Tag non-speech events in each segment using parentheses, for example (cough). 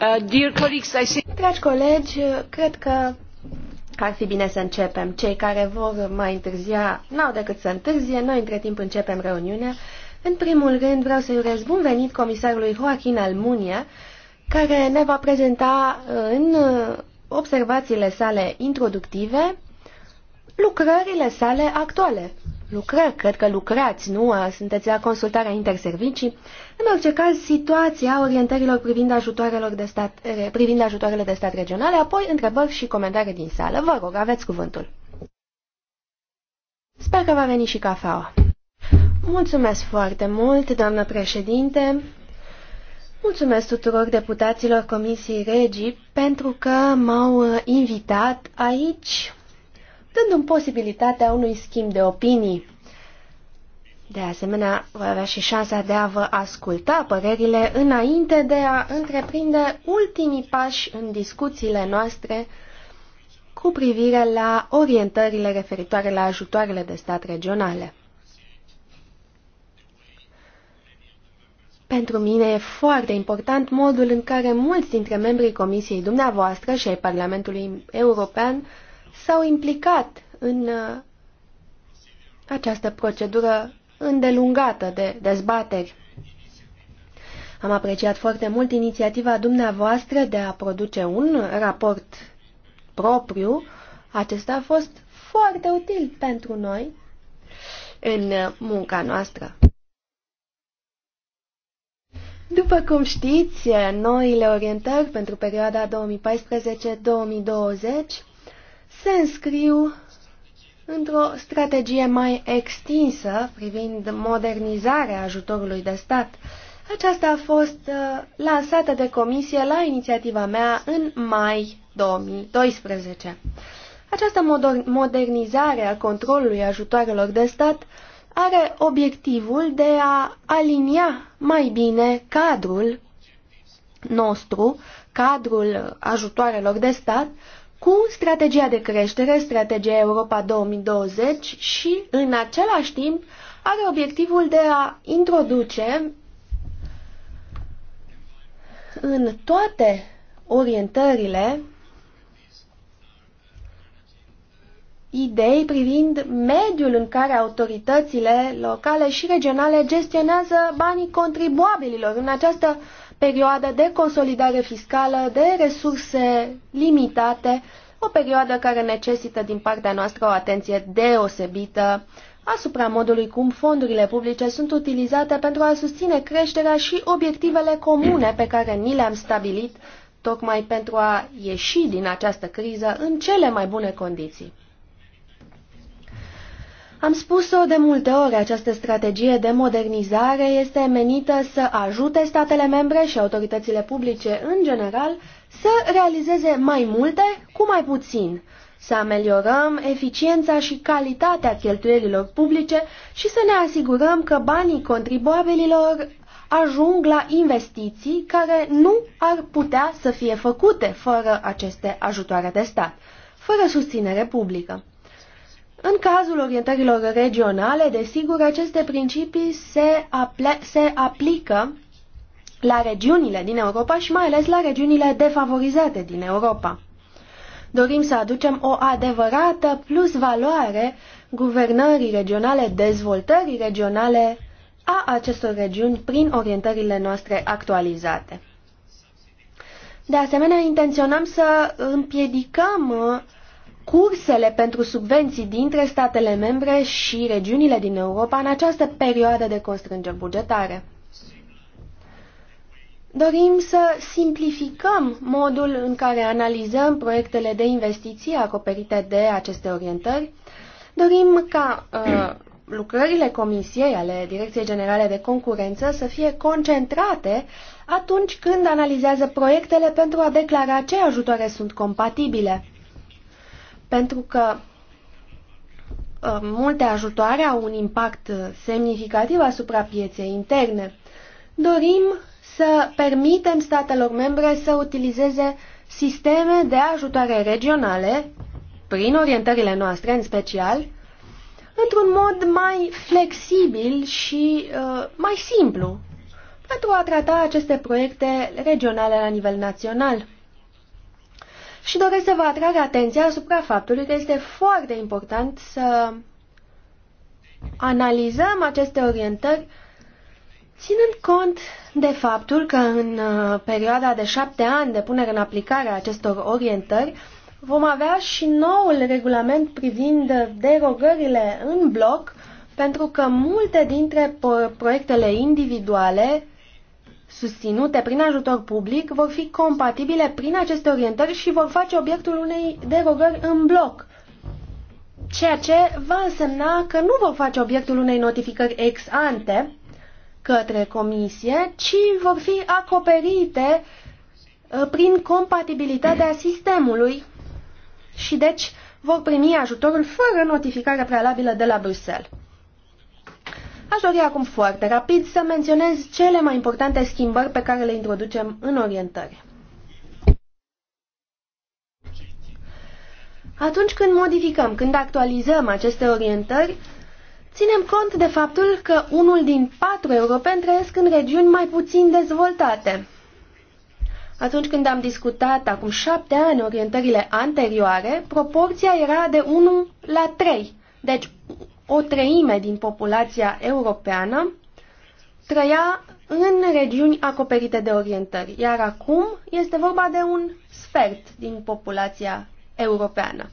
Uh, Dragi colegi, cred că ar fi bine să începem. Cei care vor mai întârzia n-au decât să întârzie. Noi, între timp, începem reuniunea. În primul rând, vreau să-i urez bun venit comisarului Joaquin Almunia, care ne va prezenta uh, în uh, observațiile sale introductive lucrările sale actuale lucrări, cred că lucrați, nu? Sunteți la consultarea interservicii. În orice caz, situația orientărilor privind, ajutoarelor de stat, privind ajutoarele de stat regionale, apoi întrebări și comentarii din sală. Vă rog, aveți cuvântul. Sper că va veni și cafeaua. Mulțumesc foarte mult, doamnă președinte. Mulțumesc tuturor deputaților Comisiei Regii pentru că m-au invitat aici dându-mi posibilitatea unui schimb de opinii. De asemenea, voi avea și șansa de a vă asculta părerile înainte de a întreprinde ultimii pași în discuțiile noastre cu privire la orientările referitoare la ajutoarele de stat regionale. Pentru mine e foarte important modul în care mulți dintre membrii Comisiei dumneavoastră și ai Parlamentului European s-au implicat în uh, această procedură îndelungată de dezbateri. Am apreciat foarte mult inițiativa dumneavoastră de a produce un raport propriu. Acesta a fost foarte util pentru noi în munca noastră. După cum știți, noile orientări pentru perioada 2014-2020 se înscriu într-o strategie mai extinsă privind modernizarea ajutorului de stat. Aceasta a fost uh, lansată de comisie la inițiativa mea în mai 2012. Această modernizare a controlului ajutoarelor de stat are obiectivul de a alinia mai bine cadrul nostru, cadrul ajutoarelor de stat, cu strategia de creștere, strategia Europa 2020 și în același timp are obiectivul de a introduce în toate orientările idei privind mediul în care autoritățile locale și regionale gestionează banii contribuabililor în această perioadă de consolidare fiscală, de resurse limitate, o perioadă care necesită din partea noastră o atenție deosebită asupra modului cum fondurile publice sunt utilizate pentru a susține creșterea și obiectivele comune pe care ni le-am stabilit tocmai pentru a ieși din această criză în cele mai bune condiții. Am spus-o de multe ori, această strategie de modernizare este menită să ajute statele membre și autoritățile publice în general să realizeze mai multe cu mai puțin, să ameliorăm eficiența și calitatea cheltuielilor publice și să ne asigurăm că banii contribuabililor ajung la investiții care nu ar putea să fie făcute fără aceste ajutoare de stat, fără susținere publică. În cazul orientărilor regionale, desigur, aceste principii se, apl se aplică la regiunile din Europa și mai ales la regiunile defavorizate din Europa. Dorim să aducem o adevărată plus valoare guvernării regionale, dezvoltării regionale a acestor regiuni prin orientările noastre actualizate. De asemenea, intenționăm să împiedicăm uh, cursele pentru subvenții dintre statele membre și regiunile din Europa în această perioadă de constrângeri bugetare. Dorim să simplificăm modul în care analizăm proiectele de investiții acoperite de aceste orientări. Dorim ca uh, lucrările Comisiei ale Direcției Generale de Concurență să fie concentrate atunci când analizează proiectele pentru a declara ce ajutoare sunt compatibile pentru că uh, multe ajutoare au un impact semnificativ asupra pieței interne. Dorim să permitem statelor membre să utilizeze sisteme de ajutoare regionale, prin orientările noastre în special, într-un mod mai flexibil și uh, mai simplu, pentru a trata aceste proiecte regionale la nivel național și doresc să vă atrag atenția asupra faptului că este foarte important să analizăm aceste orientări ținând cont de faptul că în uh, perioada de șapte ani de punere în aplicare a acestor orientări vom avea și noul regulament privind derogările în bloc pentru că multe dintre proiectele individuale susținute prin ajutor public vor fi compatibile prin aceste orientări și vor face obiectul unei derogări în bloc, ceea ce va însemna că nu vor face obiectul unei notificări ex ante către comisie, ci vor fi acoperite uh, prin compatibilitatea sistemului și deci vor primi ajutorul fără notificare prealabilă de la Bruxelles. Aș dori acum foarte rapid să menționez cele mai importante schimbări pe care le introducem în orientări. Atunci când modificăm, când actualizăm aceste orientări, ținem cont de faptul că unul din patru europeni trăiesc în regiuni mai puțin dezvoltate. Atunci când am discutat acum șapte ani orientările anterioare, proporția era de 1 la 3. Deci o treime din populația europeană trăia în regiuni acoperite de orientări, iar acum este vorba de un sfert din populația europeană.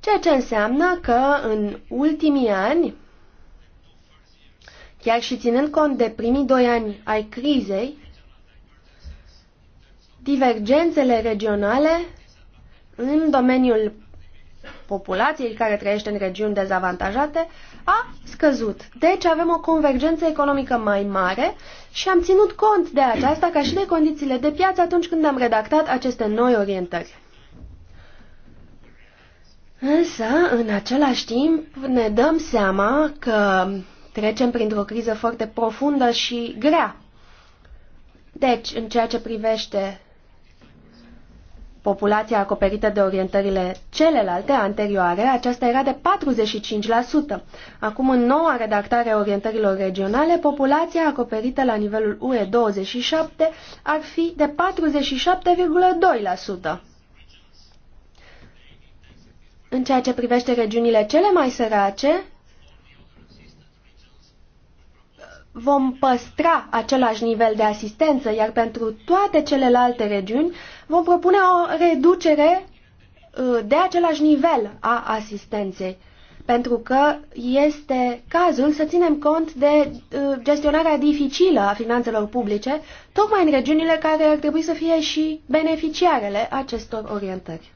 Ceea ce înseamnă că în ultimii ani, chiar și ținând cont de primii doi ani ai crizei, divergențele regionale în domeniul populației care trăiește în regiuni dezavantajate a scăzut. Deci avem o convergență economică mai mare și am ținut cont de aceasta ca și de condițiile de piață atunci când am redactat aceste noi orientări. Însă, în același timp, ne dăm seama că trecem printr-o criză foarte profundă și grea. Deci, în ceea ce privește populația acoperită de orientările celelalte anterioare, aceasta era de 45%. Acum, în noua redactare a orientărilor regionale, populația acoperită la nivelul UE27 ar fi de 47,2%. În ceea ce privește regiunile cele mai sărace, vom păstra același nivel de asistență, iar pentru toate celelalte regiuni vom propune o reducere uh, de același nivel a asistenței, pentru că este cazul să ținem cont de uh, gestionarea dificilă a finanțelor publice, tocmai în regiunile care ar trebui să fie și beneficiarele acestor orientări.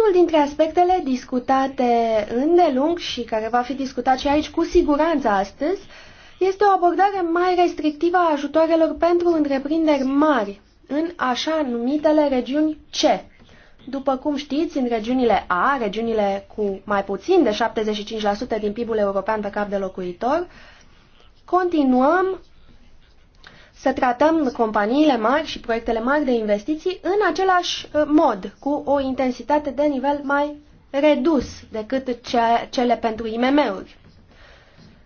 Unul dintre aspectele discutate îndelung și care va fi discutat și aici cu siguranță astăzi este o abordare mai restrictivă a ajutoarelor pentru întreprinderi mari în așa numitele regiuni C. După cum știți, în regiunile A, regiunile cu mai puțin de 75% din PIB-ul european pe cap de locuitor, continuăm să tratăm companiile mari și proiectele mari de investiții în același uh, mod, cu o intensitate de nivel mai redus decât cele pentru IMM-uri.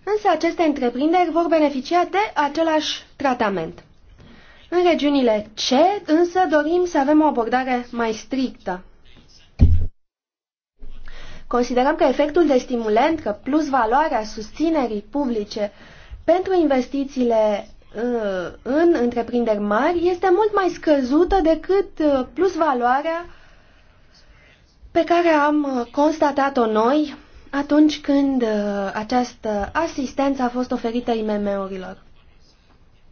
Însă aceste întreprinderi vor beneficia de același tratament. În regiunile C, însă, dorim să avem o abordare mai strictă. Considerăm că efectul de stimulent, că plus valoarea susținerii publice pentru investițiile Uh, în întreprinderi mari este mult mai scăzută decât uh, plus valoarea pe care am uh, constatat-o noi atunci când această asistență a fost oferită IMM-urilor.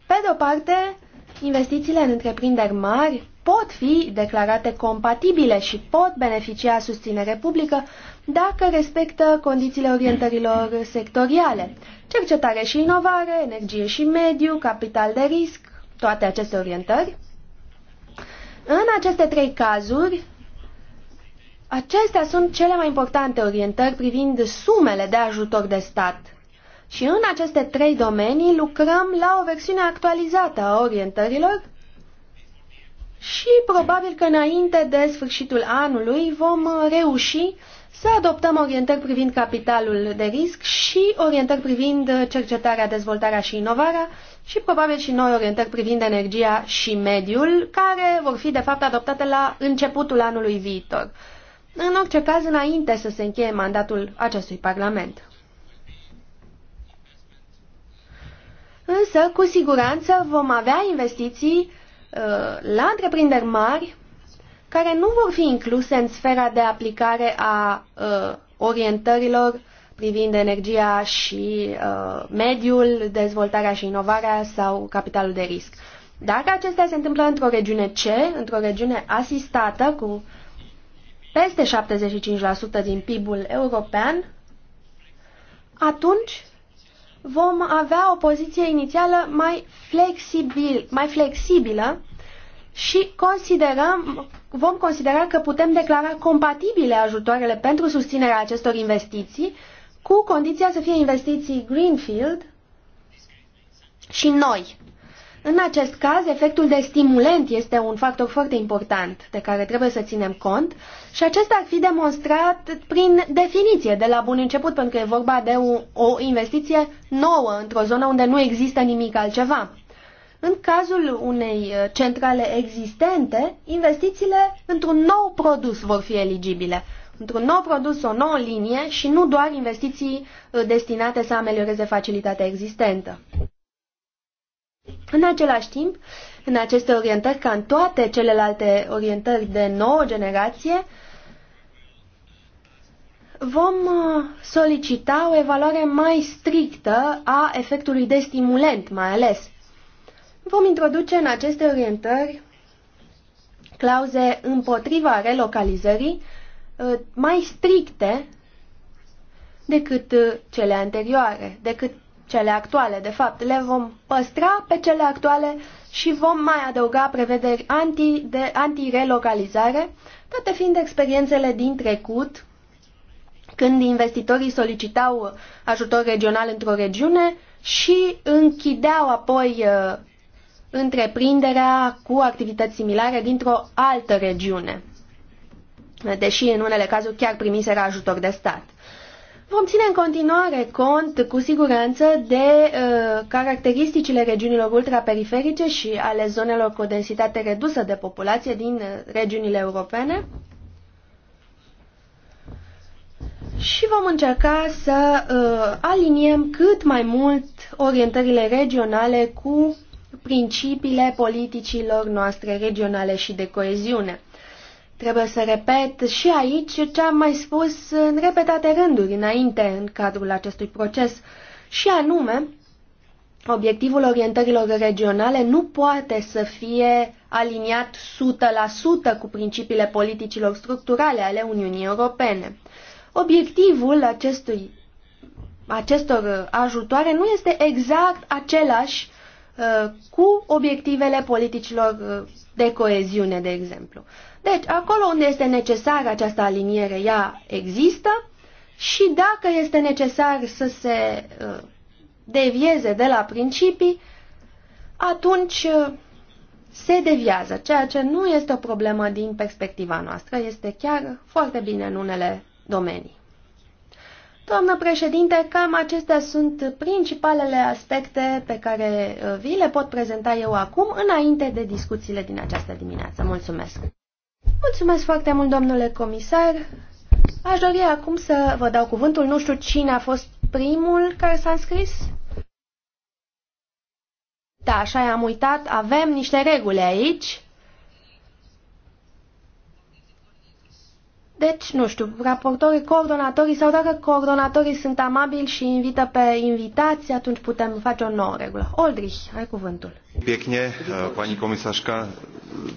Pe de o parte, investițiile în întreprinderi mari pot fi declarate compatibile și pot beneficia susținere publică dacă respectă condițiile orientărilor sectoriale. Cercetare și inovare, energie și mediu, capital de risc, toate aceste orientări. În aceste trei cazuri, acestea sunt cele mai importante orientări privind sumele de ajutor de stat. Și în aceste trei domenii lucrăm la o versiune actualizată a orientărilor și probabil că înainte de sfârșitul anului vom reuși să adoptăm orientări privind capitalul de risc și orientări privind cercetarea, dezvoltarea și inovarea și probabil și noi orientări privind energia și mediul, care vor fi de fapt adoptate la începutul anului viitor. În orice caz, înainte să se încheie mandatul acestui Parlament. Însă, cu siguranță, vom avea investiții uh, la întreprinderi mari care nu vor fi incluse în sfera de aplicare a uh, orientărilor privind energia și uh, mediul, dezvoltarea și inovarea sau capitalul de risc. Dacă acestea se întâmplă într-o regiune C, într-o regiune asistată cu peste 75% din PIB-ul european, atunci vom avea o poziție inițială mai, flexibil, mai flexibilă și considerăm, vom considera că putem declara compatibile ajutoarele pentru susținerea acestor investiții cu condiția să fie investiții Greenfield și noi. În acest caz, efectul de stimulent este un factor foarte important de care trebuie să ținem cont și acesta ar fi demonstrat prin definiție de la bun început, pentru că e vorba de o, o investiție nouă într-o zonă unde nu există nimic altceva. În cazul unei uh, centrale existente, investițiile într-un nou produs vor fi eligibile. Într-un nou produs, o nouă linie și nu doar investiții uh, destinate să amelioreze facilitatea existentă. În același timp, în aceste orientări, ca în toate celelalte orientări de nouă generație, vom uh, solicita o evaluare mai strictă a efectului de stimulant, mai ales, Vom introduce în aceste orientări clauze împotriva relocalizării uh, mai stricte decât uh, cele anterioare, decât cele actuale. De fapt, le vom păstra pe cele actuale și vom mai adăuga prevederi anti, de, anti-relocalizare, toate fiind experiențele din trecut, când investitorii solicitau ajutor regional într-o regiune și închideau apoi uh, întreprinderea cu activități similare dintr-o altă regiune, deși în unele cazuri chiar primiseră ajutor de stat. Vom ține în continuare cont, cu siguranță, de uh, caracteristicile regiunilor ultraperiferice și ale zonelor cu o densitate redusă de populație din uh, regiunile europene și vom încerca să uh, aliniem cât mai mult orientările regionale cu principiile politicilor noastre regionale și de coeziune. Trebuie să repet și aici ce am mai spus în repetate rânduri înainte în cadrul acestui proces, și anume, obiectivul orientărilor regionale nu poate să fie aliniat 100% cu principiile politicilor structurale ale Uniunii Europene. Obiectivul acestui, acestor ajutoare nu este exact același Uh, cu obiectivele politicilor uh, de coeziune, de exemplu. Deci, acolo unde este necesară această aliniere, ea există și dacă este necesar să se uh, devieze de la principii, atunci se deviază, ceea ce nu este o problemă din perspectiva noastră, este chiar foarte bine în unele domenii. Doamnă președinte, cam acestea sunt principalele aspecte pe care uh, vi le pot prezenta eu acum, înainte de discuțiile din această dimineață. Mulțumesc! Mulțumesc foarte mult, domnule comisar! Aș dori acum să vă dau cuvântul. Nu știu cine a fost primul care s-a înscris. Da, așa i-am uitat. Avem niște reguli aici. Deci, nu știu, raportorii, coordonatorii sau dacă coordonatorii sunt amabili și invită pe invitați, atunci putem face o nouă regulă. Oldrich, ai cuvântul. Piecne, eh, pani comisarșca,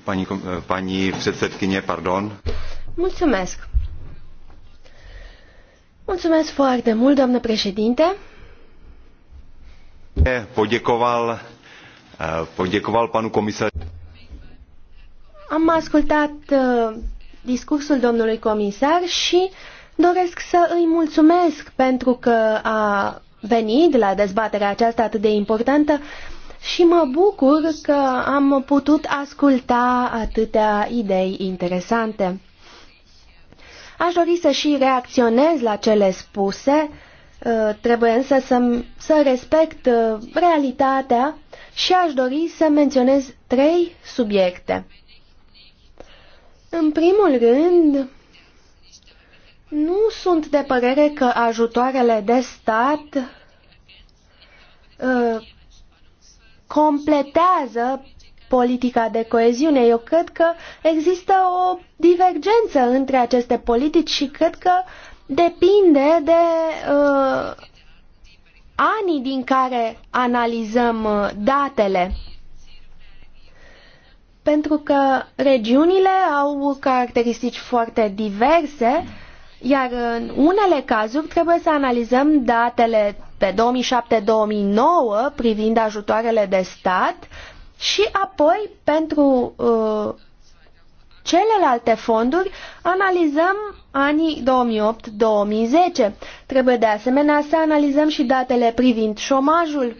pani, eh, pani předsedkyně, pardon. Mulțumesc. Mulțumesc foarte mult, doamnă președinte. Eh, poděkoval, poděkoval panu comisar. Am ascultat discursul domnului comisar și doresc să îi mulțumesc pentru că a venit la dezbaterea aceasta atât de importantă și mă bucur că am putut asculta atâtea idei interesante. Aș dori să și reacționez la cele spuse, uh, trebuie însă să, să respect uh, realitatea și aș dori să menționez trei subiecte. În primul rând, nu sunt de părere că ajutoarele de stat uh, completează politica de coeziune. Eu cred că există o divergență între aceste politici și cred că depinde de uh, anii din care analizăm uh, datele pentru că regiunile au caracteristici foarte diverse, iar în unele cazuri trebuie să analizăm datele pe 2007-2009 privind ajutoarele de stat și apoi pentru uh, celelalte fonduri analizăm anii 2008-2010. Trebuie de asemenea să analizăm și datele privind șomajul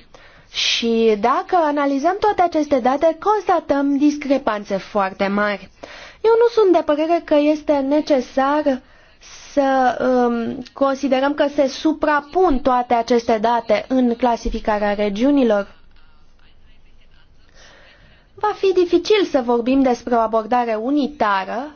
și dacă analizăm toate aceste date, constatăm discrepanțe foarte mari. Eu nu sunt de părere că este necesar să um, considerăm că se suprapun toate aceste date în clasificarea regiunilor. Va fi dificil să vorbim despre o abordare unitară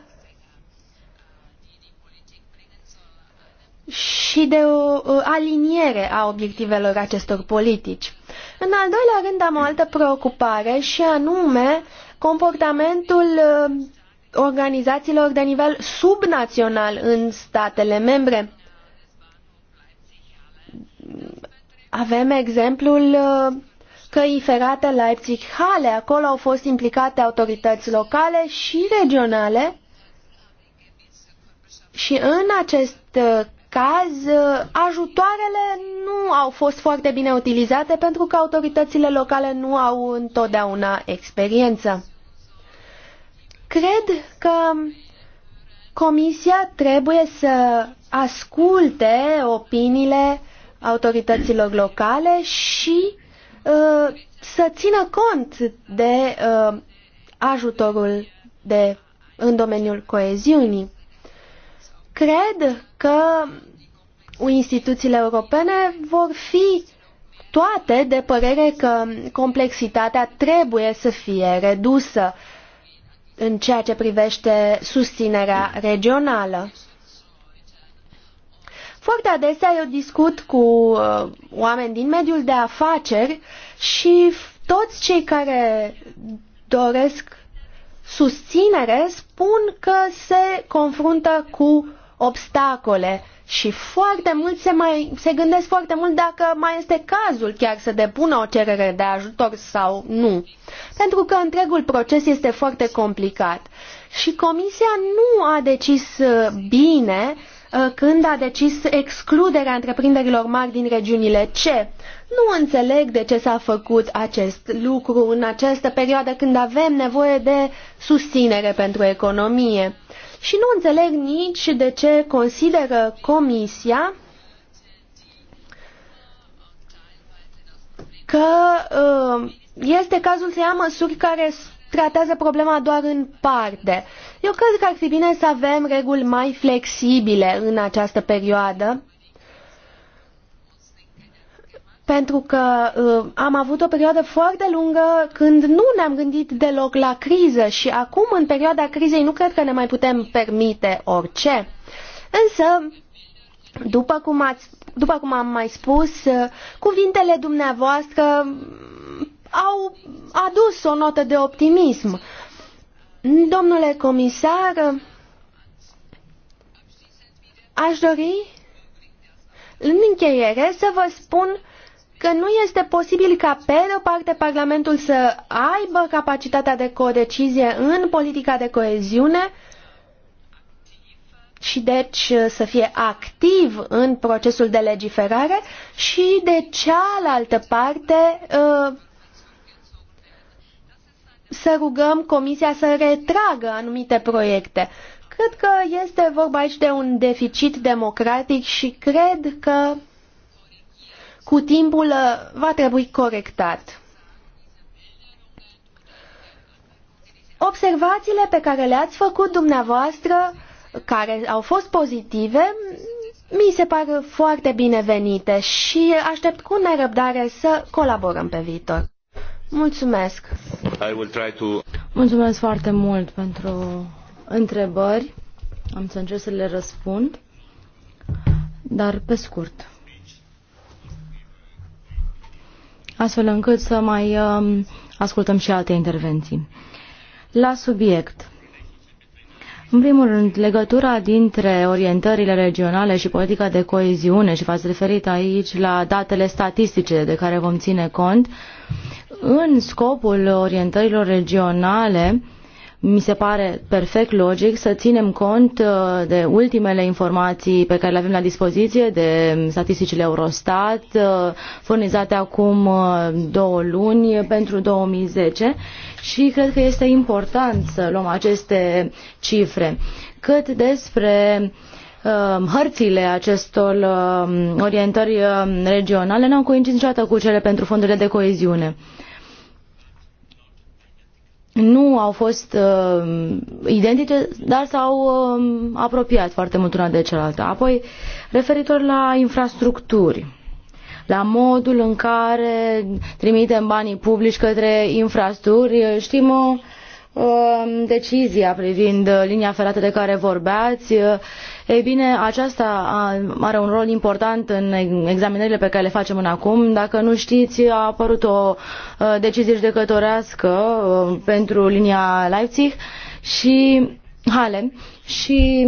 și de o aliniere a obiectivelor acestor politici. În al doilea rând am o altă preocupare și anume comportamentul uh, organizațiilor de nivel subnațional în statele membre. Avem exemplul uh, căi ferate Leipzig-Hale. Acolo au fost implicate autorități locale și regionale și în acest uh, caz, uh, ajutoarele nu au fost foarte bine utilizate pentru că autoritățile locale nu au întotdeauna experiență. Cred că Comisia trebuie să asculte opiniile autorităților locale și uh, să țină cont de uh, ajutorul de, în domeniul coeziunii. Cred că instituțiile europene vor fi toate de părere că complexitatea trebuie să fie redusă în ceea ce privește susținerea regională. Foarte adesea eu discut cu uh, oameni din mediul de afaceri și toți cei care doresc susținere spun că se confruntă cu obstacole și foarte mult se, mai, se gândesc foarte mult dacă mai este cazul chiar să depună o cerere de ajutor sau nu. Pentru că întregul proces este foarte complicat. Și comisia nu a decis uh, bine uh, când a decis excluderea întreprinderilor mari din regiunile C. Nu înțeleg de ce s-a făcut acest lucru în această perioadă când avem nevoie de susținere pentru economie și nu înțeleg nici de ce consideră Comisia că uh, este cazul să ia măsuri care tratează problema doar în parte. Eu cred că ar fi bine să avem reguli mai flexibile în această perioadă pentru că uh, am avut o perioadă foarte lungă când nu ne-am gândit deloc la criză și acum, în perioada crizei, nu cred că ne mai putem permite orice. Însă, după cum, ați, după cum am mai spus, uh, cuvintele dumneavoastră au adus o notă de optimism. Domnule comisar, aș dori în încheiere să vă spun că nu este posibil ca, pe de o parte, Parlamentul să aibă capacitatea de codecizie în politica de coeziune și deci să fie activ în procesul de legiferare și de cealaltă parte uh, să rugăm Comisia să retragă anumite proiecte. Cred că este vorba aici de un deficit democratic și cred că cu timpul uh, va trebui corectat. Observațiile pe care le-ați făcut dumneavoastră, care au fost pozitive, mi se par foarte binevenite și aștept cu nerăbdare să colaborăm pe viitor. Mulțumesc! I will try to... Mulțumesc foarte mult pentru întrebări. Am să încerc să le răspund, dar pe scurt. astfel încât să mai um, ascultăm și alte intervenții. La subiect. În primul rând, legătura dintre orientările regionale și politica de coeziune și v-ați referit aici la datele statistice de care vom ține cont, în scopul orientărilor regionale, mi se pare perfect logic să ținem cont uh, de ultimele informații pe care le avem la dispoziție, de statisticile Eurostat, uh, furnizate acum uh, două luni pentru 2010 și cred că este important să luăm aceste cifre. Cât despre hărțile acestor orientări regionale n-au coincis niciodată cu cele pentru fondurile de coeziune nu au fost uh, identice, dar s-au uh, apropiat foarte mult una de cealaltă. Apoi, referitor la infrastructuri, la modul în care trimitem banii publici către infrastructuri, știm o uh, um, decizia privind uh, linia ferată de care vorbeați, uh, ei bine, aceasta are un rol important în examinările pe care le facem în acum. Dacă nu știți, a apărut o uh, decizie judecătorească uh, pentru linia Leipzig și Hale și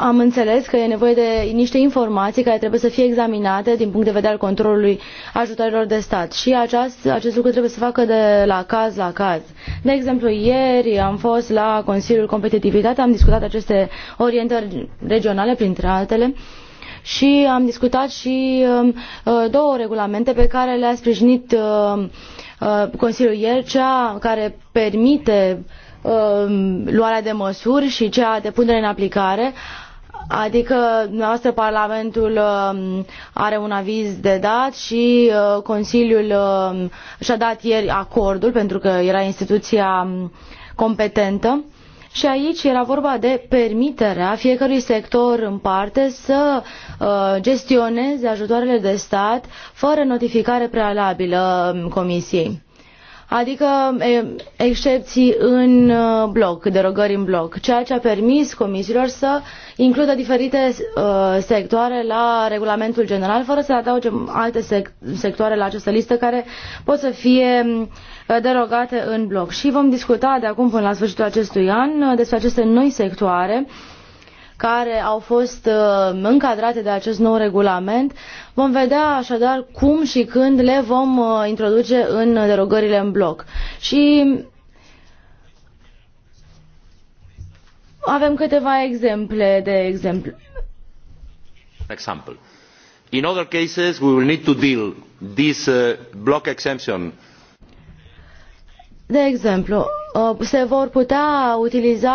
am înțeles că e nevoie de niște informații care trebuie să fie examinate din punct de vedere al controlului ajutorilor de stat și aceast, acest lucru trebuie să facă de la caz la caz. De exemplu, ieri am fost la Consiliul Competitivitate, am discutat aceste orientări regionale, printre altele, și am discutat și um, uh, două regulamente pe care le-a sprijinit uh, uh, Consiliul ieri, cea care permite um, luarea de măsuri și cea de punere în aplicare Adică, dumneavoastră, Parlamentul um, are un aviz de dat și uh, Consiliul um, și-a dat ieri acordul, pentru că era instituția um, competentă. Și aici era vorba de permiterea fiecărui sector în parte să uh, gestioneze ajutoarele de stat fără notificare prealabilă Comisiei adică excepții în uh, bloc, derogări în bloc, ceea ce a permis comisiilor să includă diferite uh, sectoare la regulamentul general, fără să adauge alte sectoare la această listă care pot să fie uh, derogate în bloc. Și vom discuta de acum până la sfârșitul acestui an despre aceste noi sectoare care au fost uh, încadrate de acest nou regulament. Vom vedea așadar cum și când le vom uh, introduce în derogările în bloc. Și avem câteva exemple de exemplu. Example. In other cases we will need to deal this uh, block exemption de exemplu, uh, se vor putea utiliza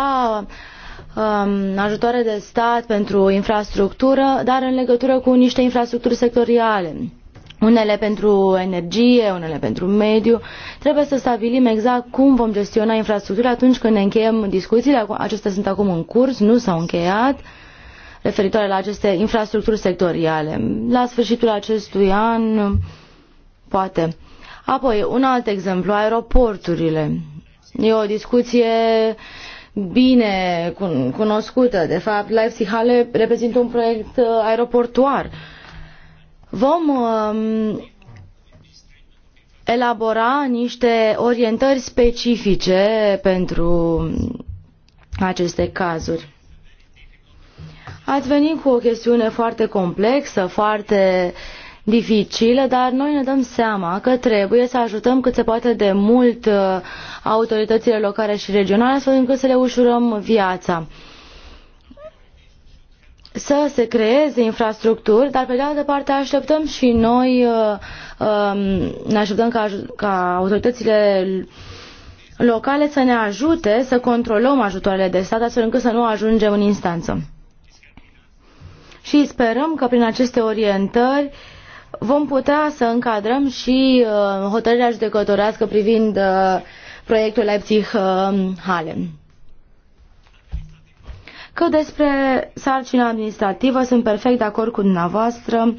Um, ajutoare de stat pentru infrastructură, dar în legătură cu niște infrastructuri sectoriale unele pentru energie, unele pentru mediu. Trebuie să stabilim exact cum vom gestiona infrastructura atunci când ne încheiem discuțiile. Acestea sunt acum în curs, nu s-au încheiat, referitoare la aceste infrastructuri sectoriale. La sfârșitul acestui an, poate. Apoi, un alt exemplu, aeroporturile. E o discuție bine cunoscută. De fapt, Leipzig Hale reprezintă un proiect uh, aeroportuar. Vom um, elabora niște orientări specifice pentru aceste cazuri. Ați venit cu o chestiune foarte complexă, foarte uh, dificile, dar noi ne dăm seama că trebuie să ajutăm cât se poate de mult uh, autoritățile locale și regionale astfel încât să le ușurăm viața să se creeze infrastructuri, dar pe de altă parte așteptăm și noi, uh, um, ne așteptăm ca, ca autoritățile locale să ne ajute să controlăm ajutoarele de stat astfel încât să nu ajungem în instanță. Și sperăm că prin aceste orientări vom putea să încadrăm și uh, hotărârea judecătorească privind uh, proiectul Leipzig-Halem. Uh, că despre sarcina administrativă sunt perfect de acord cu dumneavoastră.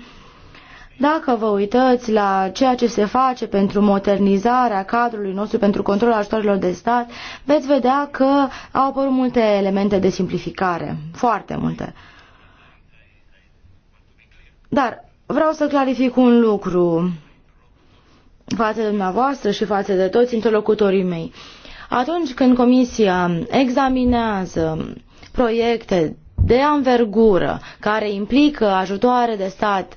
Dacă vă uitați la ceea ce se face pentru modernizarea cadrului nostru pentru controlul ajutorilor de stat, veți vedea că au apărut multe elemente de simplificare, foarte multe. Dar Vreau să clarific un lucru față de dumneavoastră și față de toți interlocutorii mei. Atunci când Comisia examinează proiecte de anvergură care implică ajutoare de stat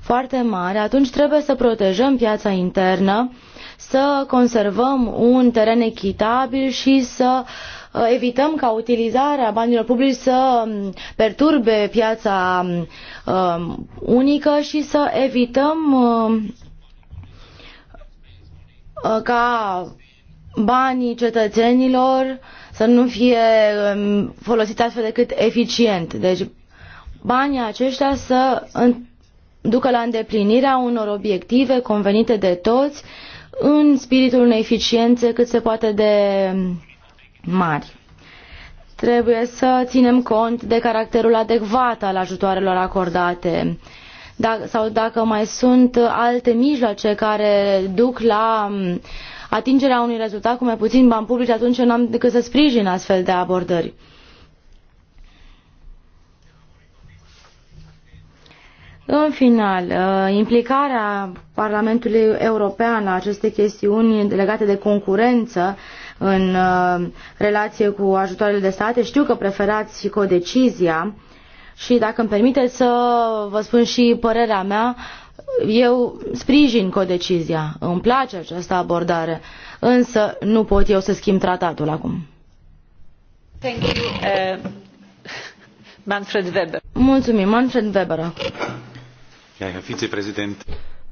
foarte mare, atunci trebuie să protejăm piața internă, să conservăm un teren echitabil și să Uh, evităm ca utilizarea banilor publici să um, perturbe piața um, unică și să evităm um, uh, ca banii cetățenilor să nu fie folosiți astfel decât eficient. Deci banii aceștia să ducă la îndeplinirea unor obiective convenite de toți în spiritul unei eficiențe cât se poate de mari. Trebuie să ținem cont de caracterul adecvat al ajutoarelor acordate da, sau dacă mai sunt alte mijloace care duc la mm, atingerea unui rezultat cu mai puțin bani publici, atunci nu am decât să sprijin astfel de abordări. În final, ă, implicarea Parlamentului European la aceste chestiuni legate de concurență în uh, relație cu ajutoarele de state. Știu că preferați codecizia și dacă îmi permite să vă spun și părerea mea, eu sprijin codecizia, îmi place această abordare, însă nu pot eu să schimb tratatul acum. Thank you. Uh, Manfred Weber. Mulțumim, Manfred Weber.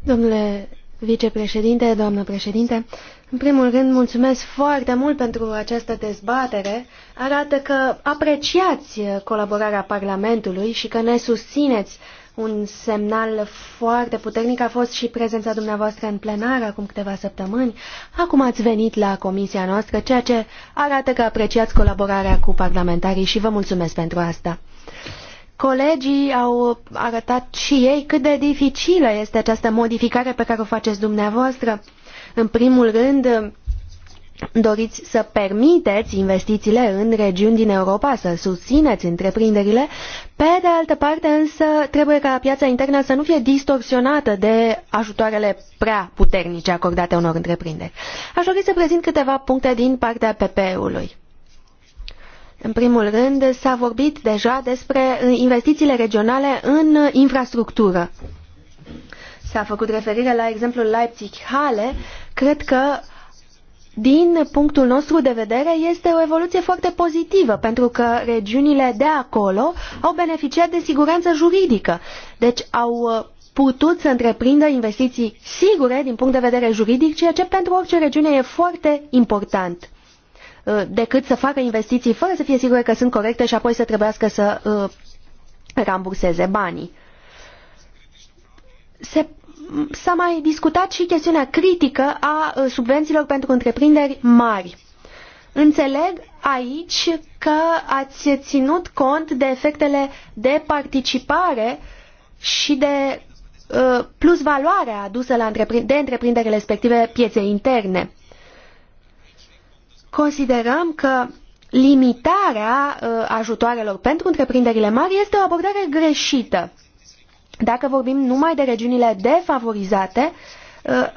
Domnule Vicepreședinte, doamnă președinte, în primul rând mulțumesc foarte mult pentru această dezbatere. Arată că apreciați colaborarea Parlamentului și că ne susțineți. Un semnal foarte puternic a fost și prezența dumneavoastră în plenar acum câteva săptămâni. Acum ați venit la comisia noastră, ceea ce arată că apreciați colaborarea cu parlamentarii și vă mulțumesc pentru asta. Colegii au arătat și ei cât de dificilă este această modificare pe care o faceți dumneavoastră. În primul rând, doriți să permiteți investițiile în regiuni din Europa, să susțineți întreprinderile. Pe de altă parte, însă, trebuie ca piața internă să nu fie distorsionată de ajutoarele prea puternice acordate unor întreprinderi. Aș dori să prezint câteva puncte din partea PP-ului. În primul rând, s-a vorbit deja despre uh, investițiile regionale în uh, infrastructură. S-a făcut referire la exemplul Leipzig-Hale. Cred că din punctul nostru de vedere, este o evoluție foarte pozitivă, pentru că regiunile de acolo au beneficiat de siguranță juridică. Deci au uh, putut să întreprindă investiții sigure din punct de vedere juridic, ceea ce pentru orice regiune e foarte important. Uh, decât să facă investiții fără să fie sigure că sunt corecte și apoi să trebuiască să uh, ramburseze banii. Se S-a mai discutat și chestiunea critică a uh, subvențiilor pentru întreprinderi mari. Înțeleg aici că ați ținut cont de efectele de participare și de plus valoarea adusă la întreprind de întreprinderile respective pieței interne. Considerăm că limitarea uh, ajutoarelor pentru întreprinderile mari este o abordare greșită. Dacă vorbim numai de regiunile defavorizate, uh,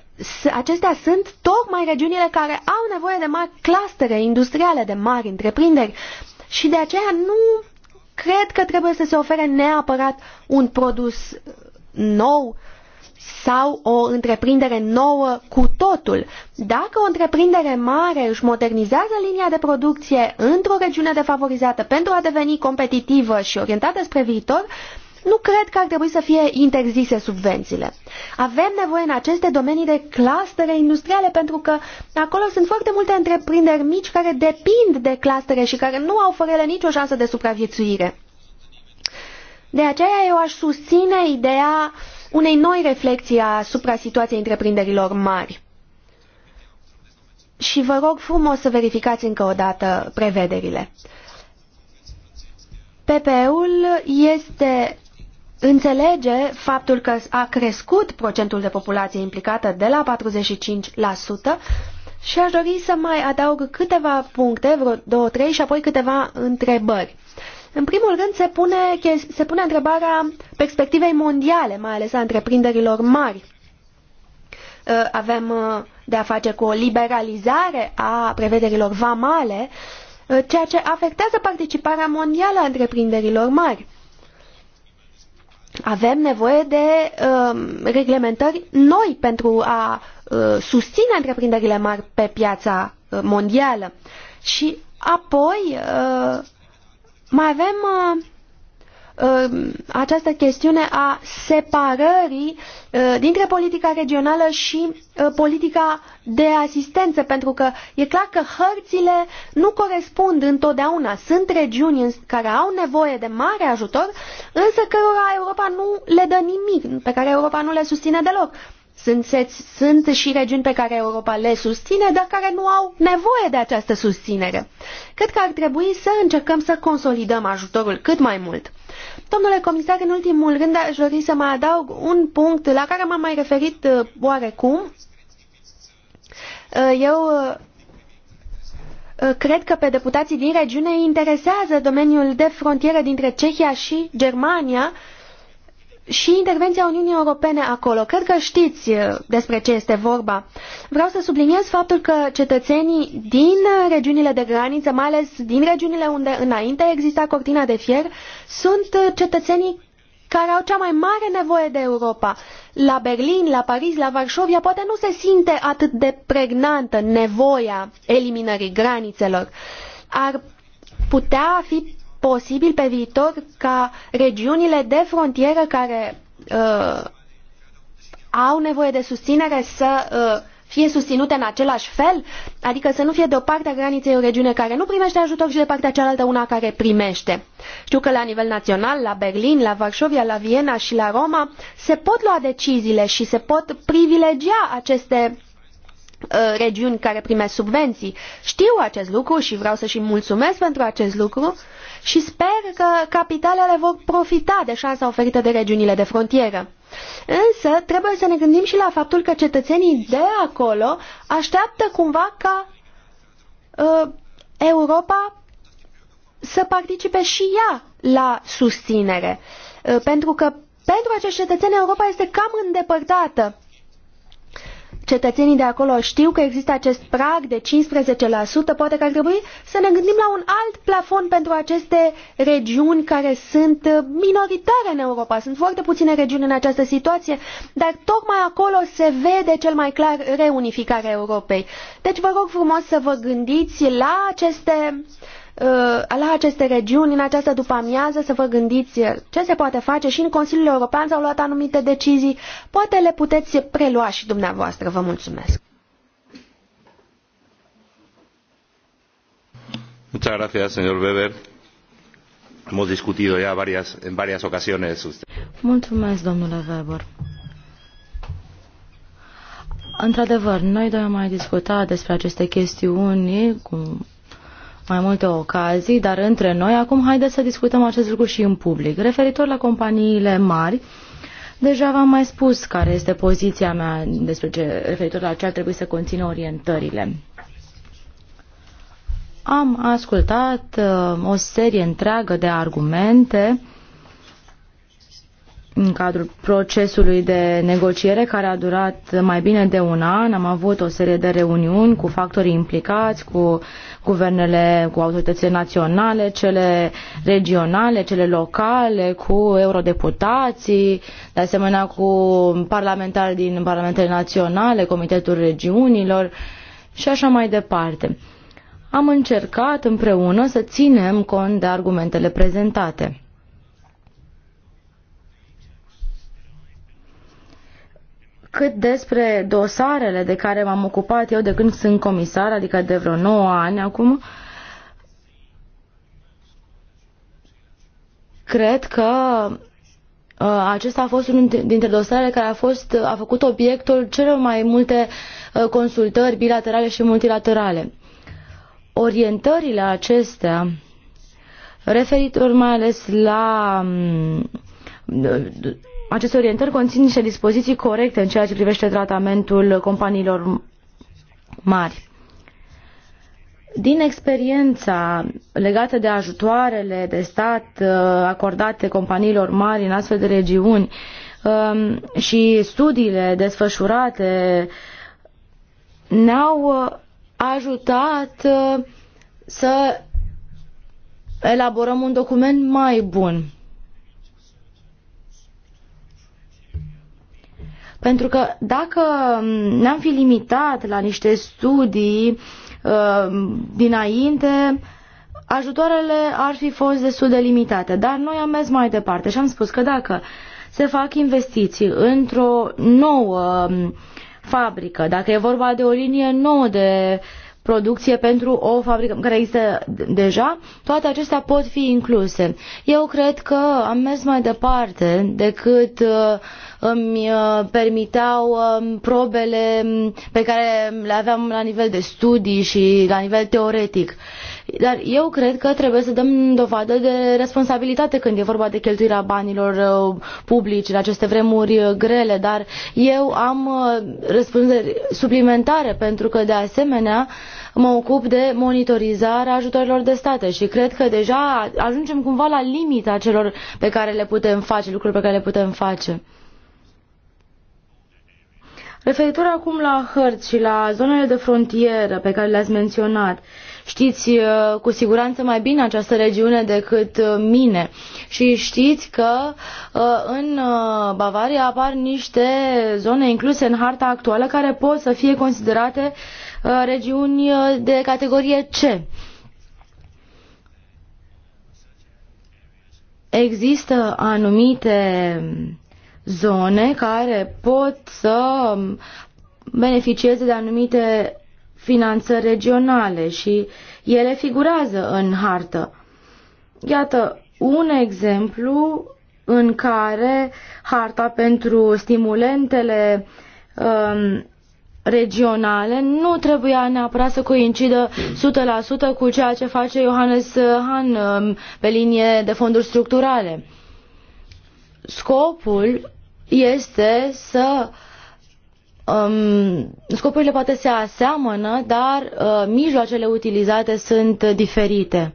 acestea sunt tocmai regiunile care au nevoie de mari clustere industriale, de mari întreprinderi și de aceea nu cred că trebuie să se ofere neapărat un produs nou sau o întreprindere nouă cu totul. Dacă o întreprindere mare își modernizează linia de producție într-o regiune defavorizată pentru a deveni competitivă și orientată spre viitor, nu cred că ar trebui să fie interzise subvențiile. Avem nevoie în aceste domenii de clastere industriale pentru că acolo sunt foarte multe întreprinderi mici care depind de clastere și care nu au fără ele nicio șansă de supraviețuire. De aceea eu aș susține ideea uh, unei noi reflexii asupra situației întreprinderilor mari. Și vă rog frumos să verificați încă o dată prevederile. PPE-ul este înțelege faptul că a crescut procentul de populație implicată de la 45% și aș dori să mai adaug câteva puncte, vreo două, trei și apoi câteva întrebări. În primul rând se pune, se pune întrebarea perspectivei mondiale, mai ales a întreprinderilor mari. Ă, avem ă, de a face cu o liberalizare a prevederilor vamale, ă, ceea ce afectează participarea mondială a întreprinderilor mari. Avem nevoie de uh, reglementări noi pentru a uh, susține întreprinderile mari pe piața uh, mondială. Și apoi uh, mai avem uh, uh, această chestiune a separării uh, dintre politica regională și politica de asistență, pentru că e clar că hărțile nu corespund întotdeauna. Sunt regiuni care au nevoie de mare ajutor, însă cărora Europa nu le dă nimic, pe care Europa nu le susține deloc. Sunt, sunt și regiuni pe care Europa le susține, dar care nu au nevoie de această susținere. Cred că ar trebui să încercăm să consolidăm ajutorul cât mai mult. Domnule comisar, în ultimul rând aș dori să mai adaug un punct la care m-am mai referit uh, oarecum. Uh, eu uh, cred că pe deputații din regiune interesează domeniul de frontieră dintre Cehia și Germania, și intervenția Uniunii Europene acolo. Cred că știți uh, despre ce este vorba. Vreau să subliniez faptul că cetățenii din regiunile de graniță, mai ales din regiunile unde înainte exista cortina de fier, sunt uh, cetățenii care au cea mai mare nevoie de Europa. La Berlin, la Paris, la Varșovia, poate nu se simte atât de pregnantă nevoia eliminării granițelor. Ar putea fi posibil pe viitor ca regiunile de frontieră care uh, au nevoie de susținere să uh, fie susținute în același fel? Adică să nu fie de o parte a graniței o regiune care nu primește ajutor și de partea cealaltă una care primește. Știu că la nivel național, la Berlin, la Varșovia, la Viena și la Roma se pot lua deciziile și se pot privilegia aceste Ă, regiuni care primesc subvenții. Știu acest lucru și vreau să-și mulțumesc pentru acest lucru și sper că capitalele vor profita de șansa oferită de regiunile de frontieră. Însă trebuie să ne gândim și la faptul că cetățenii de acolo așteaptă cumva ca uh, Europa să participe și ea la susținere. Uh, pentru că pentru acești cetățeni Europa este cam îndepărtată cetățenii de acolo știu că există acest prag de 15%, poate că ar trebui să ne gândim la un alt plafon pentru aceste regiuni care sunt uh, minoritare în Europa. Sunt foarte puține regiuni în această situație, dar tocmai acolo se vede cel mai clar reunificarea Europei. Deci vă rog frumos să vă gândiți la aceste uh, Uh, la aceste regiuni, în această după-amiază, să vă gândiți ce se poate face și în Consiliul European s-au luat anumite decizii. Poate le puteți prelua și dumneavoastră. Vă mulțumesc. Muchas gracias, señor Weber. Hemos discutido ya varias, en varias ocasiones. Mulțumesc, domnule Weber. Într-adevăr, noi doi am mai discutat despre aceste chestiuni cu mai multe ocazii, dar între noi acum haideți să discutăm acest lucru și în public. Referitor la companiile mari, deja v-am mai spus care este poziția mea despre ce, referitor la ce ar trebui să conțină orientările. Am ascultat uh, o serie întreagă de argumente uh, în cadrul procesului de negociere care a durat mai bine de un an. Am avut o serie de reuniuni cu factorii implicați, cu guvernele, cu autoritățile naționale, cele regionale, cele locale, cu eurodeputații, de asemenea cu parlamentari din parlamentele naționale, Comitetul Regiunilor și așa mai departe. Am încercat împreună să ținem cont de argumentele prezentate. Cât despre dosarele de care m-am ocupat eu de când sunt comisar, adică de vreo 9 ani acum, cred că uh, acesta a fost unul dintre dosarele care a, fost, a făcut obiectul celor mai multe uh, consultări bilaterale și multilaterale. Orientările acestea, referitor mai ales la mm, aceste orientări conțin niște dispoziții corecte în ceea ce privește tratamentul companiilor mari. Din experiența legată de ajutoarele de stat uh, acordate companiilor mari în astfel de regiuni um, și studiile desfășurate ne-au uh, ajutat uh, să elaborăm un document mai bun. Pentru că dacă ne-am fi limitat la niște studii uh, dinainte, ajutoarele ar fi fost destul de limitate. Dar noi am mers mai departe și am spus că dacă se fac investiții într-o nouă fabrică, dacă e vorba de o linie nouă de uh, producție pentru o fabrică care există deja, toate acestea pot fi incluse. Eu cred că am mers mai departe decât uh, îmi uh, permiteau um, probele mm, pe care le aveam la nivel de studii și la nivel teoretic. Dar eu cred că trebuie să dăm dovadă de responsabilitate când e vorba de cheltuirea banilor uh, publici în aceste vremuri uh, grele, dar eu am uh, răspunderi suplimentare pentru că de asemenea mă ocup de monitorizarea ajutorilor de state și cred că deja ajungem cumva la limita celor pe care le putem face, lucruri pe care le putem face. Referitor acum la hărți și la zonele de frontieră pe care le-ați menționat, Știți uh, cu siguranță mai bine această regiune decât uh, mine și știți că uh, în Bavaria apar niște zone incluse în harta actuală care pot să fie considerate regiuni de categorie C. Există anumite zone care pot să beneficieze de anumite finanțări regionale și ele figurează în hartă. Iată un exemplu în care harta pentru stimulentele um, regionale nu trebuia neapărat să coincidă 100% cu ceea ce face Johannes Hahn um, pe linie de fonduri structurale. Scopul este să um, scopurile poate se aseamănă, dar uh, mijloacele utilizate sunt diferite.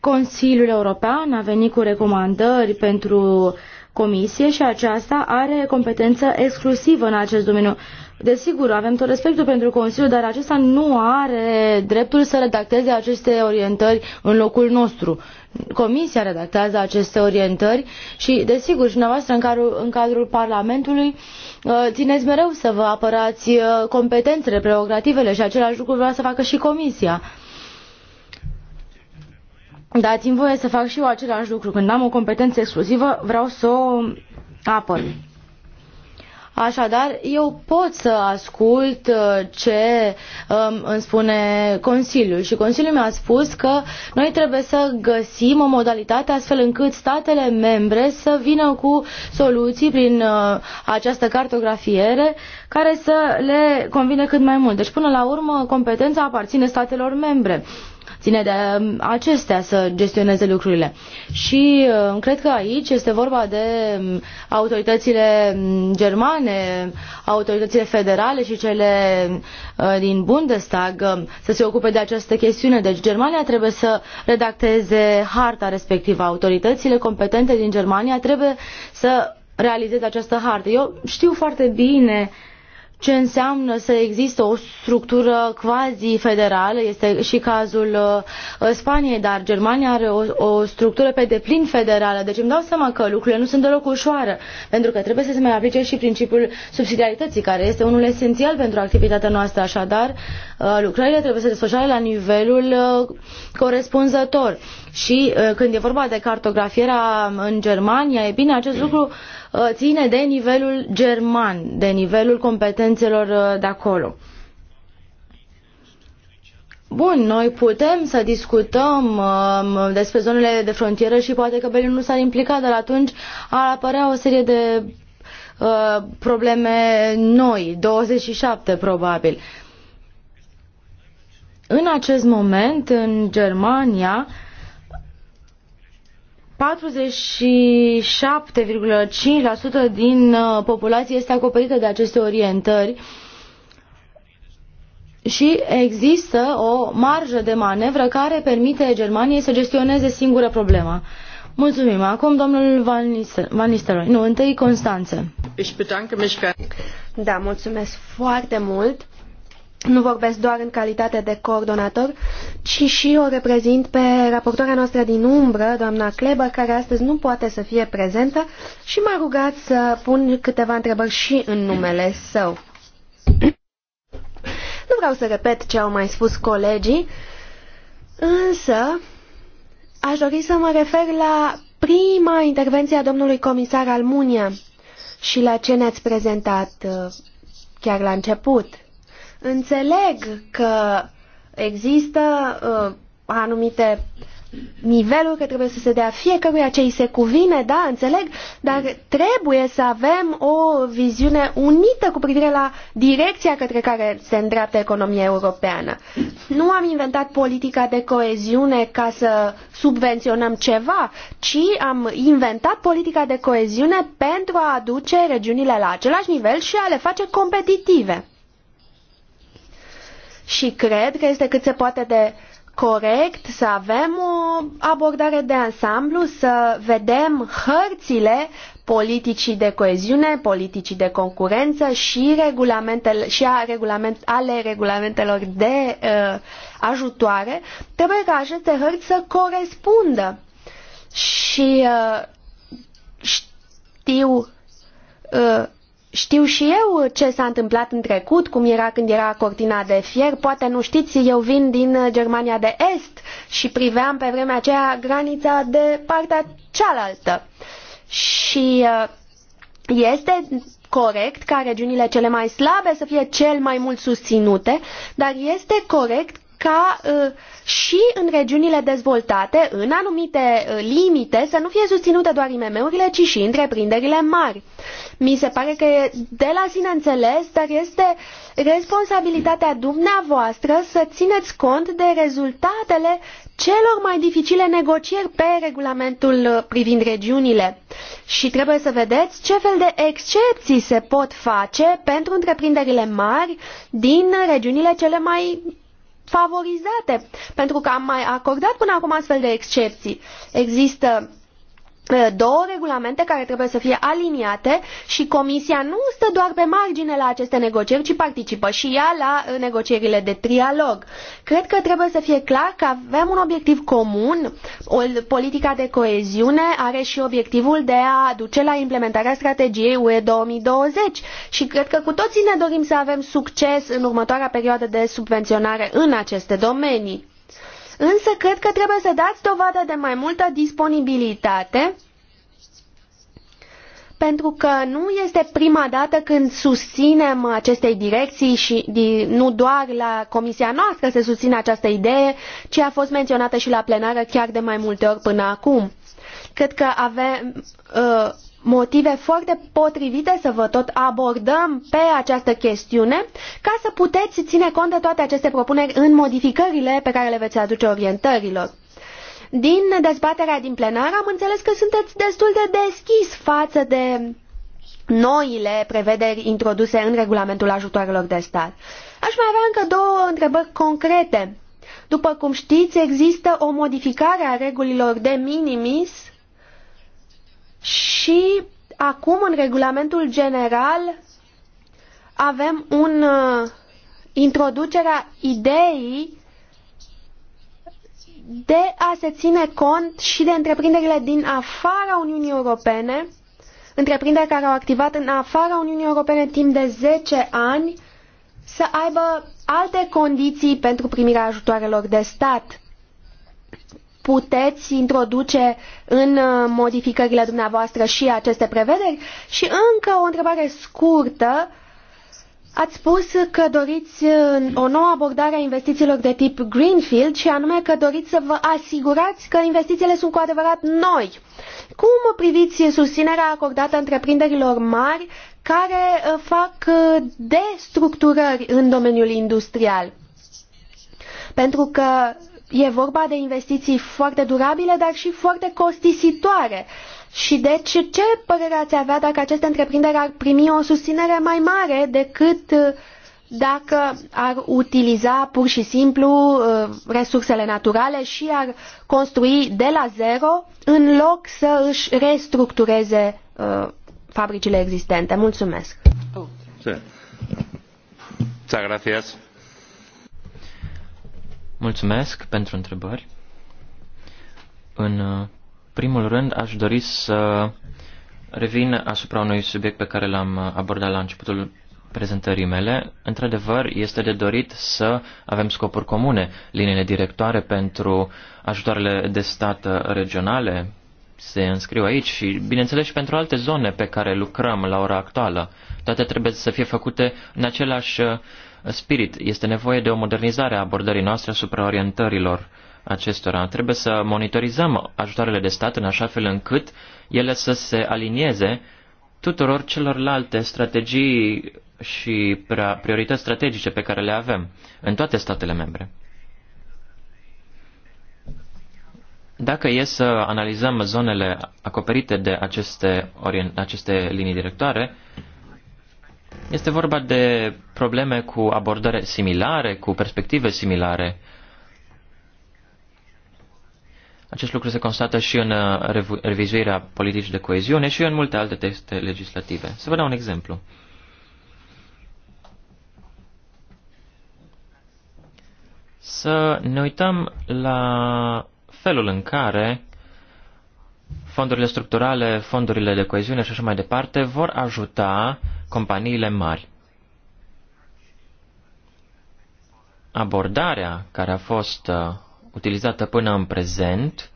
Consiliul European a venit cu recomandări pentru comisie și aceasta are competență exclusivă în acest domeniu. Desigur, avem tot respectul pentru Consiliu, dar acesta nu are dreptul să redacteze aceste orientări în locul nostru. Comisia redactează aceste orientări și, desigur, și dumneavoastră, în cadrul, în cadrul Parlamentului, uh, țineți mereu să vă apărați uh, competențele, prerogativele și același lucru vrea să facă și Comisia. Dați-mi voie să fac și eu același lucru. Când am o competență exclusivă, vreau să o apăr. Așadar, eu pot să ascult uh, ce um, îmi spune Consiliul și Consiliul mi-a spus că noi trebuie să găsim o modalitate astfel încât statele membre să vină cu soluții prin uh, această cartografiere care să le convine cât mai mult. Deci, până la urmă, competența aparține statelor membre ține de um, acestea să gestioneze lucrurile. Și um, cred că aici este vorba de um, autoritățile germane, autoritățile federale și cele uh, din Bundestag să se ocupe de această chestiune. Deci Germania trebuie să redacteze harta respectivă. Autoritățile competente din Germania trebuie să realizeze această hartă. Eu știu foarte bine uh, ce înseamnă să existe o structură quasi-federală, este și cazul uh, Spaniei, dar Germania are o, o structură pe deplin federală, deci îmi dau seama că lucrurile nu sunt deloc ușoare, pentru că trebuie să se mai aplice și principiul subsidiarității, care este unul esențial pentru activitatea noastră, așadar uh, lucrările trebuie să se desfășoare la nivelul uh, corespunzător și uh, când e vorba de cartografierea în Germania, e bine, acest lucru uh, ține de nivelul german, de nivelul competențelor uh, de acolo. Bun, noi putem să discutăm um, despre zonele de frontieră și poate că Berlin nu s-ar implica, dar atunci ar apărea o serie de uh, probleme noi, 27 probabil. În acest moment, în Germania, uh, 47,5% din uh, populație este acoperită de aceste orientări și există o marjă de manevră care permite Germaniei să gestioneze singură problema. Mulțumim. Acum domnul Van, Nistelrooy. Nu, întâi Constanțe. Da, mulțumesc foarte mult nu vorbesc doar în calitate de coordonator, ci și o reprezint pe raportoarea noastră din umbră, doamna Kleber, care astăzi nu poate să fie prezentă și m-a rugat să pun câteva întrebări și în numele său. Nu vreau să repet ce au mai spus colegii, însă aș dori să mă refer la prima intervenție a domnului comisar Almunia și la ce ne-ați prezentat uh, chiar la început – Înțeleg că există uh, anumite niveluri că trebuie să se dea fiecăruia ce îi se cuvine, da, înțeleg, dar trebuie să avem o viziune unită cu privire la direcția către care se îndreaptă economia europeană. Nu am inventat politica de coeziune ca să subvenționăm ceva, ci am inventat politica de coeziune pentru a aduce regiunile la același nivel și a le face competitive și cred că este cât se poate de corect să avem o abordare de ansamblu, să vedem hărțile politicii de coeziune, politicii de concurență și, regulamentele, și a regulament, ale regulamentelor de uh, ajutoare, trebuie ca aceste hărți să corespundă. Și uh, știu uh, știu și eu ce s-a întâmplat în trecut, cum era când era cortina de fier. Poate nu știți, eu vin din Germania de Est și priveam pe vremea aceea granița de partea cealaltă. Și uh, este corect ca regiunile cele mai slabe să fie cel mai mult susținute, dar este corect ca uh, și în regiunile dezvoltate, în anumite uh, limite, să nu fie susținute doar IMM-urile, ci și întreprinderile mari. Mi se pare că e de la sine înțeles, dar este responsabilitatea dumneavoastră să țineți cont de rezultatele celor mai dificile negocieri pe regulamentul uh, privind regiunile. Și trebuie să vedeți ce fel de excepții se pot face pentru întreprinderile mari din regiunile cele mai favorizate, pentru că am mai acordat până acum astfel de excepții. Există Uh, două regulamente care trebuie să fie aliniate și Comisia nu stă doar pe margine la aceste negocieri, ci participă și ea la uh, negocierile de trialog. Cred că trebuie să fie clar că avem un obiectiv comun. O, politica de coeziune are și obiectivul de a duce la implementarea strategiei UE 2020 și cred că cu toții ne dorim să avem succes în următoarea perioadă de subvenționare în aceste domenii. Însă cred că trebuie să dați dovadă de mai multă disponibilitate pentru că nu este prima dată când susținem acestei direcții și nu doar la comisia noastră se susține această idee, ci a fost menționată și la plenară chiar de mai multe ori până acum. Cred că avem, uh, motive foarte potrivite să vă tot abordăm pe această chestiune ca să puteți ține cont de toate aceste propuneri în modificările pe care le veți aduce orientărilor. Din dezbaterea din plenar am înțeles că sunteți destul de deschis față de noile prevederi introduse în regulamentul ajutoarelor de stat. Aș mai avea încă două întrebări concrete. După cum știți, există o modificare a regulilor de minimis și acum, în regulamentul general, avem un uh, introducerea ideii de a se ține cont și de întreprinderile din afara Uniunii Europene, întreprinderi care au activat în afara Uniunii Europene timp de 10 ani, să aibă alte condiții pentru primirea ajutoarelor de stat puteți introduce în uh, modificările dumneavoastră și aceste prevederi? Și încă o întrebare scurtă. Ați spus că doriți uh, o nouă abordare a investițiilor de tip Greenfield și anume că doriți să vă asigurați că investițiile sunt cu adevărat noi. Cum priviți susținerea acordată întreprinderilor mari care uh, fac destructurări în domeniul industrial? Pentru că E vorba de investiții foarte durabile, dar și foarte costisitoare. Și deci, ce părere ați avea dacă aceste întreprinderi ar primi o susținere mai mare decât uh, dacă ar utiliza pur și simplu uh, resursele naturale și ar construi de la zero în loc să își restructureze uh, fabricile existente? Mulțumesc! Oh. Sí. Muchas gracias. Mulțumesc pentru întrebări. În uh, primul rând, aș dori să revin asupra unui subiect pe care l-am uh, abordat la începutul prezentării mele. Într-adevăr, este de dorit să avem scopuri comune, liniile directoare pentru ajutoarele de stat uh, regionale, se înscriu aici și, bineînțeles, și pentru alte zone pe care lucrăm la ora actuală. Toate trebuie să fie făcute în același spirit. Este nevoie de o modernizare a abordării noastre asupra orientărilor acestora. Trebuie să monitorizăm ajutoarele de stat în așa fel încât ele să se alinieze tuturor celorlalte strategii și priorități strategice pe care le avem în toate statele membre. Dacă e să analizăm zonele acoperite de aceste, orient, aceste linii directoare, este vorba de probleme cu abordare similare, cu perspective similare. Acest lucru se constată și în uh, revizuirea politicii de coeziune și în multe alte texte legislative. Să vă dau un exemplu. Să ne uităm la felul în care fondurile structurale, fondurile de coeziune și așa mai departe vor ajuta companiile mari. Abordarea care a fost uh, utilizată până în prezent,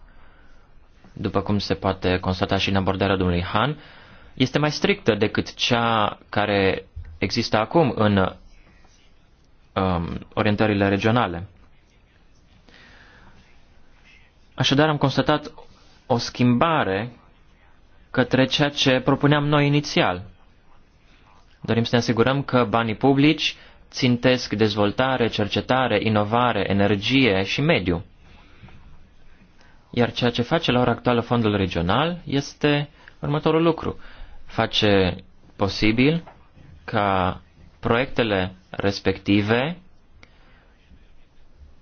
după cum se poate constata și în abordarea domnului Han, este mai strictă decât cea care există acum în um, orientările regionale. Așadar, am constatat o schimbare către ceea ce propuneam noi inițial. Dorim să ne asigurăm că banii publici țintesc dezvoltare, cercetare, inovare, energie și mediu. Iar ceea ce face la ora actuală fondul regional este următorul lucru. Face posibil ca proiectele respective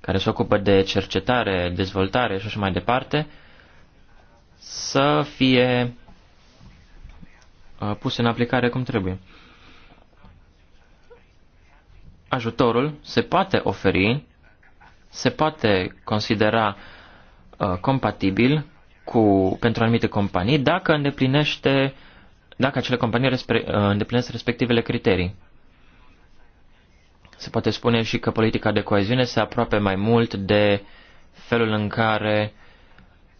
care se ocupă de cercetare, dezvoltare și așa mai departe, să fie uh, puse în aplicare cum trebuie ajutorul se poate oferi, se poate considera uh, compatibil cu, pentru anumite companii dacă îndeplinește dacă acele companii respre, uh, îndeplinesc respectivele criterii. Se poate spune și că politica de coeziune se aproape mai mult de felul în care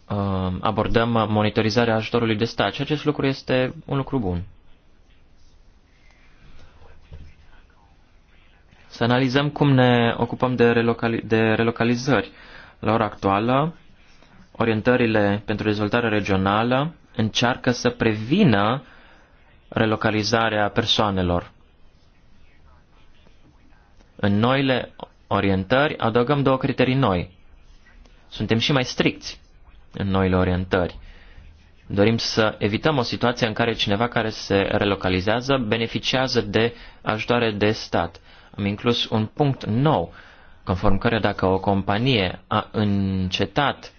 uh, abordăm monitorizarea ajutorului de stat și acest lucru este un lucru bun. Să analizăm cum ne ocupăm de, relocali- de relocalizări. La ora actuală, orientările pentru dezvoltare regională încearcă să prevină relocalizarea persoanelor. În noile orientări adăugăm două criterii noi. Suntem și mai stricți în noile orientări. Dorim să evităm o situație în care cineva care se relocalizează beneficiază de ajutoare de stat. Am inclus un punct nou, conform căruia dacă o companie a încetat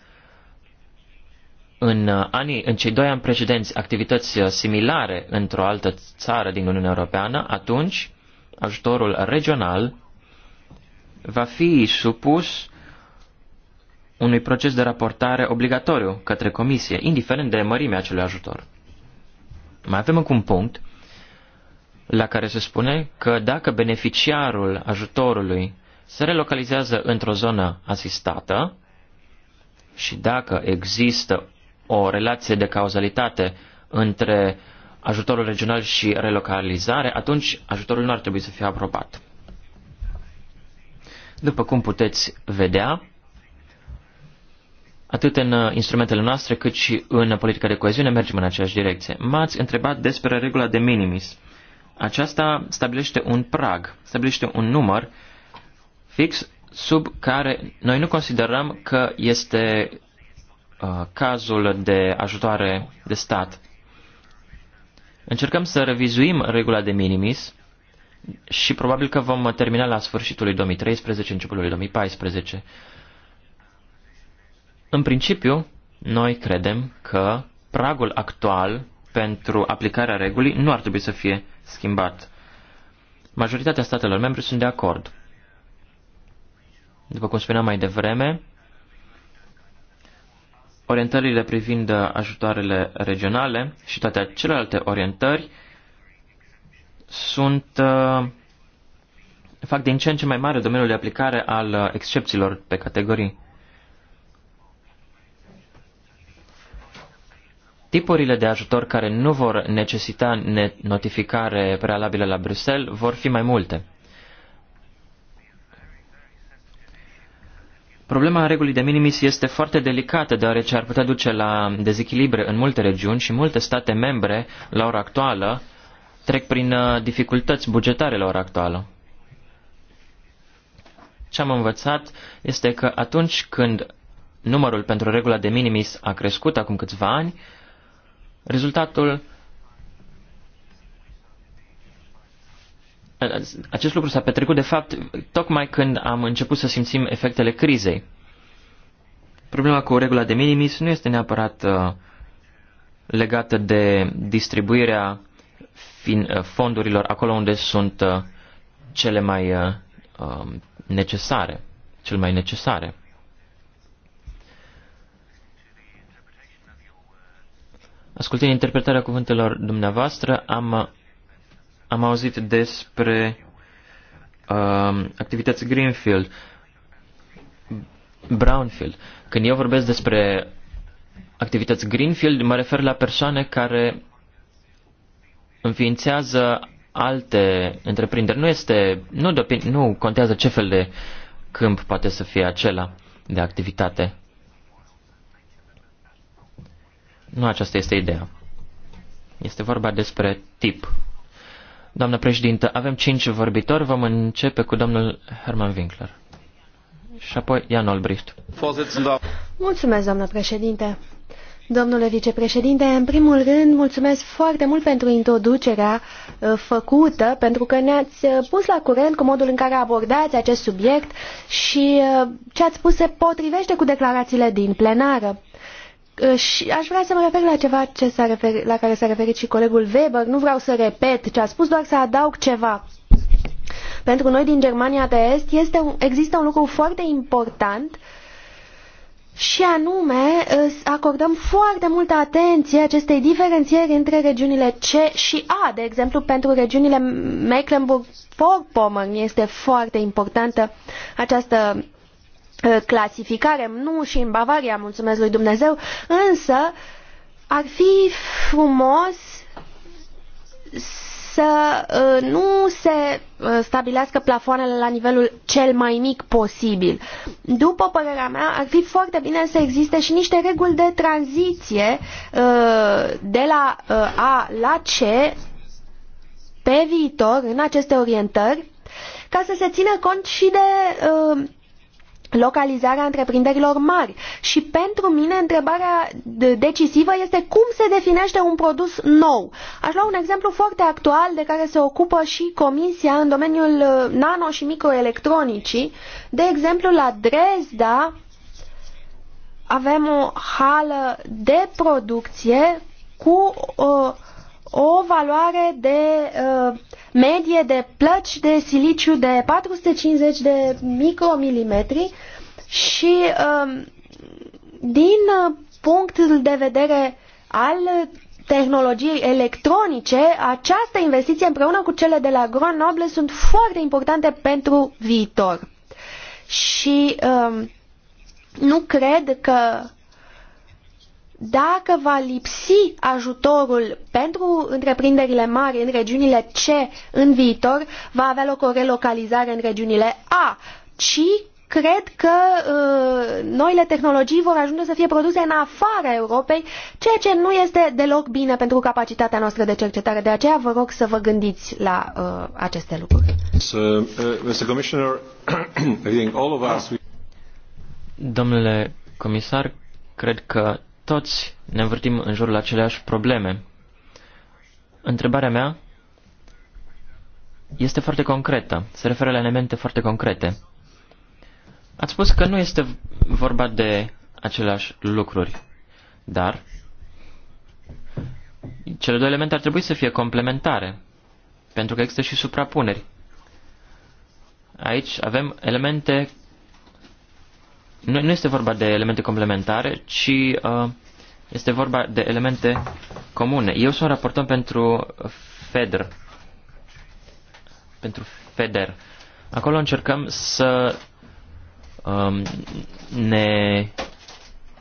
în, uh, anii, în cei doi ani precedenți activități uh, similare într-o altă țară din Uniunea Europeană, atunci ajutorul regional va fi supus unui proces de raportare obligatoriu către comisie, indiferent de mărimea acelui ajutor. Mai avem încă un punct la care se spune că dacă beneficiarul ajutorului se relocalizează într-o zonă asistată și dacă există o relație de cauzalitate între ajutorul regional și relocalizare, atunci ajutorul nu ar trebui să fie aprobat. După cum puteți vedea, atât în instrumentele noastre cât și în politica de coeziune mergem în aceeași direcție. M-ați întrebat despre regula de minimis aceasta stabilește un prag, stabilește un număr fix sub care noi nu considerăm că este uh, cazul de ajutoare de stat. Încercăm să revizuim regula de minimis și probabil că vom termina la sfârșitul lui 2013, începutul lui 2014. În principiu, noi credem că pragul actual pentru aplicarea regulii nu ar trebui să fie schimbat. Majoritatea statelor membre sunt de acord. După cum spuneam mai devreme, orientările privind ajutoarele regionale și toate celelalte orientări sunt uh, fac din ce în ce mai mare domeniul de aplicare al excepțiilor pe categorii. Tipurile de ajutor care nu vor necesita notificare prealabilă la Bruxelles vor fi mai multe. Problema regulii de minimis este foarte delicată, deoarece ar putea duce la dezechilibre în multe regiuni și multe state membre, la ora actuală, trec prin uh, dificultăți bugetare la ora actuală. Ce am învățat este că atunci când numărul pentru regula de minimis a crescut acum câțiva ani, Rezultatul acest lucru s-a petrecut, de fapt, tocmai când am început să simțim efectele crizei. Problema cu regula de minimis nu este neapărat uh, legată de distribuirea uh, fondurilor acolo unde sunt uh, cele mai um, necesare, cel mai necesare. Ascultând interpretarea cuvântelor dumneavoastră, am, am auzit despre um, activități Greenfield, Brownfield. Când eu vorbesc despre activități Greenfield, mă refer la persoane care înființează alte întreprinderi. Nu, este, nu, nu contează ce fel de câmp poate să fie acela de activitate. Nu aceasta este ideea. Este vorba despre tip. Doamnă președintă, avem cinci vorbitori. Vom începe cu domnul Herman Winkler. Și apoi Jan Olbricht. Mulțumesc, doamnă președinte. Domnule vicepreședinte, în primul rând mulțumesc foarte mult pentru introducerea uh, făcută, pentru că ne-ați uh, pus la curent cu modul în care abordați acest subiect și uh, ce ați spus se potrivește cu declarațiile din plenară. Ă, și aș vrea să mă refer la ceva ce s-a refer, la care s-a referit și colegul Weber. Nu vreau să repet ce a spus, doar să adaug ceva. Pentru noi din Germania de Est este, există un lucru foarte important și anume ă, acordăm foarte multă atenție acestei diferențieri între regiunile C și A. De exemplu, pentru regiunile Mecklenburg-Vorpommern este foarte importantă această Uh, clasificare, nu și în Bavaria, mulțumesc lui Dumnezeu, însă ar fi frumos să uh, nu se uh, stabilească plafoanele la nivelul cel mai mic posibil. După părerea mea, ar fi foarte bine să existe și niște reguli de tranziție de la A la C pe viitor în aceste orientări ca să se țină cont și de localizarea întreprinderilor mari. Și pentru mine întrebarea decisivă este cum se definește un produs nou. Aș lua un exemplu foarte actual de care se ocupă și Comisia în domeniul uh, nano și microelectronicii. De exemplu, la Dresda avem o hală de producție cu uh, o valoare de uh, medie de plăci de siliciu de 450 de micromilimetri și um, uh, din punctul de vedere al tehnologiei electronice, această investiție împreună cu cele de la Grenoble sunt foarte importante pentru viitor. Și uh, nu cred că dacă va lipsi ajutorul pentru întreprinderile mari în regiunile C în viitor, va avea loc o relocalizare în regiunile A, ci cred că uh, noile tehnologii vor ajunge să fie produse în afara Europei, ceea ce nu este deloc bine pentru capacitatea noastră de cercetare. De aceea vă rog să vă gândiți la uh, aceste lucruri. So, uh, Mr. Commissioner, (coughs) I think all of us... Domnule comisar, cred că toți ne învârtim în jurul aceleași probleme. Întrebarea mea este foarte concretă, se referă la elemente foarte concrete. Ați spus că nu este vorba de aceleași lucruri, dar cele două elemente ar trebui să fie complementare, pentru că există și suprapuneri. Aici avem elemente nu, nu este vorba de elemente complementare, ci uh, este vorba de elemente comune. Eu sunt raportor pentru FEDER. Pentru FEDER. Acolo încercăm să um, ne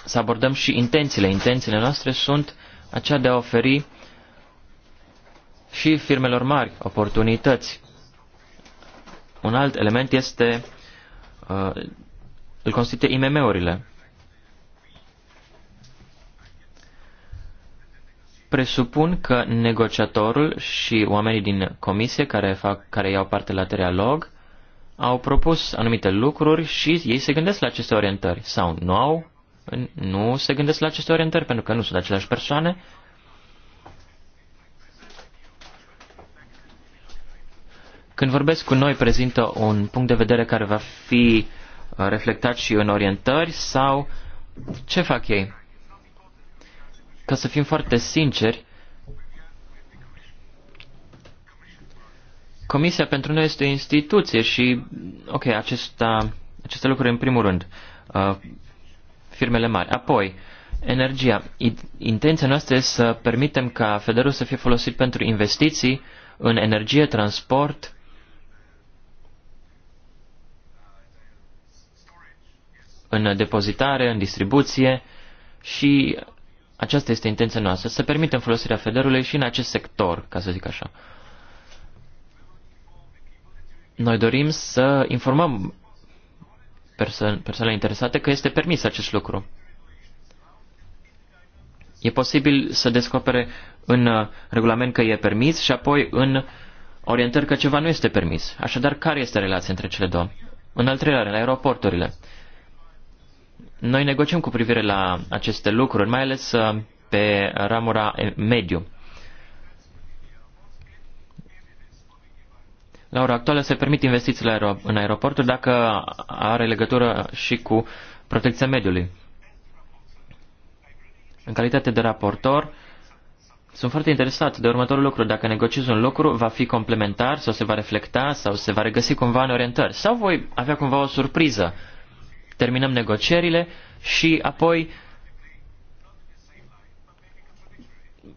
să abordăm și intențiile. Intențiile noastre sunt acea de a oferi și firmelor mari oportunități. Un alt element este uh, îl constituie IMM-urile. Presupun că negociatorul și oamenii din comisie care, fac, care iau parte la trialog au propus anumite lucruri și ei se gândesc la aceste orientări sau nu au, nu se gândesc la aceste orientări pentru că nu sunt aceleași persoane. Când vorbesc cu noi prezintă un punct de vedere care va fi uh, reflectat și în orientări sau ce fac ei? Ca să fim foarte sinceri, Comisia pentru noi este o instituție și, ok, acesta, aceste lucruri în primul rând, uh, firmele mari. Apoi, energia. Intenția noastră este să permitem ca federul să fie folosit pentru investiții în energie, transport, în depozitare, în distribuție și aceasta este intenția noastră, să permitem folosirea federului și în acest sector, ca să zic așa. Noi dorim să informăm perso- persoanele interesate că este permis acest lucru. E posibil să descopere în uh, regulament că e permis și apoi în orientări că ceva nu este permis. Așadar, care este relația între cele două? În al treilea rând, aeroporturile. Noi negociem cu privire la aceste lucruri, mai ales uh, pe ramura mediu. La ora actuală se permit investițiile în aeroporturi dacă are legătură și cu protecția mediului. În calitate de raportor, sunt foarte interesat de următorul lucru. Dacă negociez un lucru, va fi complementar sau se va reflecta sau se va regăsi cumva în orientări. Sau voi avea cumva o surpriză terminăm negocierile și apoi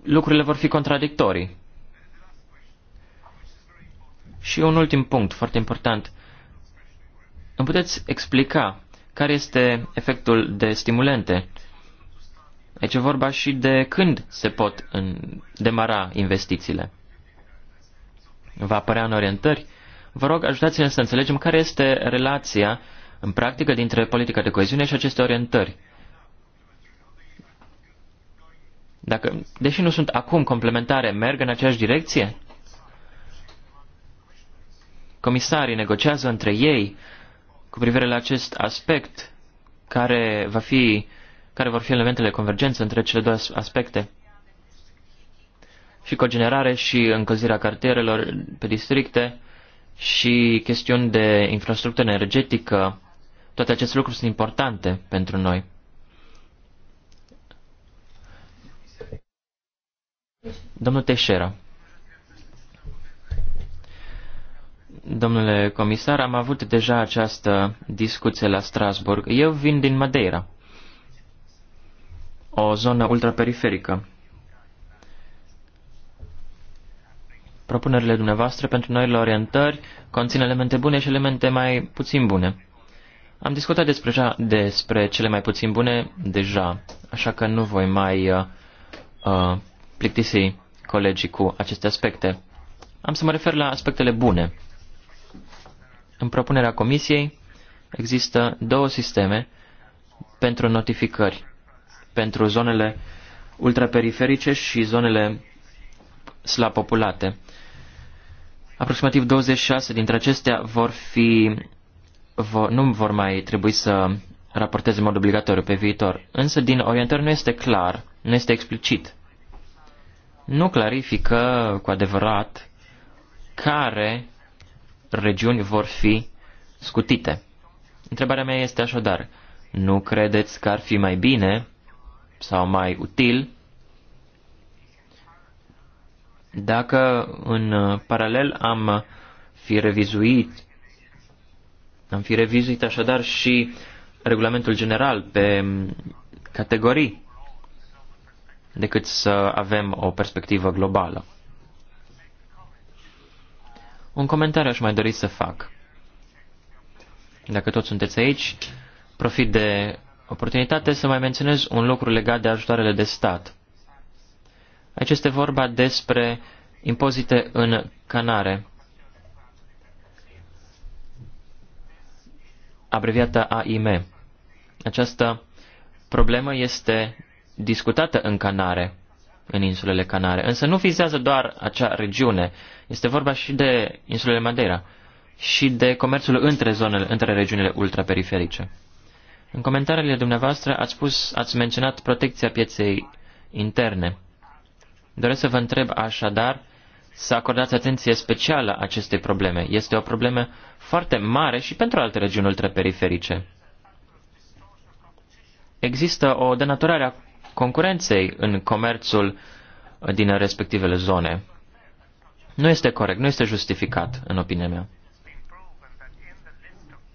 lucrurile vor fi contradictorii. Și un ultim punct foarte important. Îmi puteți explica care este efectul de stimulente? Aici e vorba și de când se pot în, demara investițiile. Va apărea în orientări? Vă rog, ajutați-ne să înțelegem care este relația în practică dintre politica de coeziune și aceste orientări. Dacă, deși nu sunt acum complementare, merg în aceeași direcție? Comisarii negociază între ei cu privire la acest aspect care, va fi, care vor fi elementele de convergență între cele două aspecte și cogenerare și încălzirea cartierelor pe districte și chestiuni de infrastructură energetică toate aceste lucruri sunt importante pentru noi. Domnul Teșera. Domnule comisar, am avut deja această discuție la Strasburg. Eu vin din Madeira, o zonă ultraperiferică. Propunerile dumneavoastră pentru noile orientări conțin elemente bune și elemente mai puțin bune. Am discutat despre, despre cele mai puțin bune deja, așa că nu voi mai uh, uh, plictisi colegii cu aceste aspecte. Am să mă refer la aspectele bune. În propunerea comisiei există două sisteme pentru notificări, pentru zonele ultraperiferice și zonele slab populate. Aproximativ 26 dintre acestea vor fi nu vor mai trebui să raporteze în mod obligatoriu pe viitor. Însă din orientări nu este clar, nu este explicit. Nu clarifică cu adevărat care regiuni vor fi scutite. Întrebarea mea este așadar, nu credeți că ar fi mai bine sau mai util dacă în paralel am fi revizuit am fi revizuit așadar și regulamentul general pe categorii decât să avem o perspectivă globală. Un comentariu aș mai dori să fac. Dacă toți sunteți aici, profit de oportunitate să mai menționez un lucru legat de ajutoarele de stat. Aici este vorba despre impozite în Canare. abreviată AIM. Această problemă este discutată în Canare, în insulele Canare, însă nu vizează doar acea regiune, este vorba și de insulele Madeira și de comerțul între zonele, între regiunile ultraperiferice. În comentariile dumneavoastră ați, spus, ați menționat protecția pieței interne. Doresc să vă întreb așadar să acordați atenție specială acestei probleme. Este o problemă foarte mare și pentru alte regiuni ultraperiferice. Există o denaturare a concurenței în comerțul din respectivele zone. Nu este corect, nu este justificat, în opinia mea.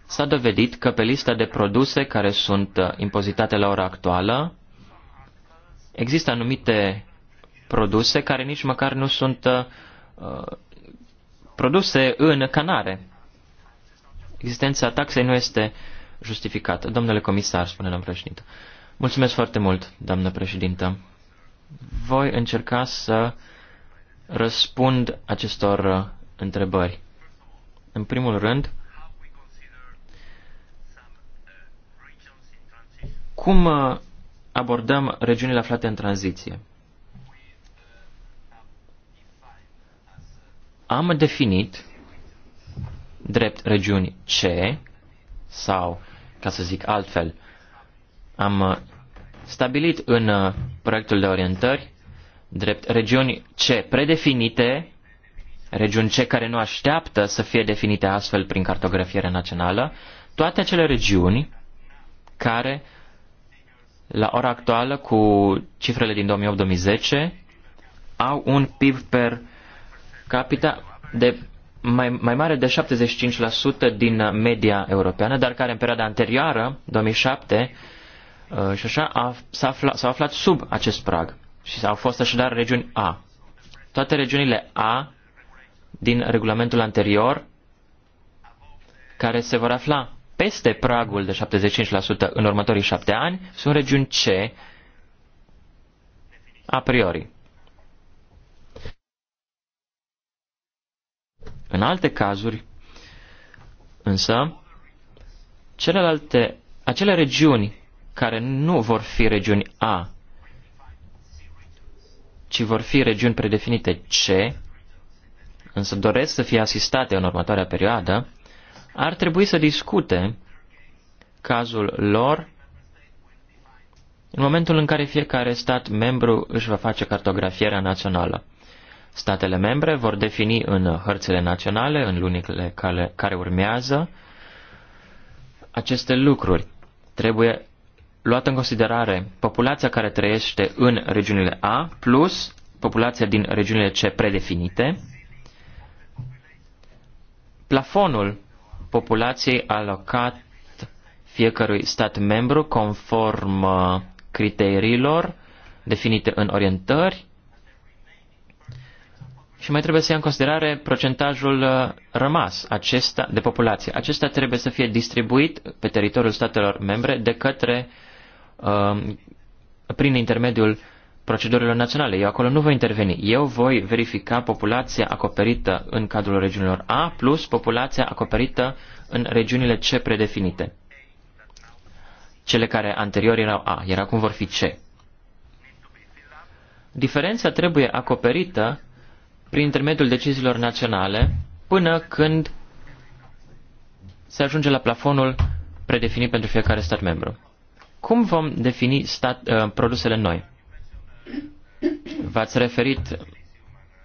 S-a dovedit că pe lista de produse care sunt uh, impozitate la ora actuală există anumite produse care nici măcar nu sunt uh, produse în Canare. Existența taxei nu este justificată. Domnule comisar, spune domnul președinte. Mulțumesc foarte mult, doamnă președintă. Voi încerca să răspund acestor uh, întrebări. În primul rând, cum uh, abordăm regiunile aflate în tranziție? am definit drept regiuni C sau, ca să zic altfel, am uh, stabilit în uh, proiectul de orientări drept regiuni C predefinite, regiuni C care nu așteaptă să fie definite astfel prin cartografiere națională, toate acele regiuni care la ora actuală cu cifrele din 2008-2010 au un PIB per capita de mai, mai mare de 75% din media europeană, dar care în perioada anterioară, 2007, uh, și așa, a, s-a aflat, s-au aflat sub acest prag și au fost așadar regiuni A. Toate regiunile A din regulamentul anterior, care se vor afla peste pragul de 75% în următorii șapte ani, sunt regiuni C a priori. În alte cazuri, însă, celelalte, acele regiuni care nu vor fi regiuni A, ci vor fi regiuni predefinite C, însă doresc să fie asistate în următoarea perioadă, ar trebui să discute cazul lor în momentul în care fiecare stat membru își va face cartografierea națională. Statele membre vor defini în hărțile naționale, în lunile care, care urmează, aceste lucruri. Trebuie luat în considerare populația care trăiește în regiunile A, plus populația din regiunile C predefinite, plafonul populației alocat fiecărui stat membru conform uh, criteriilor definite în orientări și mai trebuie să ia în considerare procentajul uh, rămas acesta de populație. Acesta trebuie să fie distribuit pe teritoriul statelor membre de către, um, prin intermediul procedurilor naționale. Eu acolo nu voi interveni. Eu voi verifica populația acoperită în cadrul regiunilor A plus populația acoperită în regiunile C predefinite. Cele care anterior erau A, iar acum vor fi C. Diferența trebuie acoperită prin intermediul deciziilor naționale până când se ajunge la plafonul predefinit pentru fiecare stat membru. Cum vom defini stat, uh, produsele noi? V-ați referit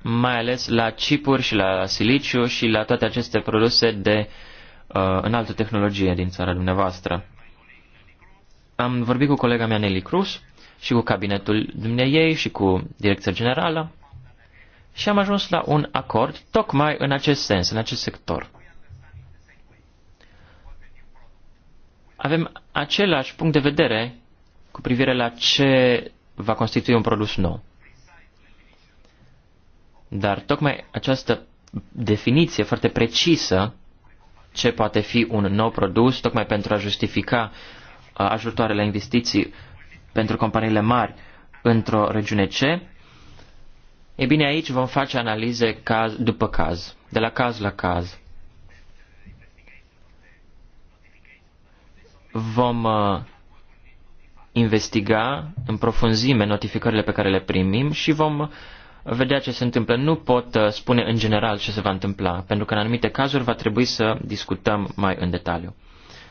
mai ales la chipuri și la siliciu și la toate aceste produse de uh, înaltă tehnologie din țara dumneavoastră. Am vorbit cu colega mea Nelly Cruz și cu cabinetul dumneiei și cu direcția generală și am ajuns la un acord tocmai în acest sens, în acest sector. Avem același punct de vedere cu privire la ce va constitui un produs nou. Dar tocmai această definiție foarte precisă ce poate fi un nou produs, tocmai pentru a justifica ajutoarele investiții pentru companiile mari într-o regiune C, E bine, aici vom face analize caz după caz, de la caz la caz. Vom uh, investiga în profunzime notificările pe care le primim și vom uh, vedea ce se întâmplă. Nu pot uh, spune în general ce se va întâmpla, pentru că în anumite cazuri va trebui să discutăm mai în detaliu.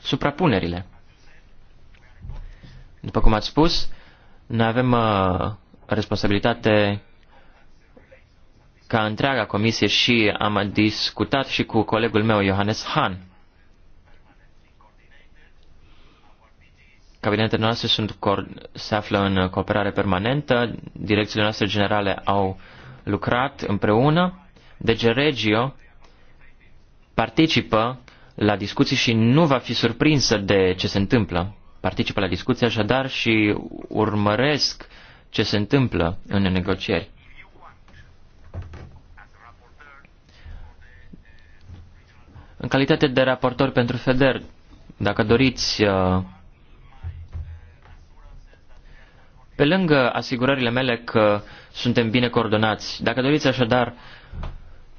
Suprapunerile. După cum ați spus, noi avem uh, responsabilitate ca întreaga comisie și am discutat și cu colegul meu, Johannes Hahn. Cabinetele noastre sunt, se află în cooperare permanentă, direcțiile noastre generale au lucrat împreună, DG deci Regio participă la discuții și nu va fi surprinsă de ce se întâmplă. Participă la discuții așadar și urmăresc ce se întâmplă în negocieri. În calitate de raportor pentru FEDER, dacă doriți, uh, pe lângă asigurările mele că suntem bine coordonați, dacă doriți așadar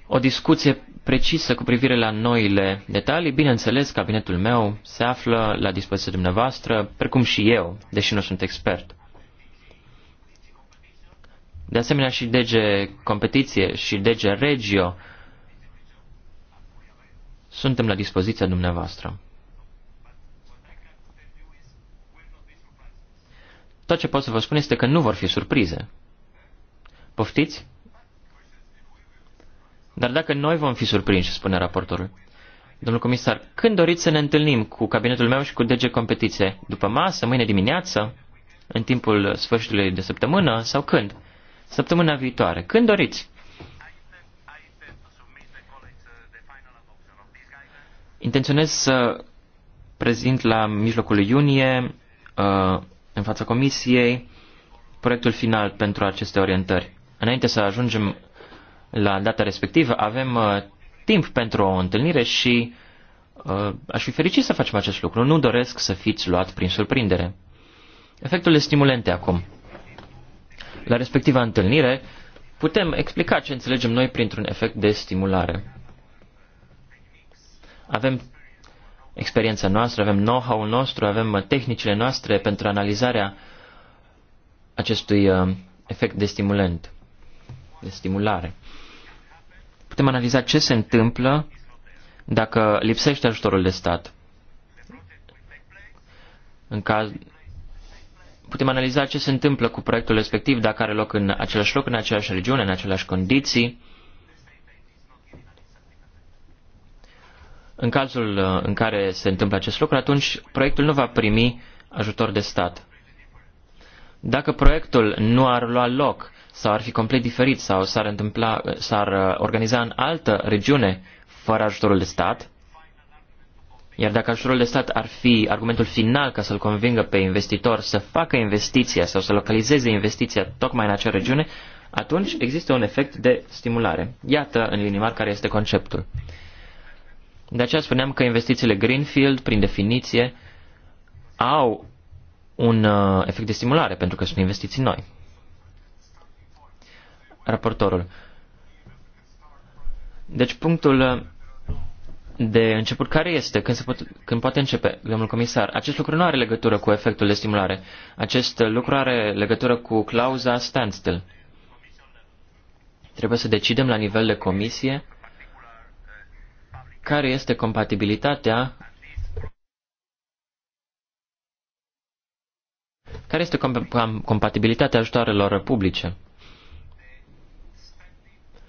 o discuție precisă cu privire la noile detalii, bineînțeles, cabinetul meu se află la dispoziția dumneavoastră, precum și eu, deși nu sunt expert. De asemenea și DG Competiție și DG Regio suntem la dispoziția dumneavoastră. Tot ce pot să vă spun este că nu vor fi surprize. Poftiți? Dar dacă noi vom fi surprinși, spune raportorul. Domnul comisar, când doriți să ne întâlnim cu cabinetul meu și cu DG Competiție? După masă, mâine dimineață? În timpul sfârșitului de săptămână? Sau când? Săptămâna viitoare. Când doriți? Intenționez să prezint la mijlocul iunie, uh, în fața comisiei, proiectul final pentru aceste orientări. Înainte să ajungem la data respectivă, avem uh, timp pentru o întâlnire și uh, aș fi fericit să facem acest lucru. Nu doresc să fiți luat prin surprindere. Efectele stimulente acum. La respectiva întâlnire, putem explica ce înțelegem noi printr-un efect de stimulare. Avem experiența noastră, avem know-how-ul nostru, avem uh, tehnicile noastre pentru analizarea acestui uh, efect de stimulant, de stimulare. Putem analiza ce se întâmplă dacă lipsește ajutorul de stat. În caz, putem analiza ce se întâmplă cu proiectul respectiv dacă are loc în același loc, în aceeași regiune, în aceleași condiții. În cazul uh, în care se întâmplă acest lucru, atunci proiectul nu va primi ajutor de stat. Dacă proiectul nu ar lua loc sau ar fi complet diferit sau s-ar, întâmpla, s-ar uh, organiza în altă regiune fără ajutorul de stat, iar dacă ajutorul de stat ar fi argumentul final ca să-l convingă pe investitor să facă investiția sau să localizeze investiția tocmai în acea regiune, atunci există un efect de stimulare. Iată, în linii mari, care este conceptul. De aceea spuneam că investițiile Greenfield, prin definiție, au un uh, efect de stimulare, pentru că sunt investiții noi. Raportorul. Deci punctul uh, de început care este, când, se pot, când poate începe, domnul comisar, acest lucru nu are legătură cu efectul de stimulare. Acest lucru are legătură cu clauza standstill. Trebuie să decidem la nivel de comisie care este compatibilitatea care este compatibilitatea ajutoarelor publice.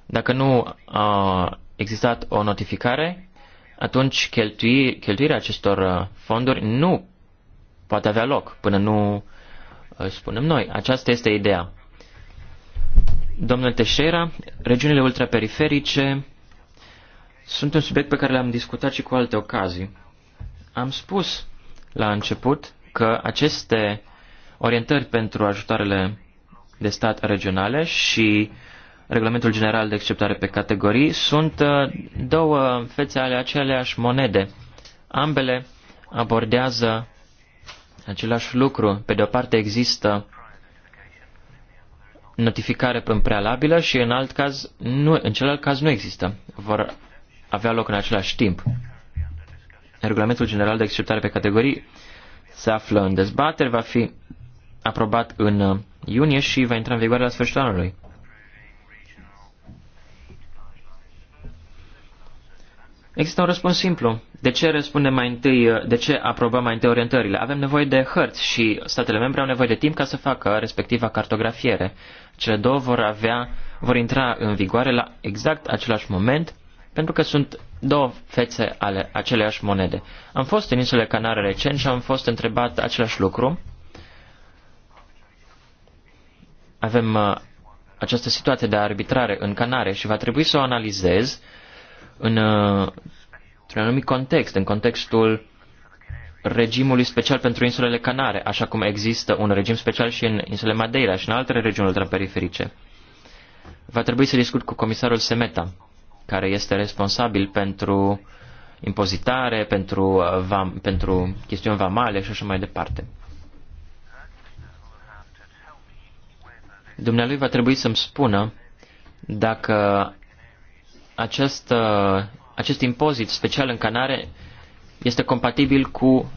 Dacă nu a existat o notificare, atunci cheltui, cheltuirea acestor uh, fonduri nu poate avea loc până nu uh, spunem noi. Aceasta este ideea. Domnule Teșera, regiunile ultraperiferice sunt un subiect pe care l-am discutat și cu alte ocazii. Am spus la început că aceste orientări pentru ajutoarele de stat regionale și Regulamentul General de Acceptare pe Categorii sunt uh, două fețe ale aceleași monede. Ambele abordează același lucru. Pe de o parte există notificare prin prealabilă și în alt caz nu, în celălalt caz nu există. Vor avea loc în același timp. Regulamentul general de acceptare pe categorii se află în dezbatere, va fi aprobat în uh, iunie și va intra în vigoare la sfârșitul anului. Există un răspuns simplu. De ce răspundem mai întâi, uh, de ce aprobăm mai întâi orientările? Avem nevoie de hărți și statele membre au nevoie de timp ca să facă respectiva cartografiere. Cele două vor avea, vor intra în vigoare la exact același moment pentru că sunt două fețe ale aceleiași monede. Am fost în insulele Canare recent și am fost întrebat același lucru. Avem uh, această situație de arbitrare în Canare și va trebui să o analizez în, uh, într-un anumit context, în contextul regimului special pentru insulele Canare, așa cum există un regim special și în insulele Madeira și în alte regiuni ultraperiferice. Va trebui să discut cu comisarul Semeta care este responsabil pentru impozitare, pentru, uh, vam, pentru chestiuni vamale și așa mai departe. Dumnealui va trebui să-mi spună dacă acest, uh, acest impozit special în Canare este compatibil cu uh,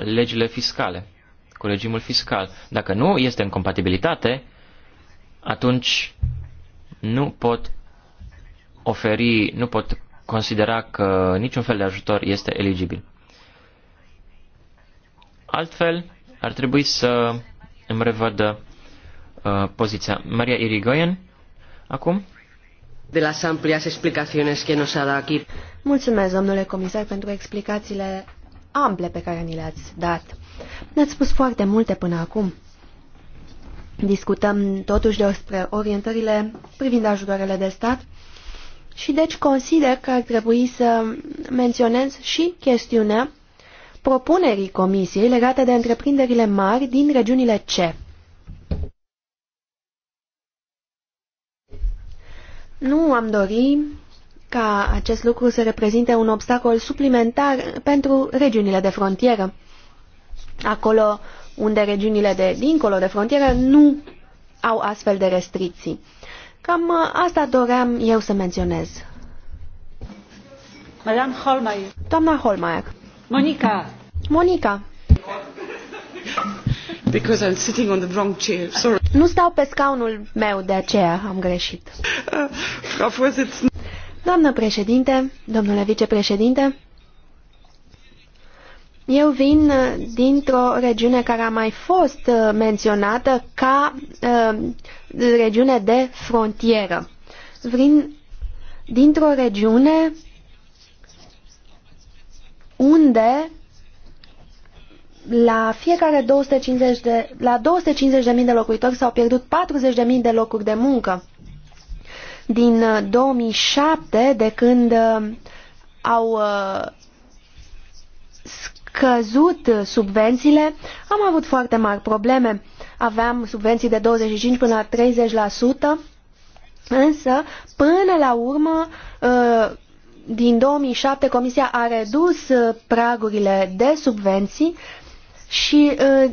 legile fiscale, cu regimul fiscal. Dacă nu este în compatibilitate, atunci nu pot oferi, nu pot considera că niciun fel de ajutor este eligibil. Altfel, ar trebui să îmi revăd uh, poziția. Maria Irigoyen, acum. De la amplias explicaciones que nos ha dat aquí. Mulțumesc, domnule comisar, pentru explicațiile ample pe care ni le-ați dat. Ne-ați spus foarte multe până acum. Discutăm totuși despre orientările privind ajutoarele de stat și deci consider că ar trebui să menționez și chestiunea propunerii Comisiei legate de întreprinderile mari din regiunile C. Nu am dori ca acest lucru să reprezinte un obstacol suplimentar pentru regiunile de frontieră. Acolo unde regiunile de dincolo de frontieră nu au astfel de restricții. Cam uh, asta doream eu să menționez. Madame Holmeier. Doamna Holmeier. Monica. Monica. Because I'm sitting on the wrong chair. Sorry. Nu stau pe scaunul meu, de aceea am greșit. Uh, Doamnă președinte, domnule vicepreședinte, eu vin uh, dintr-o regiune care a mai fost uh, menționată ca uh, regiune de frontieră. Vin dintr-o regiune unde la fiecare 250 de, la 250.000 de locuitori s-au pierdut 40.000 de locuri de muncă. Din 2007, uh, de când au scăzut subvențiile, am avut foarte mari probleme. Aveam subvenții de 25 până la 30%, însă până la urmă ă, din 2007 Comisia a redus pragurile de subvenții și ă,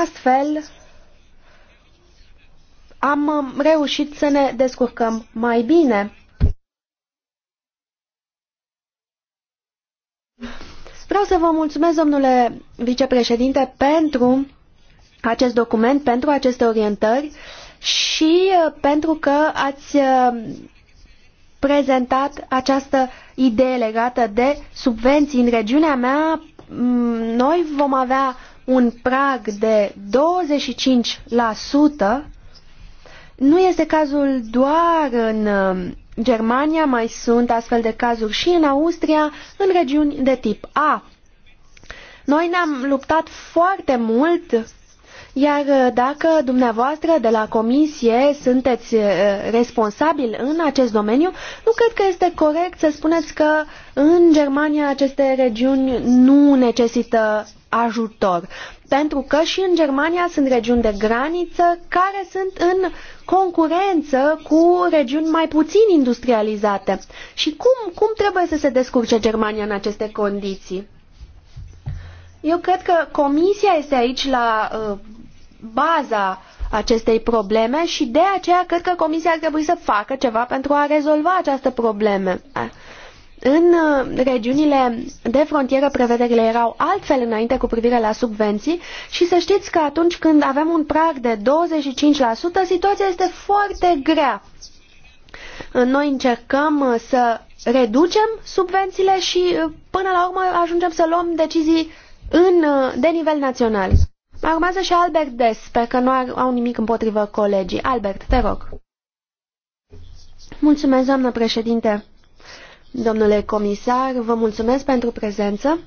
astfel am reușit să ne descurcăm mai bine. Vreau să vă mulțumesc, domnule vicepreședinte, pentru acest document, pentru aceste orientări și uh, pentru că ați uh, prezentat această idee legată de subvenții. În regiunea mea, mm, noi vom avea un prag de 25%. Nu este cazul doar în uh, Germania, mai sunt astfel de cazuri și în Austria, în regiuni de tip A. Noi ne-am luptat foarte mult iar uh, dacă dumneavoastră de la comisie sunteți uh, responsabil în acest domeniu, nu cred că este corect să spuneți că în Germania aceste regiuni nu necesită ajutor. Pentru că și în Germania sunt regiuni de graniță care sunt în concurență cu regiuni mai puțin industrializate. Și cum, cum trebuie să se descurce Germania în aceste condiții? Eu cred că comisia este aici la uh, baza acestei probleme și de aceea cred că Comisia ar trebui să facă ceva pentru a rezolva această probleme. În uh, regiunile de frontieră prevederile erau altfel înainte cu privire la subvenții și să știți că atunci când avem un prag de 25%, situația este foarte grea. Noi încercăm uh, să reducem subvențiile și uh, până la urmă ajungem să luăm decizii în, de nivel național. Mai urmează și Albert Des, sper că nu au nimic împotrivă colegii. Albert, te rog. Mulțumesc, doamnă președinte. Domnule comisar, vă mulțumesc pentru prezență.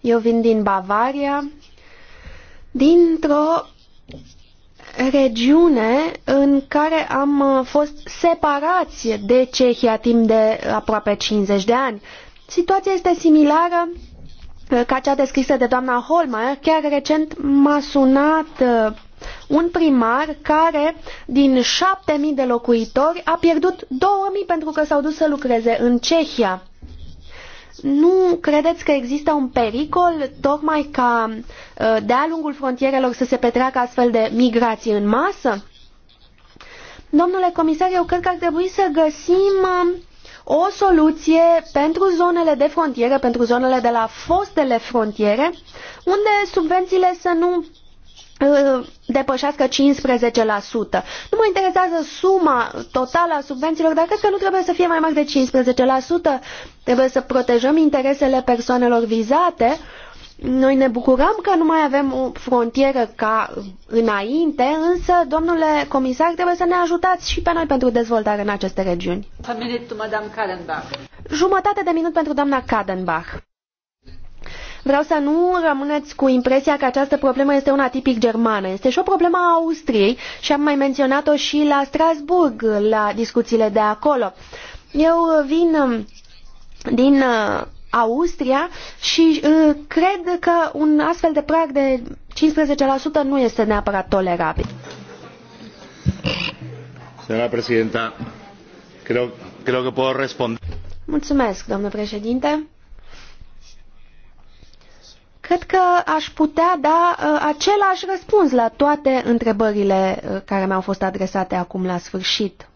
Eu vin din Bavaria, dintr-o regiune în care am uh, fost separați de Cehia timp de aproape 50 de ani. Situația este similară ca cea descrisă de doamna Holmer, chiar recent m-a sunat uh, un primar care din 7000 de locuitori a pierdut 2000 pentru că s-au dus să lucreze în Cehia. Nu credeți că există un pericol tocmai ca uh, de-a lungul frontierelor să se petreacă astfel de migrații în masă? Domnule comisar, eu cred că ar trebui să găsim uh, o soluție pentru zonele de frontieră, pentru zonele de la fostele frontiere, unde subvențiile să nu uh, depășească 15%. Nu mă interesează suma totală a subvențiilor, dar cred că nu trebuie să fie mai mari de 15%. Trebuie să protejăm interesele persoanelor vizate uh, noi ne bucurăm că nu mai avem o frontieră ca înainte, însă, domnule comisar, trebuie să ne ajutați și pe noi pentru dezvoltare în aceste regiuni. Jumătate de minut pentru doamna Kadenbach. Vreau să nu rămâneți cu impresia că această problemă este una tipic germană. Este și o problemă a Austriei și am mai menționat-o și la Strasburg, la discuțiile de acolo. Eu vin uh, din uh, Austria și uh, cred că un astfel de prag de 15% nu este neapărat tolerabil. Doamna președintă, cred, cred că pot răspunde. Mulțumesc, domnule președinte. Cred că aș putea da uh, același răspuns la toate întrebările uh, care mi-au fost adresate acum la sfârșit.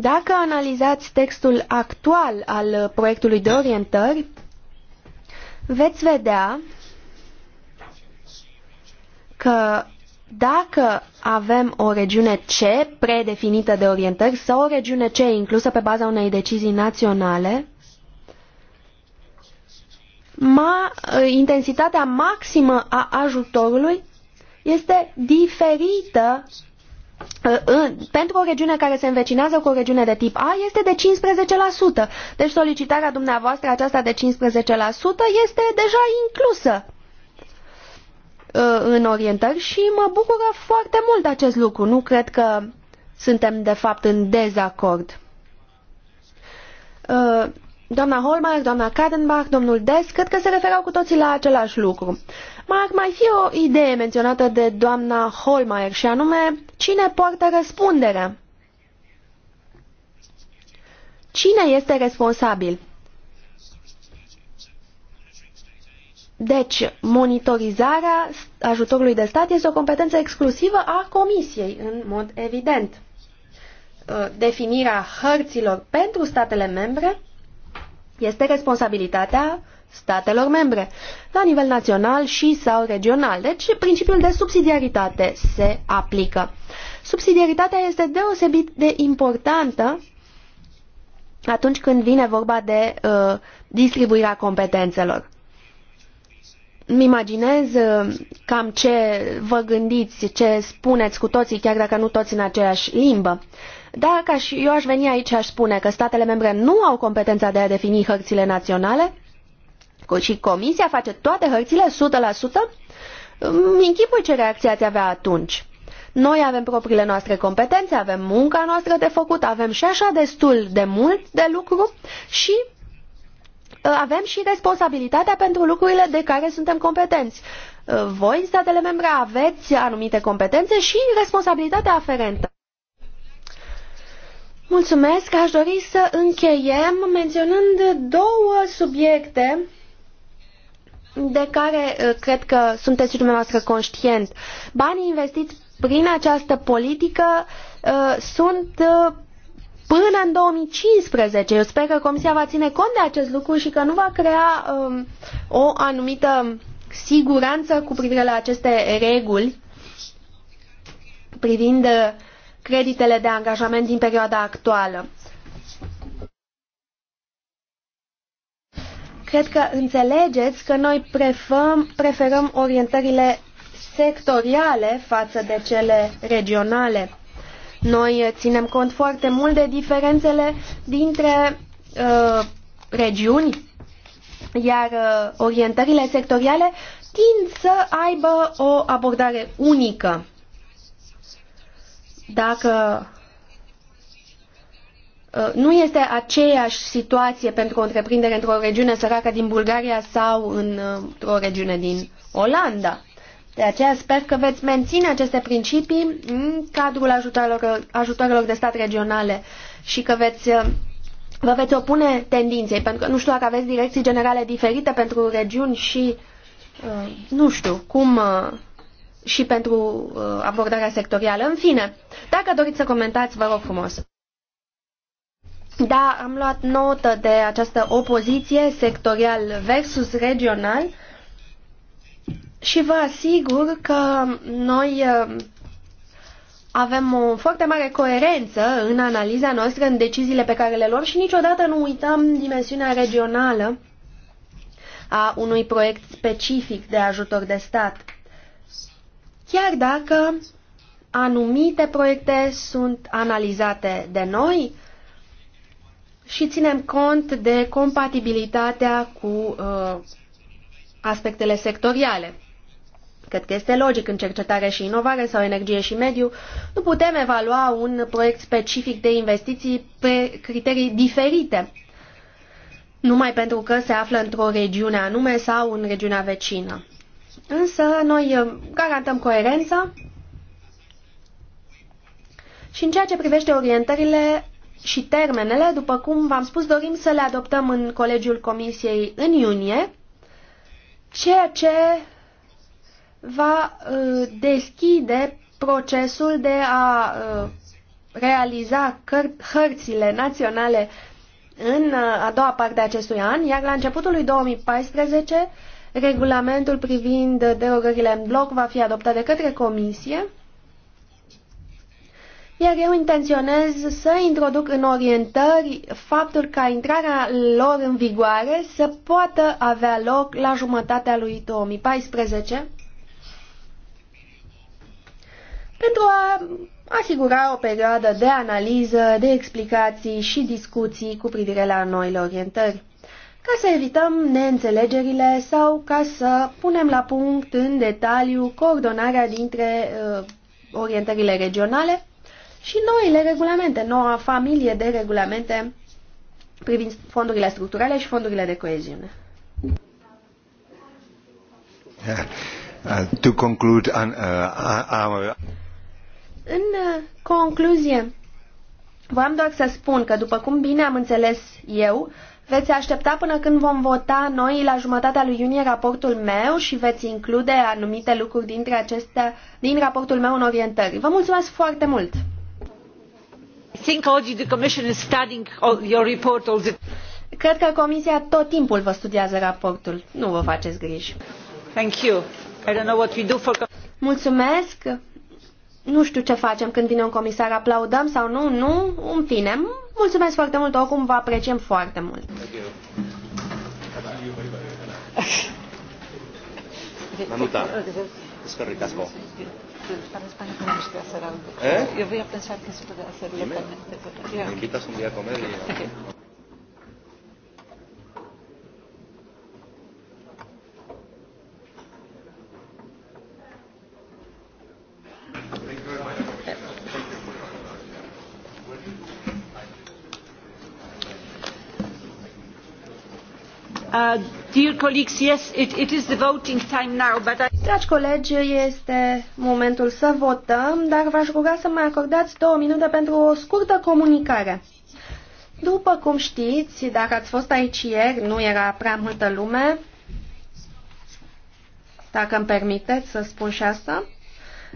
Dacă analizați textul actual al proiectului de orientări, veți vedea că dacă avem o regiune C predefinită de orientări sau o regiune C inclusă pe baza unei decizii naționale, ma, intensitatea maximă a ajutorului este diferită Ă, pentru o regiune care se învecinează cu o regiune de tip A este de 15%. Deci solicitarea dumneavoastră aceasta de 15% este deja inclusă ă, în orientări și mă bucură foarte mult acest lucru. Nu cred că suntem de fapt în dezacord. Ă, Doamna Holmeier, doamna Kadenbach, domnul Des, cred că se referau cu toții la același lucru. Mai mai fi o idee menționată de doamna Holmeier și anume, cine poartă răspunderea? Cine este responsabil? Deci, monitorizarea ajutorului de stat este o competență exclusivă a Comisiei, în mod evident. Definirea hărților pentru statele membre este responsabilitatea statelor membre, la nivel național și sau regional. Deci, principiul de subsidiaritate se aplică. Subsidiaritatea este deosebit de importantă atunci când vine vorba de uh, distribuirea competențelor. Îmi imaginez uh, cam ce vă gândiți, ce spuneți cu toții, chiar dacă nu toți în aceeași limbă. Uh, dacă și eu aș veni aici și aș spune că statele membre nu au competența de a defini hărțile naționale și Comisia face toate hărțile 100%, închipui ce reacție ați avea atunci. Noi avem propriile noastre competențe, avem munca noastră de făcut, avem și așa destul de mult de lucru și ă, avem și responsabilitatea pentru lucrurile de care suntem competenți. Ă, voi, statele membre, aveți anumite competențe și responsabilitatea aferentă. Mulțumesc, aș dori să încheiem menționând două subiecte de care uh, cred că sunteți și dumneavoastră conștient. Banii investiți prin această politică uh, sunt uh, până în 2015. Eu sper că Comisia va ține cont de acest lucru și că nu va crea um, o anumită siguranță cu privire la aceste reguli privind uh, creditele de angajament din perioada actuală. Cred că înțelegeți că noi preferăm, preferăm orientările sectoriale față de cele regionale. Noi ținem cont foarte mult de diferențele dintre uh, regiuni, iar uh, orientările sectoriale tind să aibă o abordare unică dacă ă, nu este aceeași situație pentru o întreprindere într-o regiune săracă din Bulgaria sau ă, într-o regiune din Olanda. De aceea sper că veți menține aceste principii în cadrul ajutoarelor, ajutoarelor de stat regionale și că veți, ă, vă veți opune tendinței, pentru că nu știu dacă aveți direcții generale diferite pentru regiuni și nu știu cum și pentru uh, abordarea sectorială. În fine, dacă doriți să comentați, vă rog frumos. Da, am luat notă de această opoziție sectorial versus regional și vă asigur că noi uh, avem o foarte mare coerență în analiza noastră, în deciziile pe care le luăm și niciodată nu uităm dimensiunea regională a unui proiect specific de ajutor de stat. Chiar dacă anumite proiecte sunt analizate de noi și ținem cont de compatibilitatea cu uh, aspectele sectoriale. Cred că este logic în cercetare și inovare sau energie și mediu, nu putem evalua un proiect specific de investiții pe criterii diferite, numai pentru că se află într-o regiune anume sau în regiunea vecină. Însă noi uh, garantăm coerența și în ceea ce privește orientările și termenele, după cum v-am spus, dorim să le adoptăm în Colegiul Comisiei în iunie, ceea ce va uh, deschide procesul de a uh, realiza hărțile naționale în a doua parte a acestui an, iar la începutul lui 2014 Regulamentul privind derogările în bloc va fi adoptat de către Comisie, iar eu intenționez să introduc în orientări faptul ca intrarea lor în vigoare să poată avea loc la jumătatea lui 2014 pentru a asigura o perioadă de analiză, de explicații și discuții cu privire la noile orientări ca să evităm neînțelegerile sau ca să punem la punct în detaliu coordonarea dintre uh, orientările regionale și noile regulamente, noua familie de regulamente privind fondurile structurale și fondurile de coeziune. Uh, to conclude on, uh, uh, În concluzie, v-am doar să spun că, după cum bine am înțeles eu, uh, Veți aștepta până când vom vota noi la jumătatea lui iunie raportul meu și veți include anumite lucruri dintre acestea din raportul meu în orientări. Vă mulțumesc foarte mult! Cred că Comisia tot timpul vă studiază raportul. Nu vă faceți griji. Thank you. I don't know what we do for... Mulțumesc. Nu știu ce facem când vine un comisar, aplaudăm sau nu, nu, în fine, Mulțumesc foarte mult, oricum vă apreciem foarte mult. a se eh? un a comer Thank you very much. Dragi colegi, este momentul să votăm, dar v-aș ruga să mai acordați două minute pentru o scurtă comunicare. După cum știți, dacă ați fost aici ieri, nu era prea multă lume, dacă îmi permiteți să spun și asta.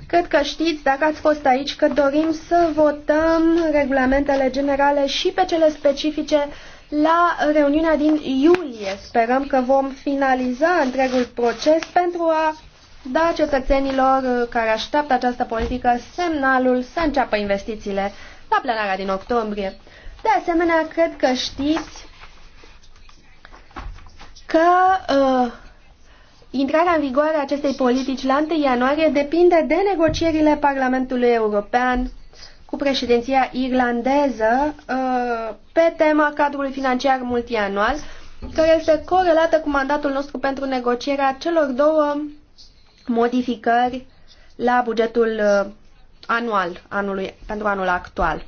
Cred că știți, dacă ați fost aici, că dorim să votăm regulamentele generale și pe cele specifice la reuniunea din iulie sperăm că vom finaliza întregul proces pentru a da cetățenilor care așteaptă această politică semnalul să înceapă investițiile la plenarea din octombrie. De asemenea, cred că știți că uh, intrarea în vigoare a acestei politici la 1 ianuarie depinde de negocierile Parlamentului European cu președinția irlandeză uh, pe tema cadrului financiar multianual, care este corelată cu mandatul nostru pentru negocierea celor două modificări la bugetul uh, anual anului, pentru anul actual.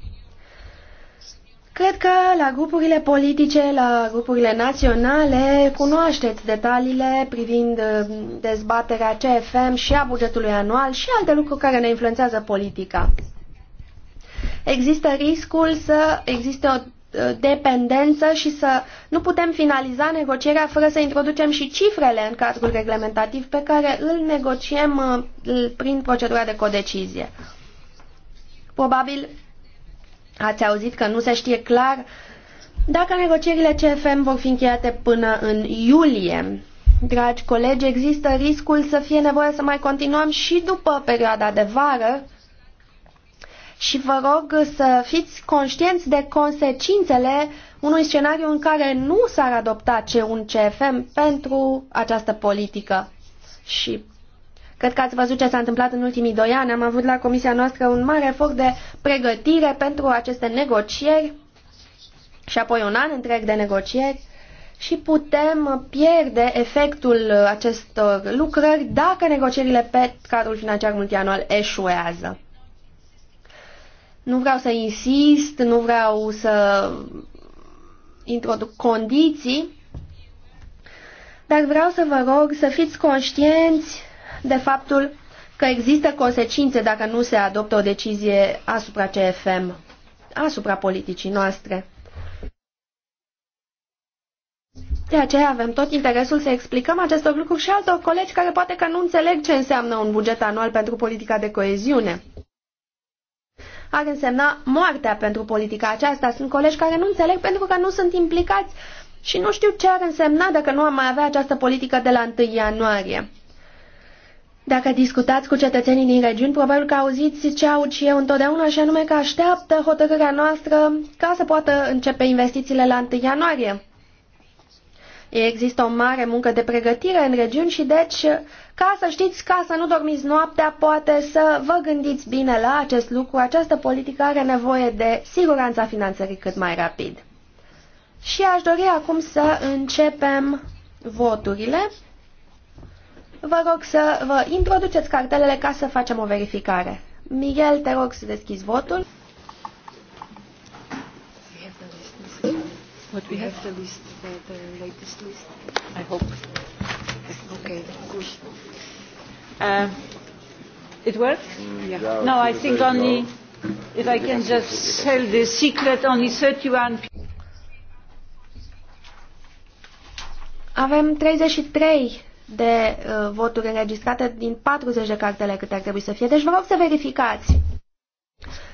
Cred că la grupurile politice, la grupurile naționale, cunoașteți detaliile privind uh, dezbaterea CFM și a bugetului anual și alte lucruri care ne influențează politica există riscul să existe o uh, dependență și să nu putem finaliza negocierea fără să introducem și cifrele în cadrul reglementativ pe care îl negociem uh, prin procedura de codecizie. Probabil ați auzit că nu se știe clar dacă negocierile CFM vor fi încheiate până în iulie. Dragi colegi, există riscul să fie nevoie să mai continuăm și după perioada de vară, și vă rog să fiți conștienți de consecințele unui scenariu în care nu s-ar adopta ce un CFM pentru această politică. Și cred că ați văzut ce s-a întâmplat în ultimii doi ani. Am avut la comisia noastră un mare efort de pregătire pentru aceste negocieri și apoi un an întreg de negocieri și putem pierde efectul acestor lucrări dacă negocierile pe cadrul financiar multianual eșuează. Nu vreau să insist, nu vreau să introduc condiții, dar vreau să vă rog să fiți conștienți de faptul că există consecințe dacă nu se adoptă o decizie asupra CFM, asupra politicii noastre. De aceea avem tot interesul să explicăm acestor lucruri și altor colegi care poate că nu înțeleg ce înseamnă un buget anual pentru politica de coeziune ar însemna moartea pentru politica aceasta. Sunt colegi care nu înțeleg pentru că nu sunt implicați și nu știu ce ar însemna dacă nu am mai avea această politică de la 1 ianuarie. Dacă discutați cu cetățenii din regiuni, probabil că auziți ce au și eu întotdeauna, și anume că așteaptă hotărârea noastră ca să poată începe investițiile la 1 ianuarie. Există o mare muncă de pregătire în regiuni și deci, ca să știți, ca să nu dormiți noaptea, poate să vă gândiți bine la acest lucru. Această politică are nevoie de siguranța finanțării cât mai rapid. Și aș dori acum să începem voturile. Vă rog să vă introduceți cartelele ca să facem o verificare. Miguel, te rog să deschizi votul. What we have the list, the, the latest list. I hope. Okay, good. Uh, it works? Mm, yeah. yeah no, I think only, if I can just tell the secret, only 31 Avem 33 de uh, voturi înregistrate din 40 de cartele câte ar trebui să fie. Deci vă rog să verificați.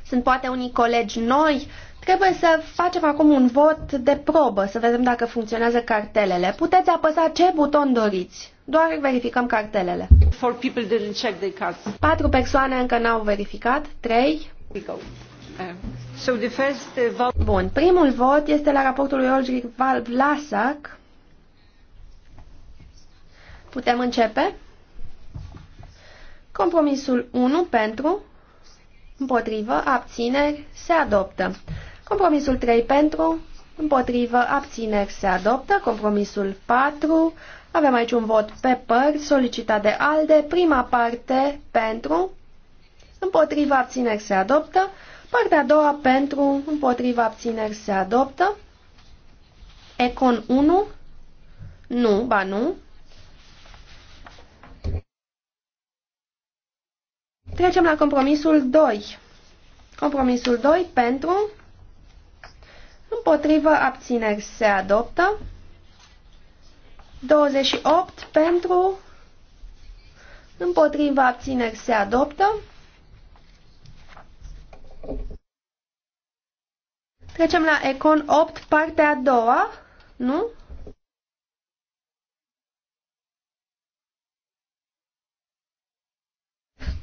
Sunt poate unii colegi noi Trebuie să facem acum un vot de probă, să vedem dacă funcționează cartelele. Puteți apăsa ce buton doriți. Doar verificăm cartelele. Four people didn't check their cards. Patru persoane încă n-au verificat. Trei. We go. Uh, so the first uh, vote... Bun, primul vot este la raportul lui Olgic Valv Putem începe? Compromisul 1 pentru, împotrivă, abțineri, se adoptă. Compromisul 3 pentru, împotrivă, abțineri se adoptă. Compromisul 4, avem aici un vot pe părți solicitat de ALDE. Prima parte pentru, împotrivă, abțineri se adoptă. Partea a doua pentru, împotrivă, abțineri se adoptă. Econ 1, nu, ba nu. Trecem la compromisul 2. Compromisul 2 pentru, Împotrivă abțineri se adoptă. 28 pentru. Împotrivă abțineri se adoptă. Trecem la Econ 8, partea a doua, nu?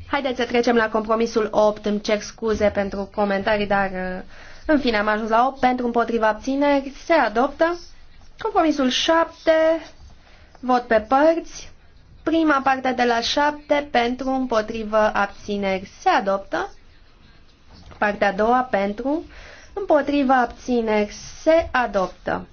Haideți să trecem la compromisul 8. Îmi cer scuze pentru comentarii, dar uh, în fine, am ajuns la 8 pentru împotriva abțineri. Se adoptă. Compromisul 7. Vot pe părți. Prima parte de la 7 pentru împotriva abțineri se adoptă. Partea a doua pentru împotriva abțineri se adoptă.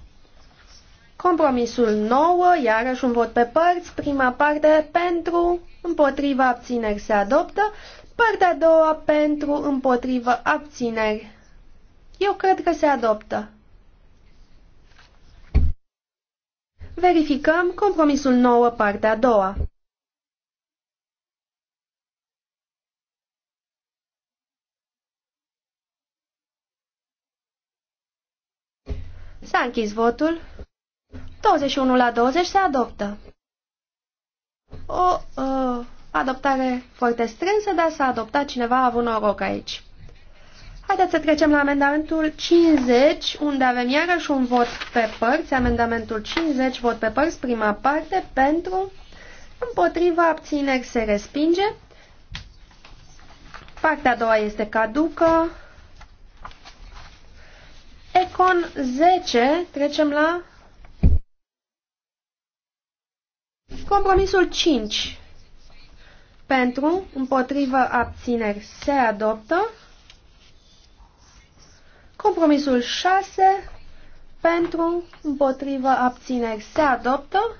Compromisul 9, iarăși un vot pe părți, prima parte pentru împotriva abțineri se adoptă, partea a doua pentru împotriva abțineri eu cred că se adoptă. Verificăm compromisul 9, partea a doua. S-a închis votul. 21 la 20 se adoptă. O uh, adoptare foarte strânsă, dar s-a adoptat cineva a avut noroc aici. Haideți să trecem la amendamentul 50, unde avem iarăși un vot pe părți. Amendamentul 50, vot pe părți, prima parte, pentru, împotriva, abțineri, se respinge. Partea a doua este caducă. Econ 10, trecem la compromisul 5. Pentru, împotrivă, abțineri, se adoptă. Compromisul 6 pentru, împotrivă, abțineri se adoptă.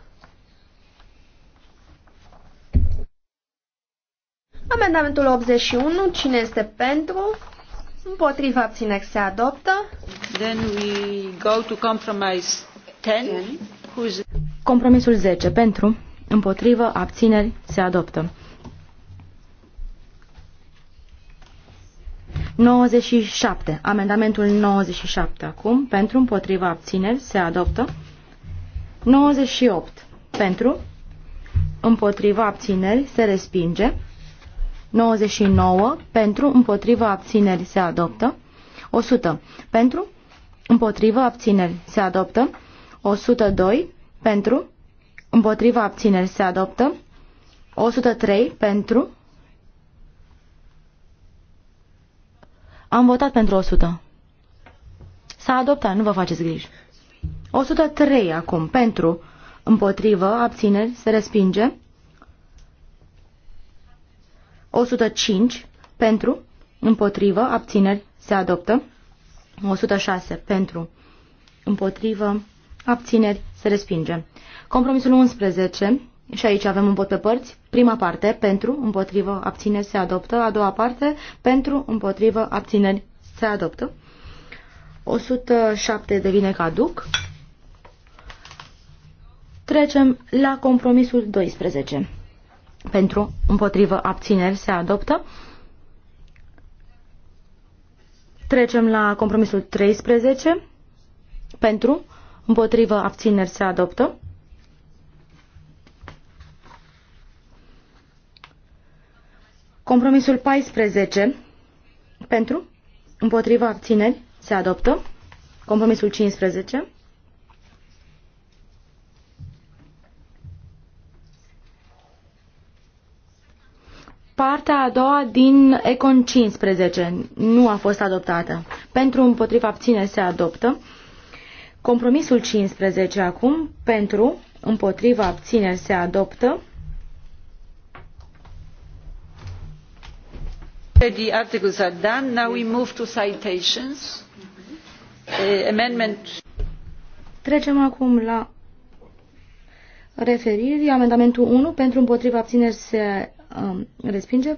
Amendamentul 81, cine este pentru? împotriva abțineri se adoptă. Then we go to compromise 10. Compromisul 10, pentru, împotrivă, abțineri se adoptă. 97. Amendamentul 97 acum. Pentru, împotriva, abțineri. Se adoptă. 98. Pentru, împotriva, abțineri. Se respinge. 99. Pentru, împotriva, abțineri. Se adoptă. 100. Pentru, împotriva, abțineri. Se adoptă. 102. Pentru, împotriva, abțineri. Se adoptă. 103. Pentru, Am votat pentru 100. S-a adoptat, nu vă faceți griji. 103 acum, pentru, împotrivă, abțineri, se respinge. 105, pentru, împotrivă, abțineri, se adoptă. 106, pentru, împotrivă, abțineri, se respinge. Compromisul 11, și aici avem un vot pe părți. Prima parte, pentru, împotrivă, abțineri, se adoptă. A doua parte, pentru, împotrivă, abțineri, se adoptă. 107 devine caduc. Trecem la compromisul 12. Pentru, împotrivă, abțineri, se adoptă. Trecem la compromisul 13. Pentru, împotrivă, abțineri, se adoptă. Compromisul 14 pentru, împotriva abțineri, se adoptă. Compromisul 15 partea a doua din Econ 15 nu a fost adoptată. Pentru împotriva abține se adoptă. Compromisul 15 acum pentru împotriva abține se adoptă. The articles are done. Now we move to citations. Uh, amendment. Trecem acum la referiri. Amendamentul 1 pentru împotriva abțineri se um, respinge.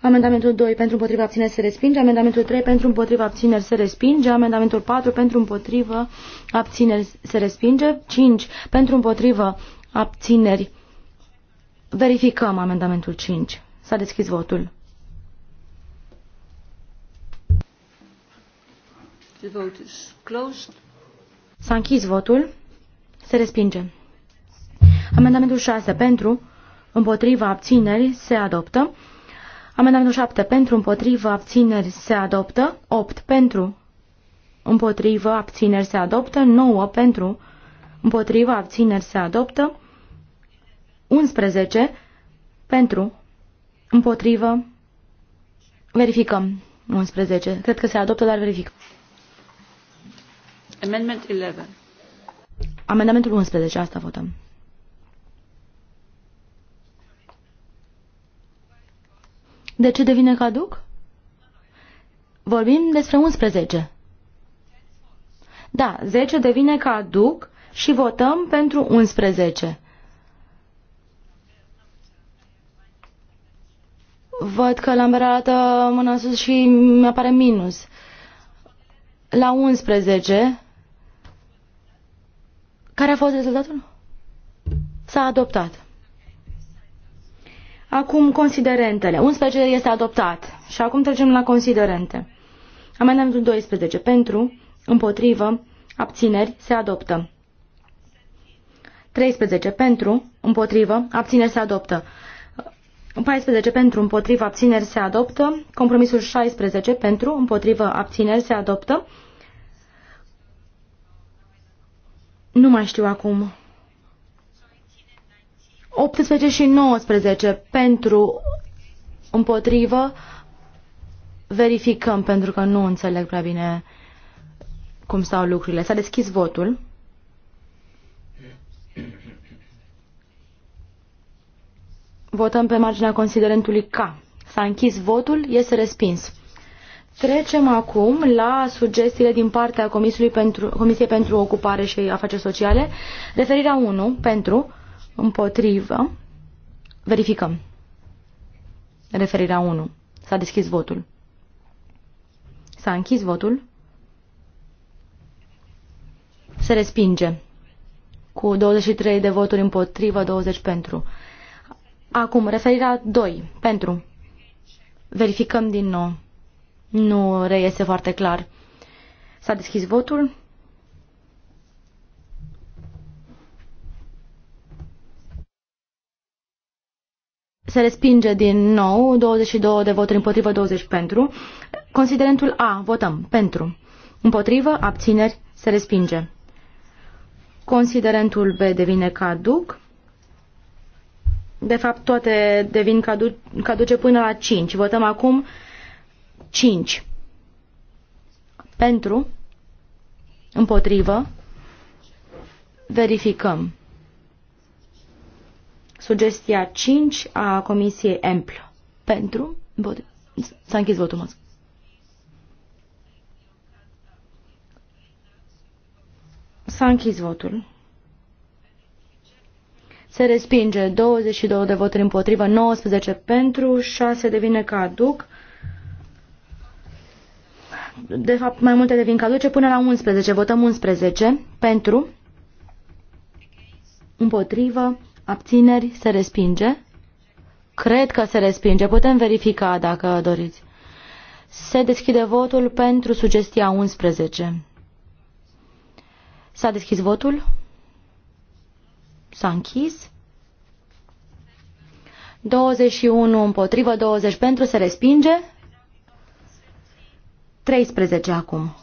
Amendamentul 2 pentru împotriva abțineri se respinge. Amendamentul 3 pentru împotriva abțineri se respinge. Amendamentul 4 pentru împotriva abțineri se respinge. 5 pentru împotriva abțineri. Verificăm amendamentul 5. S-a deschis votul. The vote is closed. S-a închis votul. Se respinge. Amendamentul 6 pentru, împotriva abțineri, se adoptă. Amendamentul 7 pentru, împotriva abțineri, se adoptă. 8 pentru, împotriva abțineri, se adoptă. 9 pentru, împotriva abțineri, se adoptă. 11 pentru, împotrivă, verificăm. 11. Cred că se adoptă, dar verificăm. Amendment 11. Amendamentul 11, asta votăm. De ce devine caduc? Vorbim despre 11. Da, 10 devine caduc și votăm pentru 11. Văd că l-am arată mâna sus și mi apare minus. La 11 care a fost rezultatul? S-a adoptat. Acum considerentele. 11 este adoptat. Și acum trecem la considerente. Amendamentul 12. Pentru, împotrivă, abțineri, se adoptă. 13. Pentru, împotrivă, abțineri, se adoptă. 14 pentru, împotrivă, abțineri, se adoptă. Compromisul 16 pentru, împotrivă, abțineri, se adoptă. Nu mai știu acum. 18 și 19 pentru împotrivă verificăm pentru că nu înțeleg prea bine cum stau lucrurile. S-a deschis votul. Votăm pe marginea considerentului K. S-a închis votul, este respins. Trecem acum la sugestiile din partea Comisiei pentru, Comisiei pentru Ocupare și Afaceri Sociale. Referirea 1 pentru, împotrivă, verificăm. Referirea 1. S-a deschis votul. S-a închis votul. Se respinge. Cu 23 de voturi împotrivă, 20 pentru. Acum, referirea 2. Pentru. Verificăm din nou nu reiese foarte clar. S-a deschis votul. Se respinge din nou 22 de voturi împotrivă, 20 pentru. Considerentul A, votăm pentru. Împotrivă, abțineri, se respinge. Considerentul B devine caduc. De fapt, toate devin cadu caduce până la 5. Votăm acum 5. Pentru, împotrivă, verificăm. Sugestia 5 a Comisiei EMPL. Pentru, împotrivă. S-a închis votul, mă S-a închis votul. Se respinge 22 de voturi împotrivă, 19 pentru, 6 devine caduc de fapt mai multe devin caduce până la 11. Votăm 11 pentru, împotrivă, abțineri, se respinge. Cred că se respinge. Putem verifica dacă doriți. Se deschide votul pentru sugestia 11. S-a deschis votul? S-a închis? 21 împotrivă, 20 pentru, se respinge. 13 acum.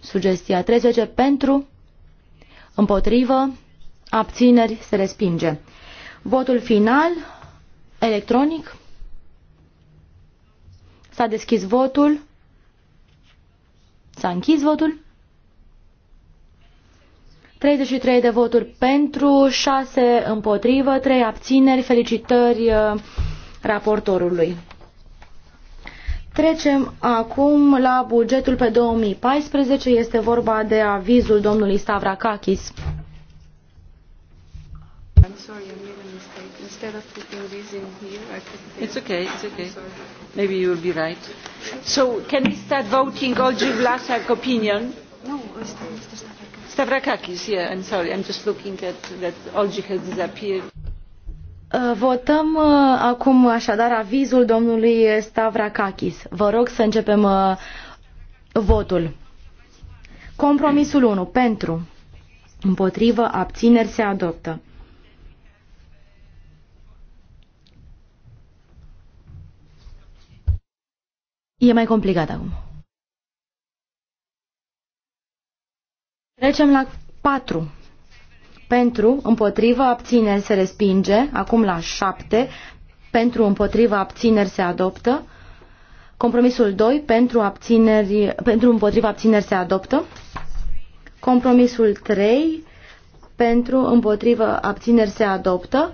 Sugestia 13 pentru, împotrivă, abțineri, se respinge. Votul final, electronic. S-a deschis votul. S-a închis votul. 33 de voturi pentru, 6 împotrivă, 3 abțineri. Felicitări uh, raportorului. Trecem acum la bugetul pe 2014. Este vorba de avizul domnului Stavrakakis. I'm sorry, I made a mistake. Instead of putting this in here, I put It's okay, it's okay. Maybe you will be right. So, can we start voting Jim Vlasak opinion? No, Stavrakakis. Stavrakakis, yeah, I'm sorry. I'm just looking at that Olgi has disappeared. Uh, votăm uh, acum așadar avizul domnului Stavrakakis. Vă rog să începem uh, votul. Compromisul 1. Pentru. Împotrivă. Abțineri se adoptă. E mai complicat acum. Trecem la 4 pentru, împotrivă, abțineri se respinge, acum la 7, pentru, împotrivă, abțineri se adoptă, compromisul 2, pentru, abțineri, pentru împotrivă, abțineri se adoptă, compromisul 3, pentru, împotrivă, abțineri se adoptă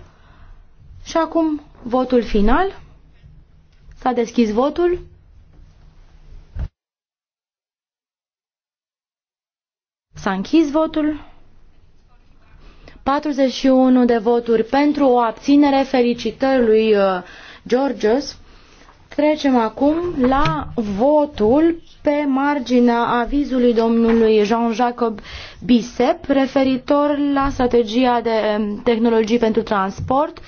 și acum votul final. S-a deschis votul. S-a închis votul. 41 de voturi pentru o abținere. Felicitări lui uh, Georges. Trecem acum la votul pe marginea avizului domnului Jean-Jacob Bisep referitor la strategia de um, tehnologii pentru transport.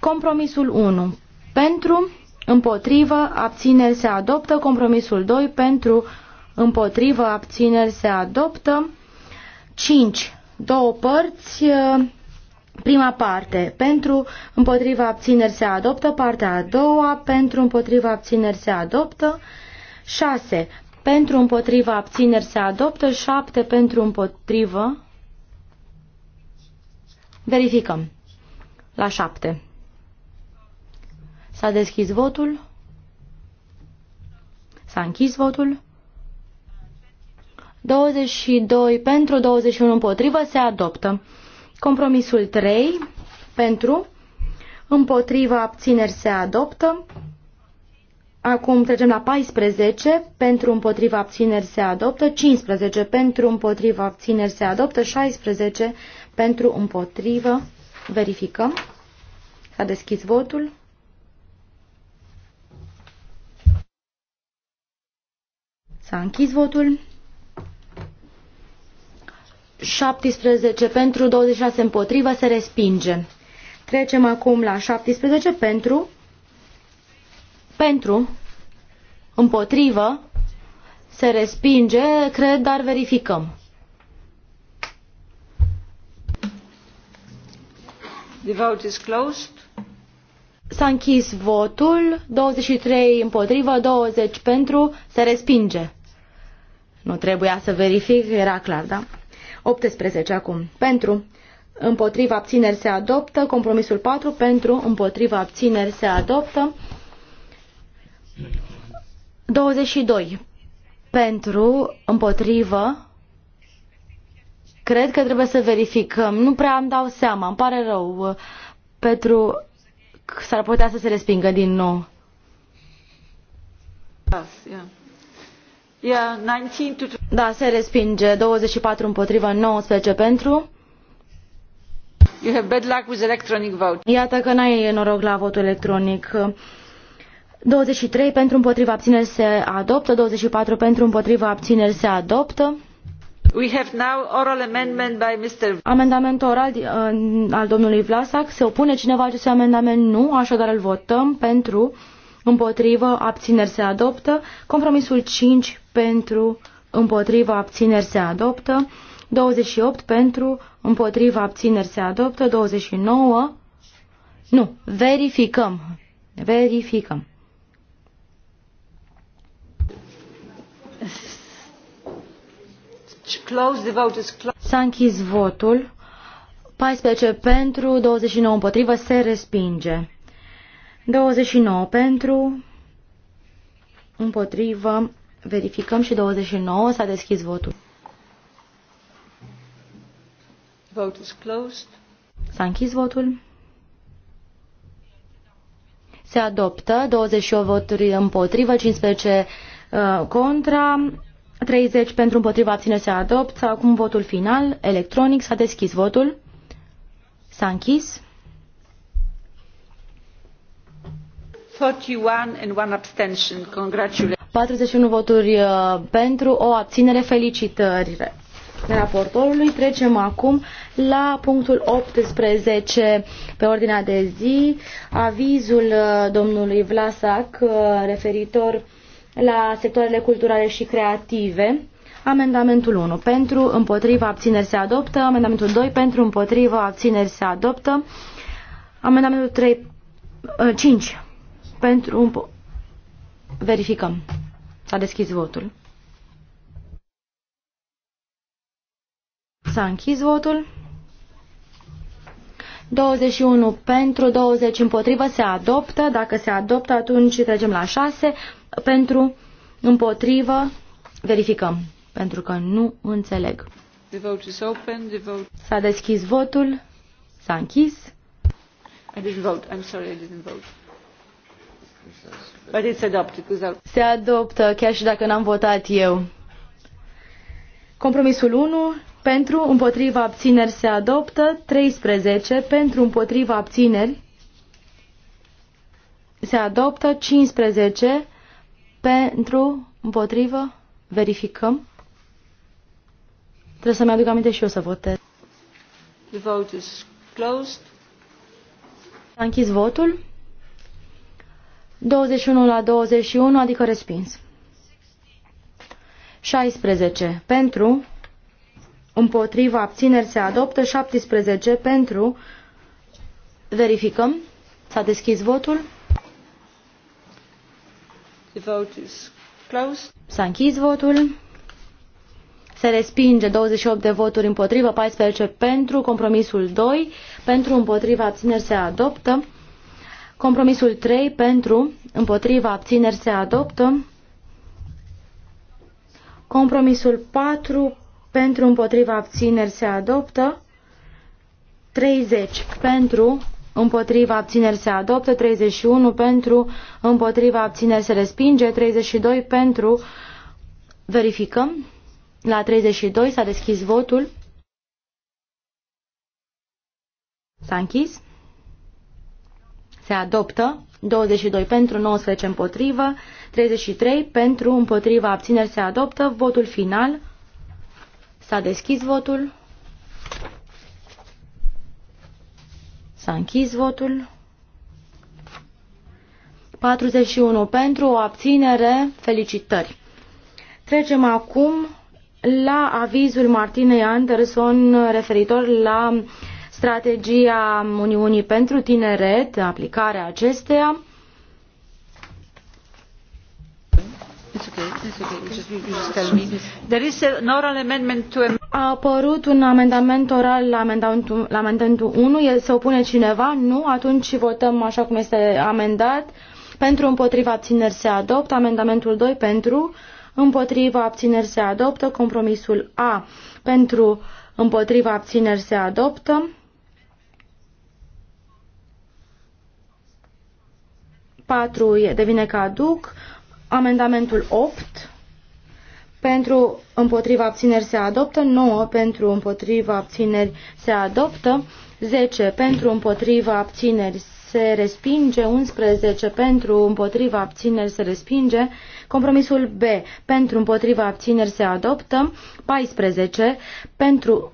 Compromisul 1. Pentru, împotrivă, abțineri se adoptă. Compromisul 2. Pentru, împotrivă, abțineri se adoptă. 5 două părți. Uh, prima parte, pentru împotriva abțineri se adoptă, partea a doua, pentru împotriva abțineri se adoptă, 6. Pentru împotriva abțineri se adoptă, 7. Pentru împotrivă. Verificăm. La 7. S-a deschis votul. S-a închis votul. 22 pentru, 21 împotrivă, se adoptă. Compromisul 3 pentru, împotrivă, abțineri, se adoptă. Acum trecem la 14, pentru împotriva abțineri se adoptă, 15 pentru împotriva abțineri se adoptă, 16 pentru împotrivă, verificăm, s-a deschis votul. S-a închis votul. 17 pentru, 26 împotrivă, se respinge. Trecem acum la 17 pentru, pentru, împotrivă, se respinge, cred, dar verificăm. The vote is closed. S-a închis votul, 23 împotrivă, 20 pentru, se respinge. Nu trebuia să verific, era clar, da? 18 acum. Pentru. Împotriva abțineri se adoptă. Compromisul 4 pentru. Împotriva abțineri se adoptă. 22. Pentru. Împotrivă. Cred că trebuie să verificăm. Nu prea îmi dau seama. Îmi pare rău. Pentru. S-ar putea să se respingă din nou. Yeah. Da, se respinge. 24 împotriva, 19 pentru. You have bad luck with electronic vote. Iată că n-ai noroc la votul electronic. 23 pentru împotriva abțineri se adoptă, 24 pentru împotriva abțineri se adoptă. We have now oral amendment by Mr. Amendamentul oral uh, al domnului Vlasac. Se opune cineva acestui amendament? Nu, așadar îl votăm pentru împotrivă, abțineri se adoptă. Compromisul 5 pentru, împotrivă, abțineri se adoptă. 28 pentru, împotrivă, abțineri se adoptă. 29, nu, verificăm, verificăm. S-a închis votul. 14 pentru, 29 împotrivă, se respinge. 29 pentru, împotrivă, verificăm și 29, s-a deschis votul. Vote is closed. S-a închis votul. Se adoptă 28 voturi împotrivă, 15 uh, contra, 30 pentru împotriva abține se adoptă. Acum votul final, electronic, s-a deschis votul. S-a închis. 41 voturi uh, pentru, o abținere, felicitări raportorului. Trecem acum la punctul 18 pe ordinea de zi, avizul uh, domnului Vlasac uh, referitor la sectoarele culturale și creative. Amendamentul 1 pentru, împotriva, abțineri se adoptă. Amendamentul 2 pentru, împotriva, abțineri se adoptă. Amendamentul 3, 5 pentru... Verificăm. S-a deschis votul. S-a închis votul. 21 pentru, 20 împotrivă, se adoptă. Dacă se adoptă, atunci trecem la 6. Pentru, împotrivă, verificăm. Pentru că nu înțeleg. S-a deschis votul, s-a închis. I didn't vote, I'm sorry, I didn't vote. But it's adopted, Se adoptă, chiar și dacă n-am votat eu. Compromisul 1, pentru, împotriva abțineri se adoptă, 13, pentru, împotriva abțineri se adoptă, 15, pentru, împotrivă, verificăm. Trebuie să-mi aduc aminte și eu să votez. The vote is closed. S-a închis votul. 21 la 21, adică respins. 16 pentru, împotriva abțineri se adoptă, 17 pentru, verificăm, s-a deschis votul. vote is closed. S-a închis votul. Se respinge 28 de voturi împotrivă, 14 pentru, compromisul 2, pentru împotriva abțineri se adoptă. Compromisul 3 pentru, împotriva, abțineri se adoptă. Compromisul 4 pentru, împotriva, abțineri se adoptă. 30 pentru, împotriva, abțineri se adoptă. 31 pentru, împotriva, abțineri se respinge. 32 pentru, verificăm. La 32 s-a deschis votul. S-a închis se adoptă, 22 pentru, 19 împotrivă, 33 pentru, împotriva, abțineri se adoptă, votul final, s-a deschis votul, s-a închis votul, 41 pentru, o abținere, felicitări. Trecem acum la avizul Martinei Anderson referitor la strategia Uniunii pentru Tineret, aplicarea acesteia. A apărut un amendament oral la amendamentul, la amendamentul 1. Se opune cineva? Nu. Atunci votăm așa cum este amendat. Pentru împotriva abțineri se adoptă. Amendamentul 2 pentru împotriva abțineri se adoptă. Compromisul A pentru împotriva abțineri se adoptă. 4 devine caduc, amendamentul 8 pentru împotriva abțineri se adoptă, 9 pentru împotriva abțineri se adoptă, 10 pentru împotriva abțineri se respinge, 11 pentru împotriva abțineri se respinge, compromisul B pentru împotriva abțineri se adoptă, 14 pentru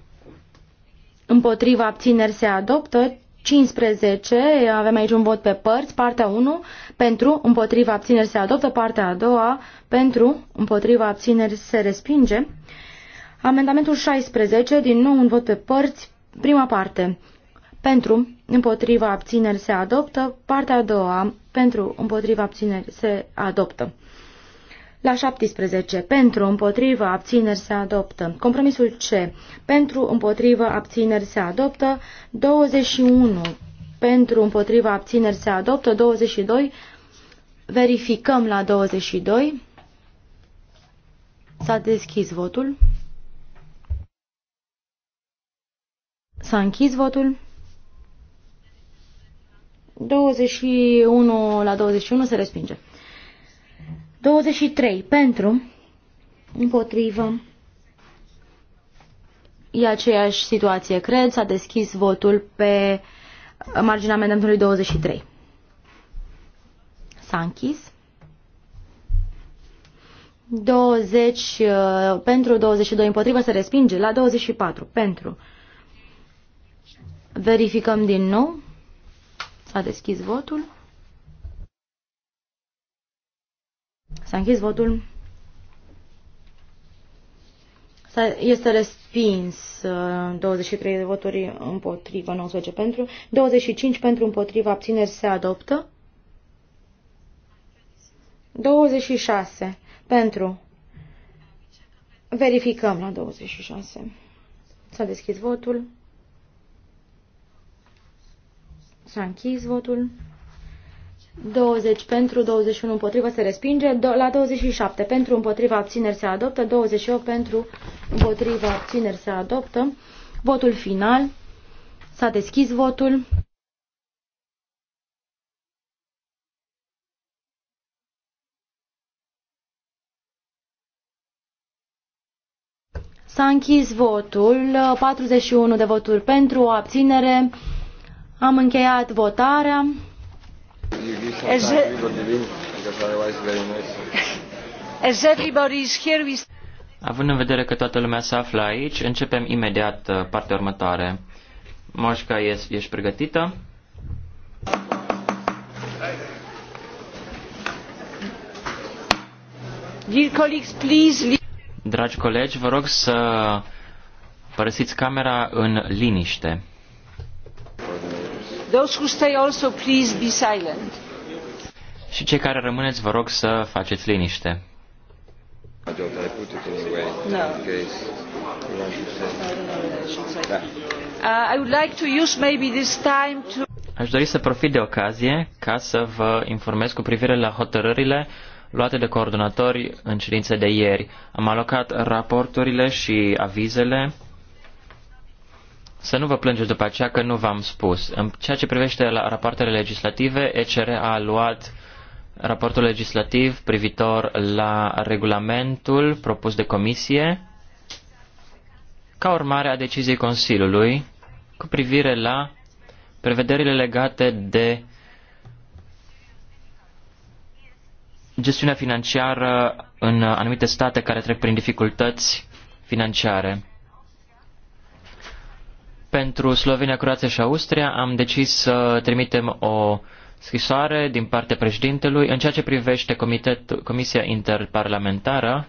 împotriva abțineri se adoptă, 15, avem aici un vot pe părți, partea 1 pentru, împotriva abțineri se adoptă, partea a doua pentru, împotriva abțineri se respinge. Amendamentul 16, din nou un vot pe părți, prima parte pentru, împotriva abțineri se adoptă, partea a doua pentru, împotriva abțineri se adoptă. La 17. Pentru, împotrivă, abțineri se adoptă. Compromisul C. Pentru, împotrivă, abțineri se adoptă. 21. Pentru, împotrivă, abțineri se adoptă. 22. Verificăm la 22. S-a deschis votul. S-a închis votul. 21 la 21 se respinge. 23 pentru, împotrivă, e aceeași situație, cred, s-a deschis votul pe marginea amendamentului 23. S-a închis. 20 uh, pentru, 22 împotrivă, se respinge la 24 pentru. Verificăm din nou. S-a deschis votul. S-a închis votul. Este respins 23 uh, de voturi împotriva, 19 pentru, 25 pentru împotriva, abțineri se adoptă. 26 pentru. Verificăm la 26. S-a deschis votul. S-a închis votul. 20 pentru, 21 împotrivă se respinge, la 27 pentru împotriva abțineri se adoptă, 28 pentru împotriva abțineri se adoptă. Votul final. S-a deschis votul. S-a închis votul, 41 de voturi pentru o abținere. Am încheiat votarea. As, as everybody is here, we... Având în vedere că toată lumea se află aici, începem imediat uh, partea următoare. Moșca, ești, ești pregătită? Dear colleagues, please... Dragi colegi, vă rog să părăsiți camera în liniște. Those who stay also, please be silent. Și cei care rămâneți, vă rog să faceți liniște. Uh, Aș dori să profit de ocazie ca să vă informez cu privire la hotărârile luate de coordonatori în ședință de ieri. Am alocat raporturile și avizele să nu vă plângeți după aceea că nu v-am spus. În ceea ce privește la rapoartele legislative, ECR a luat raportul legislativ privitor la regulamentul propus de comisie ca urmare a deciziei Consiliului cu privire la prevederile legate de gestiunea financiară în anumite state care trec prin dificultăți financiare. Pentru Slovenia, Croația și Austria am decis să trimitem o scrisoare din partea președintelui în ceea ce privește comitet, Comisia Interparlamentară,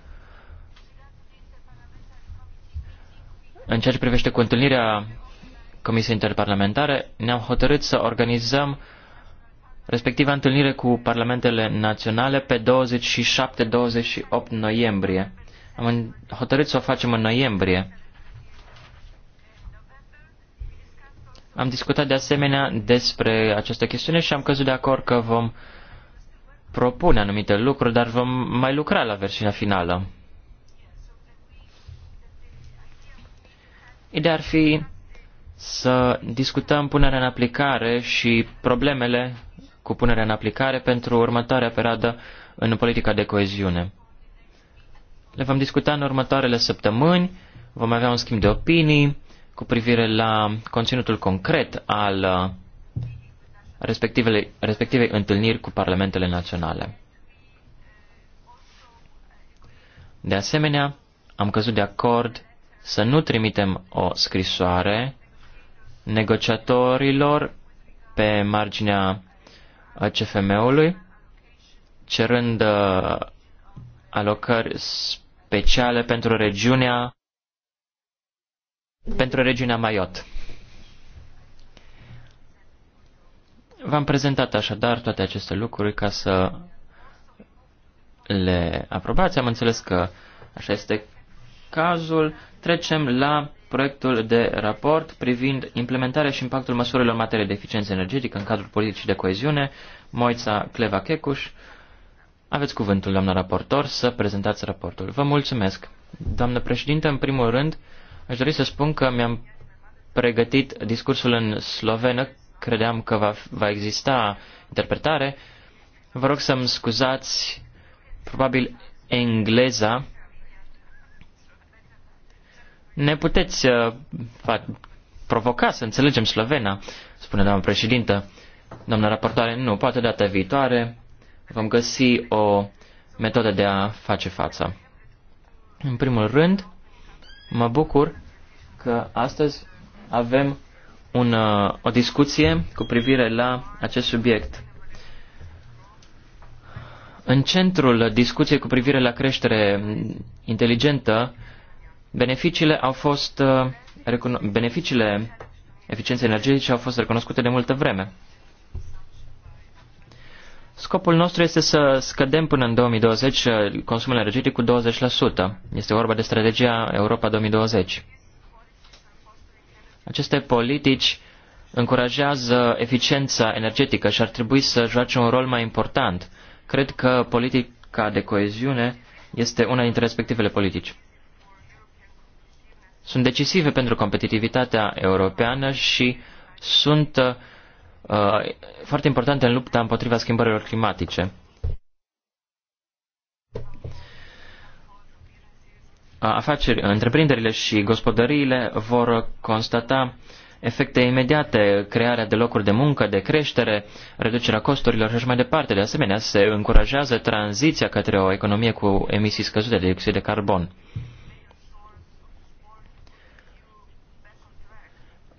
în ceea ce privește cu întâlnirea Comisiei Interparlamentare, ne-am hotărât să organizăm respectiva întâlnire cu parlamentele naționale pe 27-28 noiembrie. Am hotărât să o facem în noiembrie. Am discutat de asemenea despre această chestiune și am căzut de acord că vom propune anumite lucruri, dar vom mai lucra la versiunea finală. Ideea ar fi să discutăm punerea în aplicare și problemele cu punerea în aplicare pentru următoarea perioadă în politica de coeziune. Le vom discuta în următoarele săptămâni, vom avea un schimb de opinii, cu privire la conținutul concret al uh, respectivele, respectivei întâlniri cu parlamentele naționale. De asemenea, am căzut de acord să nu trimitem o scrisoare negociatorilor pe marginea uh, CFM-ului, cerând uh, alocări speciale pentru regiunea pentru regiunea Maiot. V-am prezentat așadar toate aceste lucruri ca să le aprobați. Am înțeles că așa este cazul. Trecem la proiectul de raport privind implementarea și impactul măsurilor în materie de eficiență energetică în cadrul politicii de coeziune. Moița Cleva Checuș, aveți cuvântul, doamna raportor, să prezentați raportul. Vă mulțumesc. Doamnă președinte, în primul rând, Aș dori să spun că mi-am pregătit discursul în slovenă, credeam că va, va exista interpretare. Vă rog să-mi scuzați, probabil engleza. Ne puteți uh, provoca să înțelegem slovena, spune doamna președintă. Doamna raportoare, nu, poate data viitoare vom găsi o metodă de a face față. În primul rând, Mă bucur că astăzi avem un, uh, o discuție cu privire la acest subiect. În centrul discuției cu privire la creștere inteligentă, beneficiile au fost uh, beneficiile eficienței energetice au fost recunoscute de multă vreme. Scopul nostru este să scădem până în 2020 uh, consumul energetic cu 20%. Este vorba de strategia Europa 2020. Aceste politici încurajează eficiența energetică și ar trebui să joace un rol mai important. Cred că politica de coeziune este una dintre respectivele politici. Sunt decisive pentru competitivitatea europeană și sunt uh, Uh, foarte importante în lupta împotriva schimbărilor climatice. Afaceri, întreprinderile și gospodăriile vor constata efecte imediate, crearea de locuri de muncă, de creștere, reducerea costurilor și așa mai departe. De asemenea, se încurajează tranziția către o economie cu emisii scăzute de dioxid de carbon.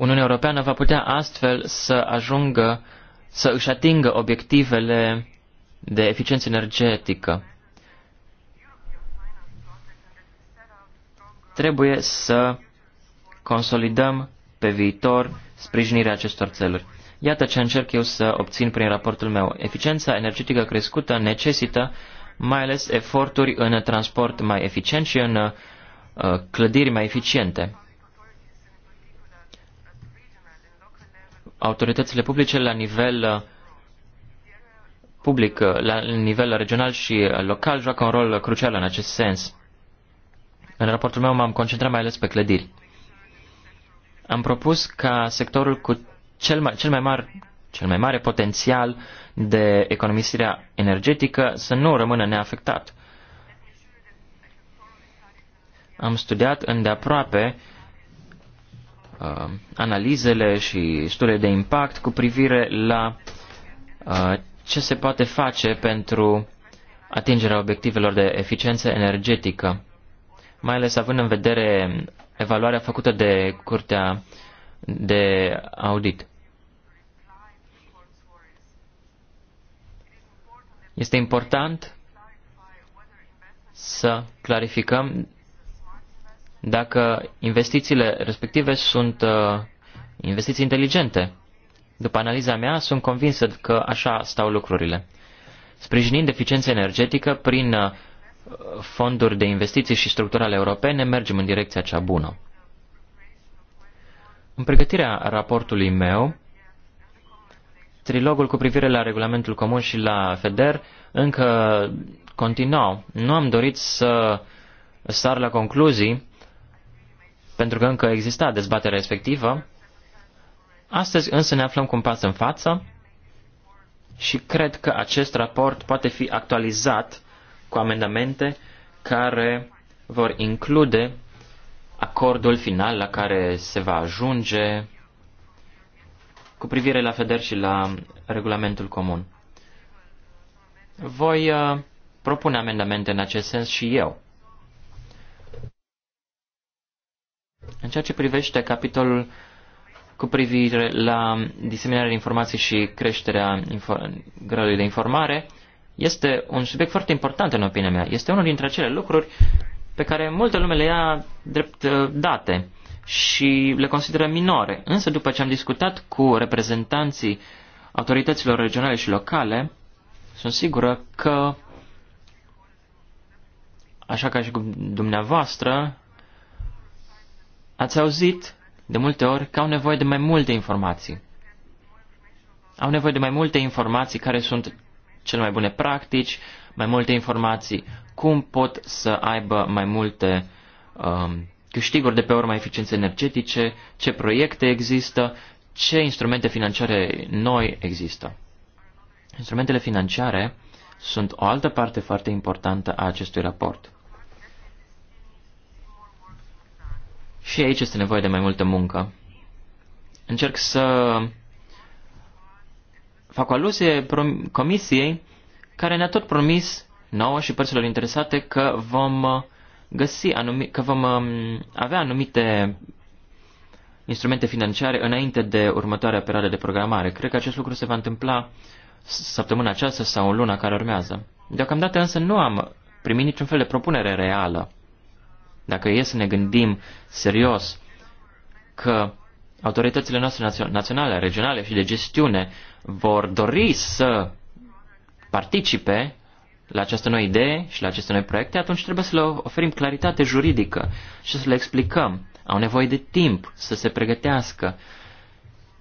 Uniunea Europeană va putea astfel să ajungă, să își atingă obiectivele de eficiență energetică. Trebuie să consolidăm pe viitor sprijinirea acestor țeluri. Iată ce încerc eu să obțin prin raportul meu. Eficiența energetică crescută necesită mai ales eforturi în transport mai eficient și în uh, clădiri mai eficiente. autoritățile publice la nivel uh, public, uh, la nivel regional și uh, local, joacă un rol crucial în acest sens. În raportul meu m-am concentrat mai ales pe clădiri. Am propus ca sectorul cu cel mai, cel mai, mare, cel mai mare potențial de economisire energetică să nu rămână neafectat. Am studiat îndeaproape uh, analizele și studiile de impact cu privire la uh, ce se poate face pentru atingerea obiectivelor de eficiență energetică, mai ales având în vedere evaluarea făcută de Curtea de Audit. Este important să clarificăm dacă investițiile respective sunt uh, investiții inteligente. După analiza mea, sunt convinsă că așa stau lucrurile. Sprijinind eficiența energetică prin uh, fonduri de investiții și structurale europene, mergem în direcția cea bună. În pregătirea raportului meu, trilogul cu privire la regulamentul comun și la FEDER încă continuau. Nu am dorit să sar la concluzii pentru că încă exista dezbaterea respectivă. Astăzi însă ne aflăm cu un pas în față și cred că acest raport poate fi actualizat cu amendamente care vor include acordul final la care se va ajunge cu privire la FEDER și la regulamentul comun. Voi uh, propune amendamente în acest sens și eu. În ceea ce privește capitolul cu privire la diseminarea informației și creșterea info- gradului de informare, este un subiect foarte important în opinia mea. Este unul dintre acele lucruri pe care multă lume le ia drept uh, date și le consideră minore. Însă după ce am discutat cu reprezentanții autorităților regionale și locale, sunt sigură că, așa ca și cu dumneavoastră, Ați auzit de multe ori că au nevoie de mai multe informații. Au nevoie de mai multe informații care sunt cele mai bune practici, mai multe informații, cum pot să aibă mai multe um, câștiguri de pe urma eficienței energetice, ce proiecte există, ce instrumente financiare noi există. Instrumentele financiare sunt o altă parte foarte importantă a acestui raport. Și aici este nevoie de mai multă muncă. Încerc să fac o aluzie comisiei care ne-a tot promis nouă și părților interesate că vom uh, găsi anumi, că vom um, avea anumite instrumente financiare înainte de următoarea perioadă de programare. Cred că acest lucru se va întâmpla săptămâna aceasta sau în luna care urmează. Deocamdată însă nu am primit niciun fel de propunere reală. Dacă e să ne gândim serios că autoritățile noastre naționale, regionale și de gestiune vor dori să participe la această noi idee și la aceste noi proiecte, atunci trebuie să le oferim claritate juridică și să le explicăm. Au nevoie de timp să se pregătească.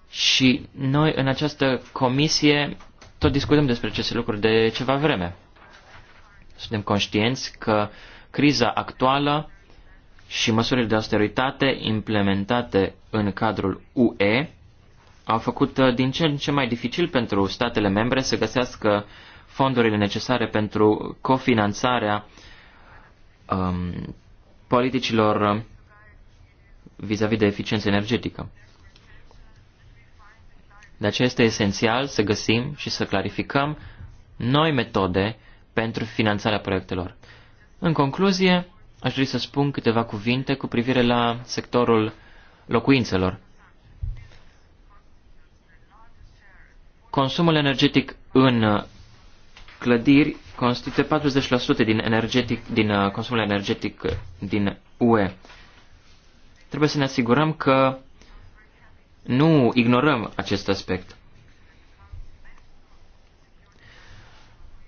Și noi în această comisie tot discutăm despre aceste lucruri de ceva vreme. Suntem conștienți că criza actuală și măsurile de austeritate implementate în cadrul UE au făcut uh, din ce în ce mai dificil pentru statele membre să găsească fondurile necesare pentru cofinanțarea um, politicilor uh, vis-a-vis -vis de eficiență energetică. De aceea este esențial să găsim și să clarificăm noi metode pentru finanțarea proiectelor. În concluzie, aș dori să spun câteva cuvinte cu privire la sectorul locuințelor. Consumul energetic în uh, clădiri constituie 40% din, energetic, din uh, consumul energetic uh, din UE. Trebuie să ne asigurăm că nu ignorăm acest aspect.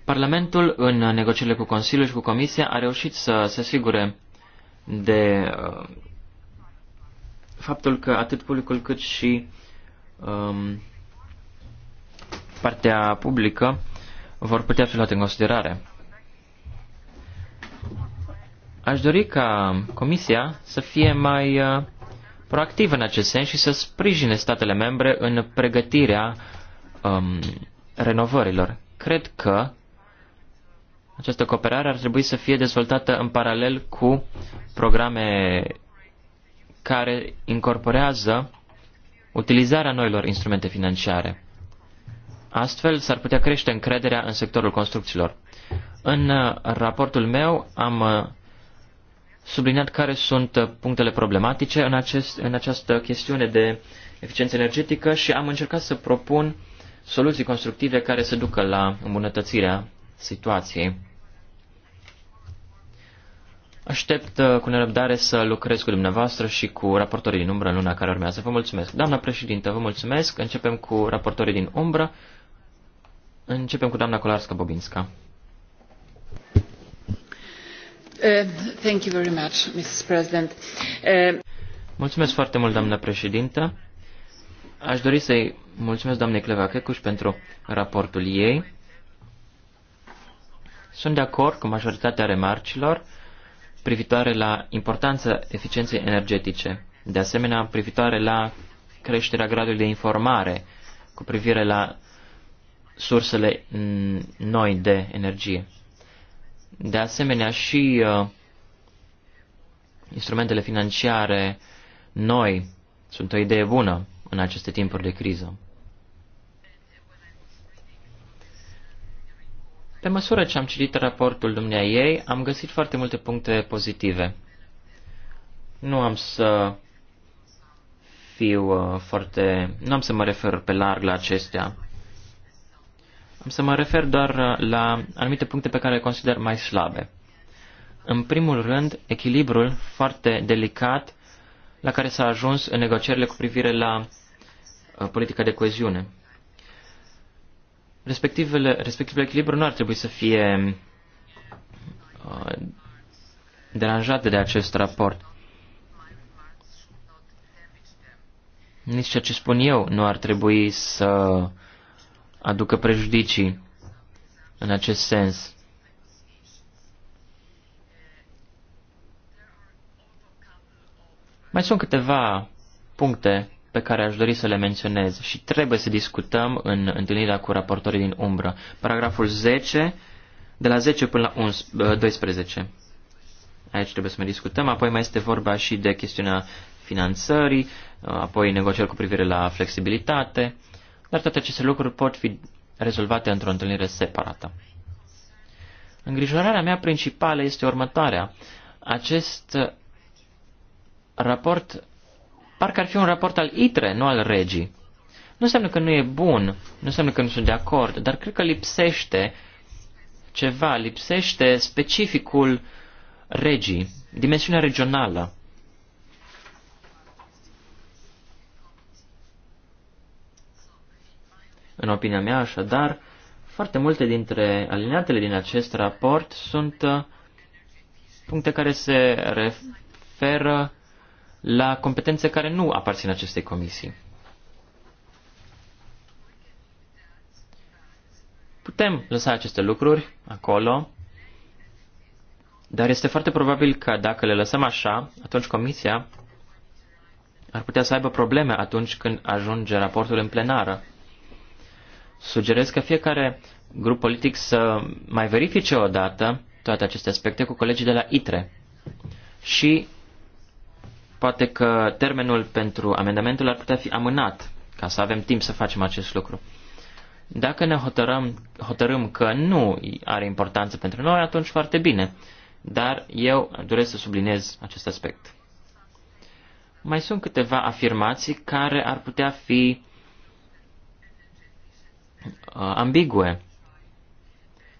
Parlamentul, în negocierile cu Consiliul și cu Comisia, a reușit să se asigure de uh, faptul că atât publicul cât și um, partea publică vor putea fi luate în considerare. Aș dori ca Comisia să fie mai uh, proactivă în acest sens și să sprijine statele membre în pregătirea um, renovărilor. Cred că această cooperare ar trebui să fie dezvoltată în paralel cu programe care incorporează utilizarea noilor instrumente financiare. Astfel, s-ar putea crește încrederea în sectorul construcțiilor. În raportul meu am subliniat care sunt punctele problematice în, acest, în această chestiune de eficiență energetică și am încercat să propun soluții constructive care să ducă la îmbunătățirea situației. Aștept uh, cu nerăbdare să lucrez cu dumneavoastră și cu raportorii din umbră în luna care urmează. Vă mulțumesc. Doamna președintă, vă mulțumesc. Începem cu raportorii din umbră. Începem cu doamna Kolarska-Bobinska. Uh, thank you very much, Mrs. President. Uh... Mulțumesc foarte mult, doamna președintă. Aș dori să-i mulțumesc doamnei Clevachecuș pentru raportul ei. Sunt de acord cu majoritatea remarcilor privitoare la importanța eficienței energetice, de asemenea privitoare la creșterea gradului de informare cu privire la sursele noi de energie. De asemenea și uh, instrumentele financiare noi sunt o idee bună în aceste timpuri de criză. Pe măsură ce am citit raportul dumnea ei, am găsit foarte multe puncte pozitive. Nu am să fiu uh, foarte... Nu am să mă refer pe larg la acestea. Am să mă refer doar uh, la anumite puncte pe care le consider mai slabe. În primul rând, echilibrul foarte delicat la care s-a ajuns în negocierile cu privire la uh, politica de coeziune respectivele, respectivele echilibru nu ar trebui să fie uh, deranjate de acest raport. Nici ceea ce spun eu nu ar trebui să aducă prejudicii în acest sens. Mai sunt câteva puncte pe care aș dori să le menționez și trebuie să discutăm în întâlnirea cu raportorii din umbră. Paragraful 10, de la 10 până la 11, 12. Aici trebuie să mai discutăm, apoi mai este vorba și de chestiunea finanțării, apoi negocieri cu privire la flexibilitate, dar toate aceste lucruri pot fi rezolvate într-o întâlnire separată. Îngrijorarea mea principală este următoarea. Acest raport Parcă ar fi un raport al ITRE, nu al regii. Nu înseamnă că nu e bun, nu înseamnă că nu sunt de acord, dar cred că lipsește ceva, lipsește specificul regii, dimensiunea regională. În opinia mea, așadar, foarte multe dintre alineatele din acest raport sunt uh, puncte care se referă la competențe care nu aparțin acestei comisii. Putem lăsa aceste lucruri acolo, dar este foarte probabil că dacă le lăsăm așa, atunci comisia ar putea să aibă probleme atunci când ajunge raportul în plenară. Sugerez că fiecare grup politic să mai verifice odată toate aceste aspecte cu colegii de la ITRE și Poate că termenul pentru amendamentul ar putea fi amânat, ca să avem timp să facem acest lucru. Dacă ne hotărăm, hotărâm că nu are importanță pentru noi, atunci foarte bine. Dar eu doresc să subliniez acest aspect. Mai sunt câteva afirmații care ar putea fi uh, ambigue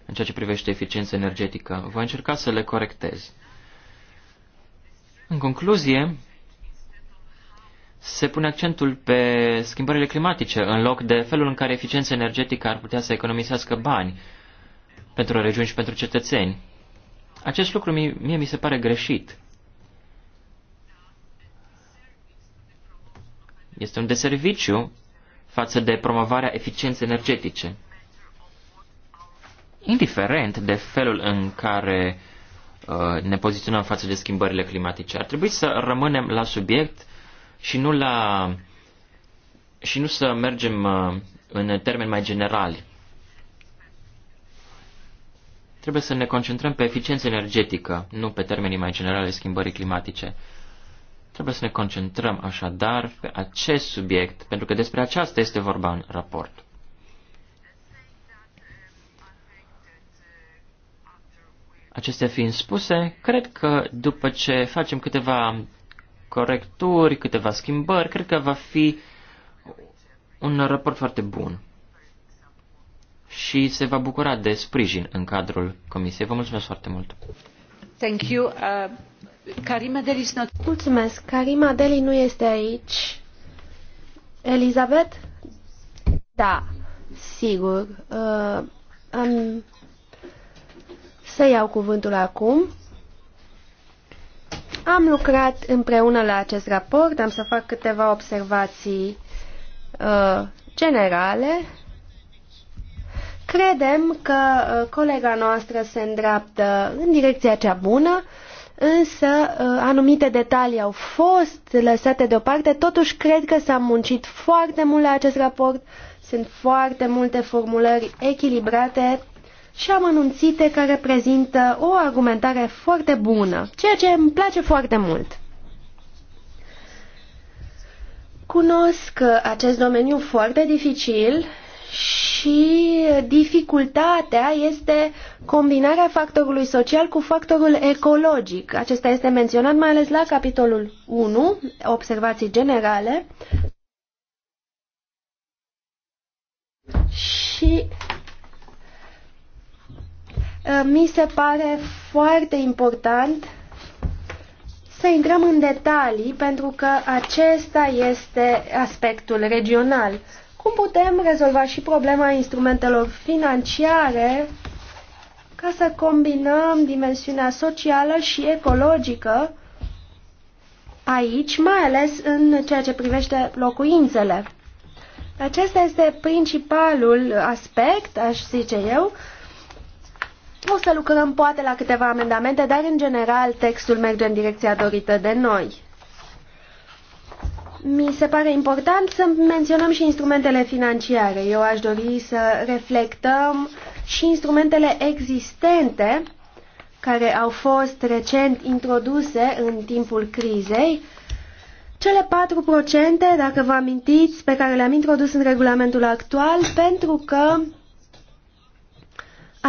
în ceea ce privește eficiența energetică. Voi încerca să le corectez. În concluzie, se pune accentul pe schimbările climatice în loc de felul în care eficiența energetică ar putea să economisească bani pentru regiuni și pentru cetățeni. Acest lucru mie, mie mi se pare greșit. Este un deserviciu față de promovarea eficienței energetice. Indiferent de felul în care Uh, ne poziționăm față de schimbările climatice. Ar trebui să rămânem la subiect și nu, la, și nu să mergem uh, în termeni mai generali. Trebuie să ne concentrăm pe eficiență energetică, nu pe termenii mai generale schimbării climatice. Trebuie să ne concentrăm așadar pe acest subiect, pentru că despre aceasta este vorba în raport. Acestea fiind spuse, cred că după ce facem câteva corecturi, câteva schimbări, cred că va fi un raport foarte bun și se va bucura de sprijin în cadrul Comisiei. Vă mulțumesc foarte mult! Thank you. Uh, Karima Deli not... Mulțumesc! Karima Deli nu este aici. Elizabeth? Da, sigur. Uh, am să iau cuvântul acum. Am lucrat împreună la acest raport, am să fac câteva observații uh, generale. Credem că uh, colega noastră se îndreaptă în direcția cea bună, însă uh, anumite detalii au fost lăsate deoparte. Totuși, cred că s-a muncit foarte mult la acest raport. Sunt foarte multe formulări echilibrate și amănunțite care prezintă o argumentare foarte bună, ceea ce îmi place foarte mult. Cunosc acest domeniu foarte dificil și dificultatea este combinarea factorului social cu factorul ecologic. Acesta este menționat mai ales la capitolul 1, observații generale. Și Eh, mi se pare foarte important să intrăm în detalii pentru că acesta este aspectul regional. Cum putem rezolva și problema instrumentelor financiare ca să combinăm dimensiunea socială și ecologică aici, mai ales în ceea ce privește locuințele. Acesta este principalul aspect, aș zice eu, o să lucrăm poate la câteva amendamente, dar în general textul merge în direcția dorită de noi. Mi se pare important să menționăm și instrumentele financiare. Eu aș dori să reflectăm și instrumentele existente care au fost recent introduse în timpul crizei. Cele 4%, dacă vă amintiți, pe care le-am introdus în regulamentul actual, pentru că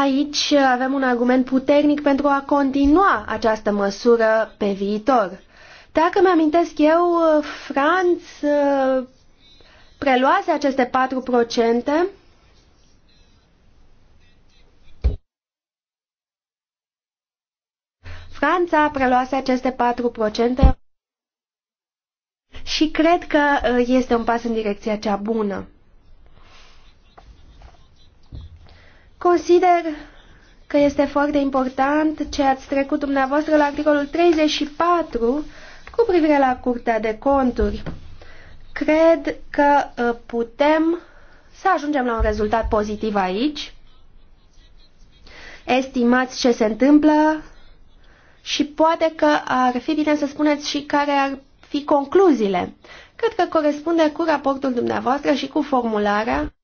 Aici avem un argument puternic pentru a continua această măsură pe viitor. Dacă mi-amintesc eu, Franț preluase aceste 4%, Franța preluase aceste 4% și cred că este un pas în direcția cea bună. Consider că este foarte important ce ați trecut dumneavoastră la articolul 34 cu privire la Curtea de Conturi. Cred că ă, putem să ajungem la un rezultat pozitiv aici. Estimați ce se întâmplă și poate că ar fi bine să spuneți și care ar fi concluziile. Cred că corespunde cu raportul dumneavoastră și cu formularea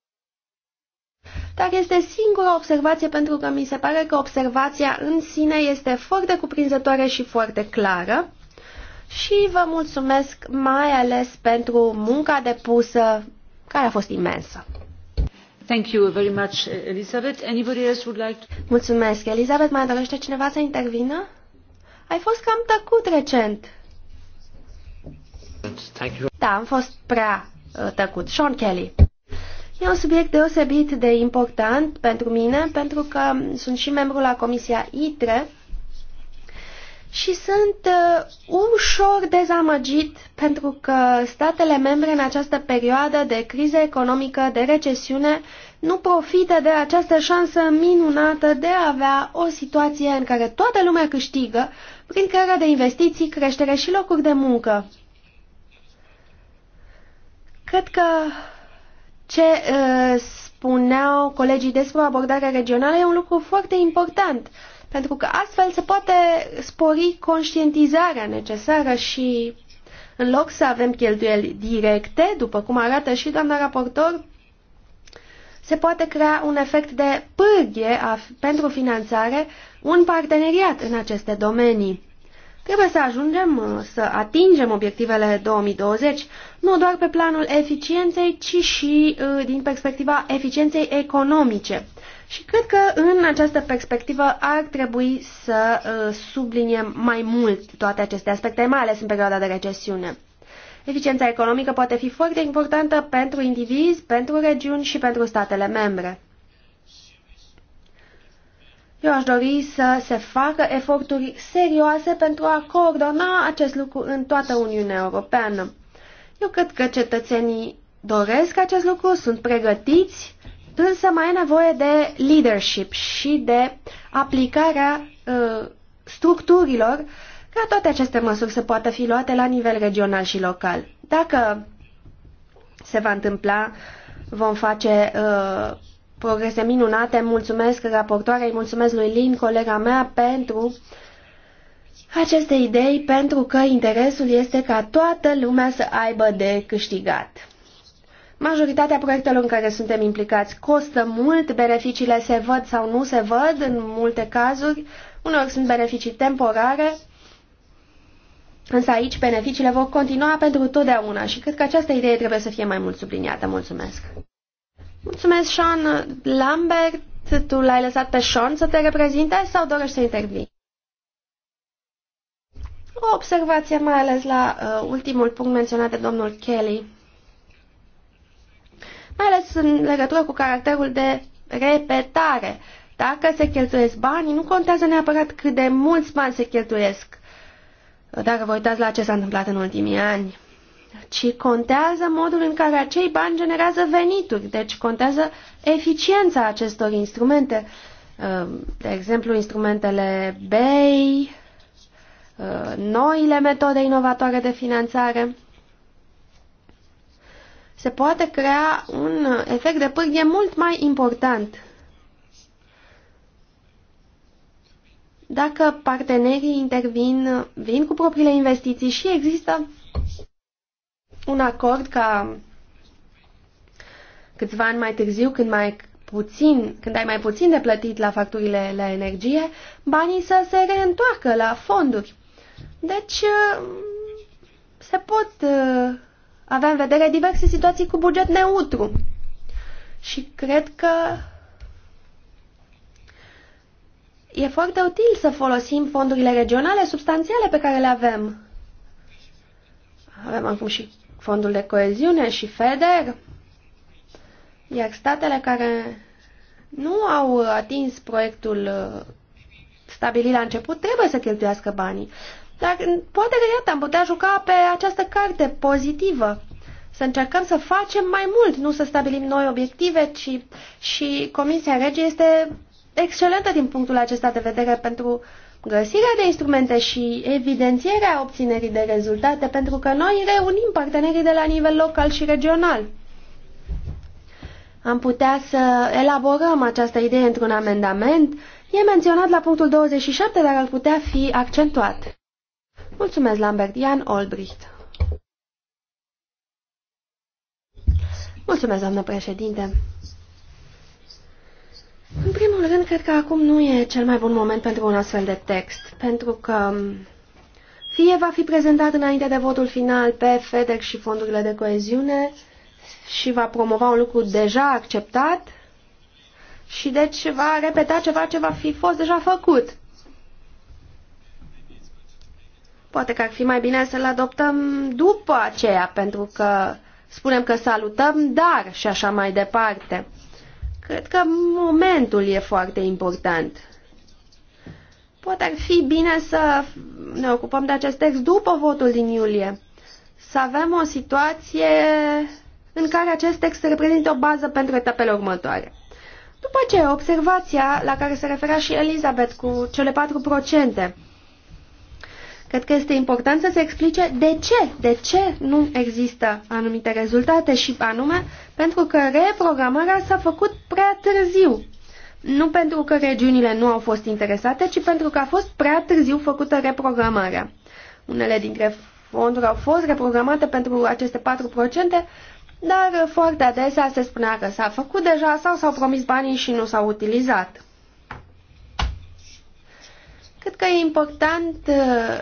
dar este singura observație pentru că mi se pare că observația în sine este foarte cuprinzătoare și foarte clară. Și vă mulțumesc mai ales pentru munca depusă, care a fost imensă. Thank you very much, Elizabeth. Anybody else would like to... Mulțumesc, Elizabeth. Mai dorește cineva să intervină? Ai fost cam tăcut recent. Thank you. Da, am fost prea uh, tăcut. Sean Kelly. E un subiect deosebit de important pentru mine, pentru că sunt și membru la Comisia ITRE și sunt uh, ușor dezamăgit pentru că statele membre în această perioadă de criză economică, de recesiune, nu profită de această șansă minunată de a avea o situație în care toată lumea câștigă prin crearea de investiții, creștere și locuri de muncă. Cred că ce uh, spuneau colegii despre abordarea regională e un lucru foarte important, pentru că astfel se poate spori conștientizarea necesară și în loc să avem cheltuieli directe, după cum arată și doamna raportor, se poate crea un efect de pârghie a, pentru finanțare, un parteneriat în aceste domenii. Trebuie să ajungem uh, să atingem obiectivele 2020, nu doar pe planul eficienței, ci și uh, din perspectiva eficienței economice. Și cred că în această perspectivă ar trebui să uh, subliniem mai mult toate aceste aspecte, mai ales în perioada de recesiune. Eficiența economică poate fi foarte importantă pentru indivizi, pentru regiuni și pentru statele membre. Eu aș dori să se facă eforturi serioase pentru a coordona acest lucru în toată Uniunea Europeană. Eu cred că cetățenii doresc acest lucru, sunt pregătiți, însă mai e nevoie de leadership și de aplicarea uh, structurilor ca toate aceste măsuri să poată fi luate la nivel regional și local. Dacă se va întâmpla, vom face uh, progrese minunate. Mulțumesc raportoarei, mulțumesc lui Lin, colega mea, pentru aceste idei, pentru că interesul este ca toată lumea să aibă de câștigat. Majoritatea proiectelor în care suntem implicați costă mult, beneficiile se văd sau nu se văd în multe cazuri, uneori sunt beneficii temporare, însă aici beneficiile vor continua pentru totdeauna și cred că această idee trebuie să fie mai mult subliniată. Mulțumesc! Mulțumesc, Sean Lambert. Tu l-ai lăsat pe Sean să te reprezinte sau dorești să intervii? O observație mai ales la uh, ultimul punct menționat de domnul Kelly, mai ales în legătură cu caracterul de repetare. Dacă se cheltuiesc banii, nu contează neapărat cât de mulți bani se cheltuiesc, dacă vă uitați la ce s-a întâmplat în ultimii ani ci contează modul în care acei bani generează venituri, deci contează eficiența acestor instrumente, uh, de exemplu instrumentele BEI, uh, noile metode inovatoare de finanțare. Se poate crea un efect de pârghie mult mai important dacă partenerii intervin, vin cu propriile investiții și există un acord ca câțiva ani mai târziu, când mai puțin, când ai mai puțin de plătit la facturile la energie, banii să se reîntoarcă la fonduri. Deci uh, se pot uh, avea în vedere diverse situații cu buget neutru. Și cred că e foarte util să folosim fondurile regionale substanțiale pe care le avem. Avem acum și fondul de coeziune și FEDER, iar statele care nu au atins proiectul uh, stabilit la început trebuie să cheltuiască banii. Dar poate că iată, am putea juca pe această carte pozitivă. Să încercăm să facem mai mult, nu să stabilim noi obiective, ci și Comisia Regii este excelentă din punctul acesta de vedere pentru uh, găsirea de instrumente și evidențierea obținerii de rezultate, pentru că noi reunim partenerii de la nivel local și regional. Am putea să elaborăm această idee într-un amendament. E menționat la punctul 27, dar ar putea fi accentuat. Mulțumesc, Lambert. Ian Olbricht. Mulțumesc, doamnă președinte. În primul rând, cred că acum nu e cel mai bun moment pentru un astfel de text, pentru că fie va fi prezentat înainte de votul final pe FEDEC și fondurile de coeziune și va promova un lucru deja acceptat și deci va repeta ceva ce va fi fost deja făcut. Poate că ar fi mai bine să-l adoptăm după aceea, pentru că spunem că salutăm, dar și așa mai departe. Cred că momentul e foarte important. Poate ar fi bine să ne ocupăm de acest text după votul din iulie. Să avem o situație în care acest text reprezintă o bază pentru etapele următoare. După ce observația la care se referea și Elizabeth cu cele 4%, Cred că este important să se explice de ce, de ce nu există anumite rezultate și anume pentru că reprogramarea s-a făcut prea târziu. Nu pentru că regiunile nu au fost interesate, ci pentru că a fost prea târziu făcută reprogramarea. Unele dintre fonduri au fost reprogramate pentru aceste 4%, dar foarte adesea se spunea că s-a făcut deja sau s-au promis banii și nu s-au utilizat. Cred că e important uh,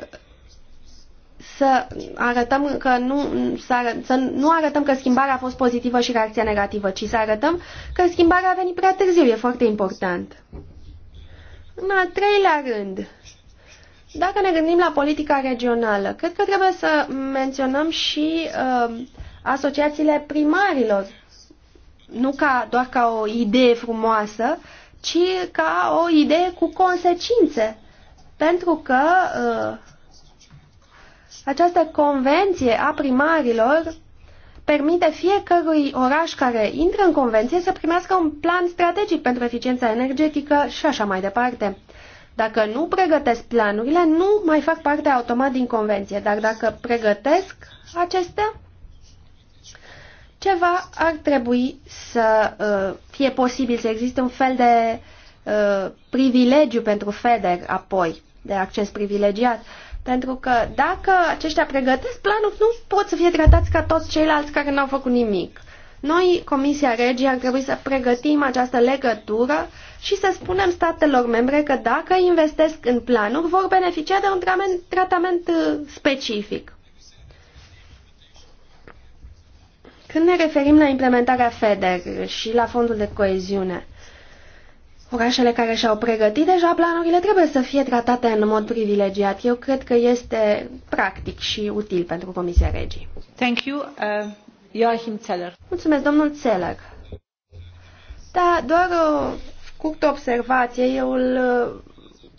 să arătăm că nu, să, arăt, să nu arătăm că schimbarea a fost pozitivă și reacția negativă, ci să arătăm că schimbarea a venit prea târziu, e foarte important. În al treilea rând, dacă ne gândim la politica regională, cred că trebuie să menționăm și uh, asociațiile primarilor, nu ca, doar ca o idee frumoasă, ci ca o idee cu consecințe pentru că uh, această convenție a primarilor permite fiecărui oraș care intră în convenție să primească un plan strategic pentru eficiența energetică și așa mai departe. Dacă nu pregătesc planurile, nu mai fac parte automat din convenție, dar dacă pregătesc acestea, ceva ar trebui să uh, fie posibil, să existe un fel de uh, privilegiu pentru FEDER apoi de acces privilegiat. Pentru că dacă aceștia pregătesc planul, nu pot să fie tratați ca toți ceilalți care n-au făcut nimic. Noi, Comisia Regii, ar trebui să pregătim această legătură și să spunem statelor membre că dacă investesc în planuri, vor beneficia de un tratament, tratament uh, specific. Când ne referim la implementarea FEDER și la fondul de coeziune, Orașele care și-au pregătit deja planurile trebuie să fie tratate în mod privilegiat. Eu cred că este practic și util pentru Comisia Regii. Thank you, uh, Joachim Zeller. Mulțumesc, domnul Zeller. Da, doar o scurtă observație. Eu îl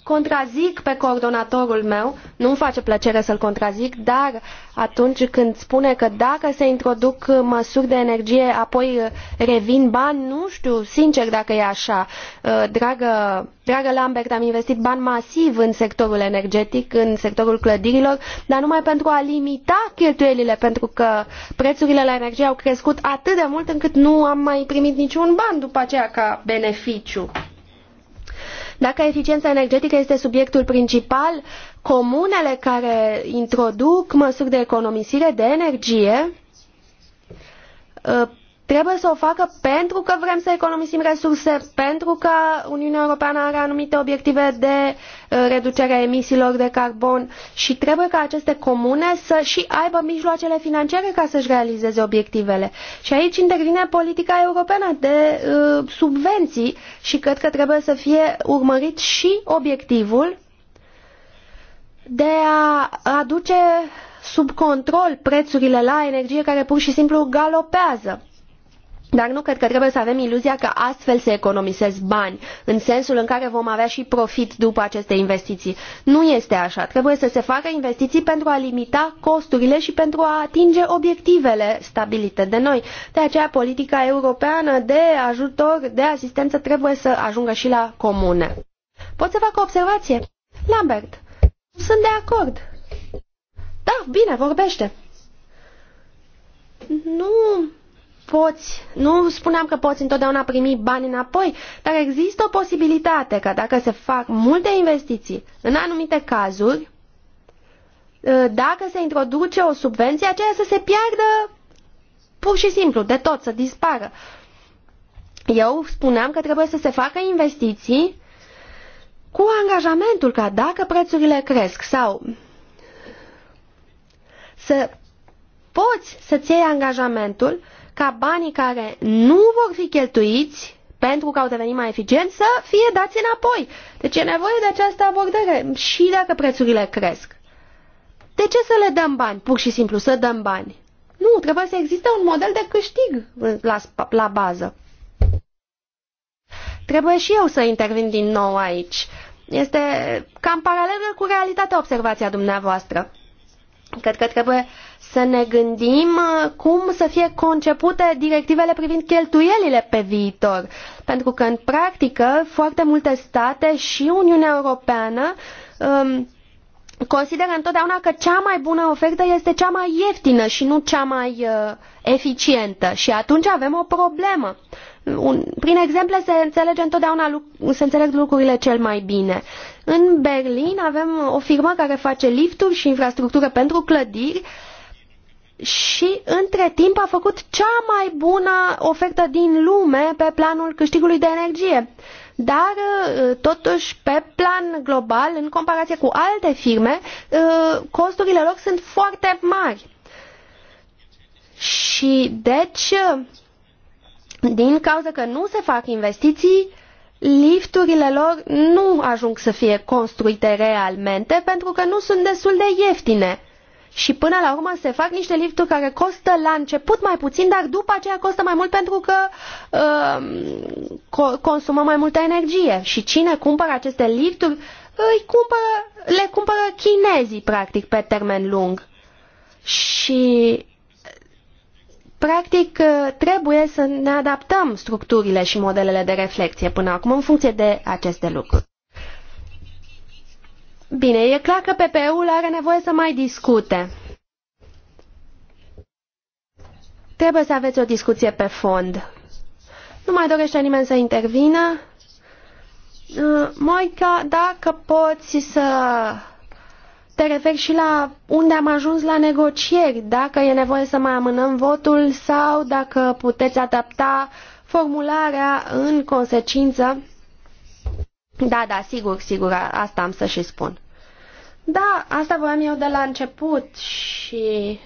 contrazic pe coordonatorul meu, nu-mi face plăcere să-l contrazic, dar atunci când spune că dacă se introduc măsuri de energie, apoi uh, revin bani, nu știu sincer dacă e așa. Uh, dragă, dragă Lambert, am investit bani masiv în sectorul energetic, în sectorul clădirilor, dar numai pentru a limita cheltuielile, pentru că prețurile la energie au crescut atât de mult încât nu am mai primit niciun ban după aceea ca beneficiu. Dacă eficiența energetică este subiectul principal, comunele care introduc măsuri de economisire de energie ă, Trebuie să o facă pentru că vrem să economisim resurse, pentru că Uniunea Europeană are anumite obiective de uh, reducere a emisiilor de carbon și trebuie ca aceste comune să și aibă mijloacele financiare ca să-și realizeze obiectivele. Și aici intervine politica europeană de uh, subvenții și cred că trebuie să fie urmărit și obiectivul de a aduce sub control prețurile la energie care pur și simplu galopează. Dar nu cred că trebuie să avem iluzia că astfel se economisesc bani, în sensul în care vom avea și profit după aceste investiții. Nu este așa. Trebuie să se facă investiții pentru a limita costurile și pentru a atinge obiectivele stabilite de noi. De aceea politica europeană de ajutor, de asistență trebuie să ajungă și la comune. Pot să fac o observație? Lambert, nu sunt de acord. Da, bine, vorbește. Nu, poți, nu spuneam că poți întotdeauna primi bani înapoi, dar există o posibilitate că dacă se fac multe investiții în anumite cazuri, ă, dacă se introduce o subvenție, aceea să se piardă pur și simplu, de tot, să dispară. Eu spuneam că trebuie să se facă investiții cu angajamentul ca dacă prețurile cresc sau să poți să-ți iei angajamentul ca banii care nu vor fi cheltuiți pentru că au devenit mai eficienți să fie dați înapoi. Deci e nevoie de această abordare și dacă prețurile cresc. De ce să le dăm bani? Pur și simplu să dăm bani. Nu, trebuie să existe un model de câștig la, la bază. Trebuie și eu să intervin din nou aici. Este cam paralelă cu realitatea observația dumneavoastră. Cred că trebuie uh, să ne gândim uh, cum să fie concepute directivele privind cheltuielile pe viitor. Pentru că, în practică, foarte multe state și Uniunea Europeană um, consideră întotdeauna că cea mai bună ofertă este cea mai ieftină și nu cea mai uh, eficientă. Și atunci avem o problemă. Un, prin exemple se înțelege întotdeauna se înțeleg lucrurile cel mai bine. În Berlin avem o firmă care face lifturi și infrastructură pentru clădiri uh, și între timp a făcut cea mai bună ofertă din lume pe planul câștigului de energie. Dar uh, totuși pe plan global, în comparație cu alte firme, uh, costurile lor sunt foarte mari. Și deci, uh, din cauza că nu se fac investiții, lifturile lor nu ajung să fie construite realmente pentru că nu sunt destul de ieftine și până la urmă se fac niște lifturi care costă la început mai puțin, dar după aceea costă mai mult pentru că uh, consumă mai multă energie. Și cine cumpără aceste lifturi, îi cumpără, le cumpără chinezii, practic, pe termen lung. Și practic trebuie să ne adaptăm structurile și modelele de reflexie până acum în funcție de aceste lucruri. Bine, e clar că PPE-ul are nevoie să mai discute. Trebuie să aveți o discuție pe fond. Nu mai dorește nimeni să intervină? Uh, Moica, dacă poți să te referi și la unde am ajuns la negocieri, dacă e nevoie să mai amânăm votul sau dacă puteți adapta formularea în consecință da, da, sigur, sigur, asta am să și spun. Da, asta voiam eu de la început și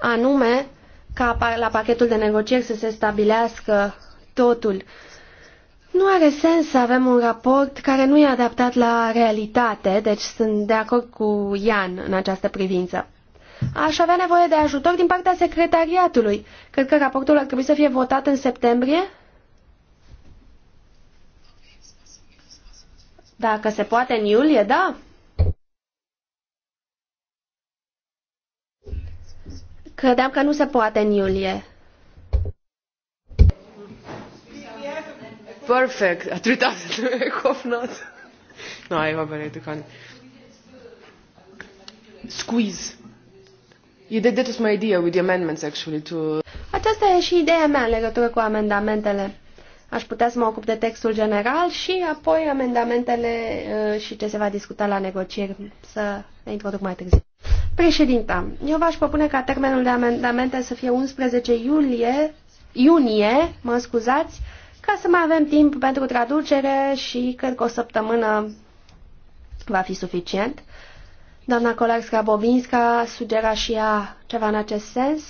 anume ca la pachetul de negocieri să se stabilească totul. Nu are sens să avem un raport care nu e adaptat la realitate, deci sunt de acord cu Ian în această privință. Aș avea nevoie de ajutor din partea secretariatului. Cred că raportul ar trebui să fie votat în septembrie Dacă se poate în iulie, da. Credeam că nu se poate în iulie. Perfect. A trebuit să cofnat. Nu, ai va bine, tu can. Squeeze. You did that my idea with the amendments actually to... Aceasta e și ideea mea în legătură cu amendamentele. Aș putea să mă ocup de textul general și apoi amendamentele uh, și ce se va discuta la negocieri să ne introduc mai târziu. Președinta, eu v-aș propune ca termenul de amendamente să fie 11 iulie, iunie, mă scuzați, ca să mai avem timp pentru traducere și cred că o săptămână va fi suficient. Doamna Colarska bobinska sugera și ea ceva în acest sens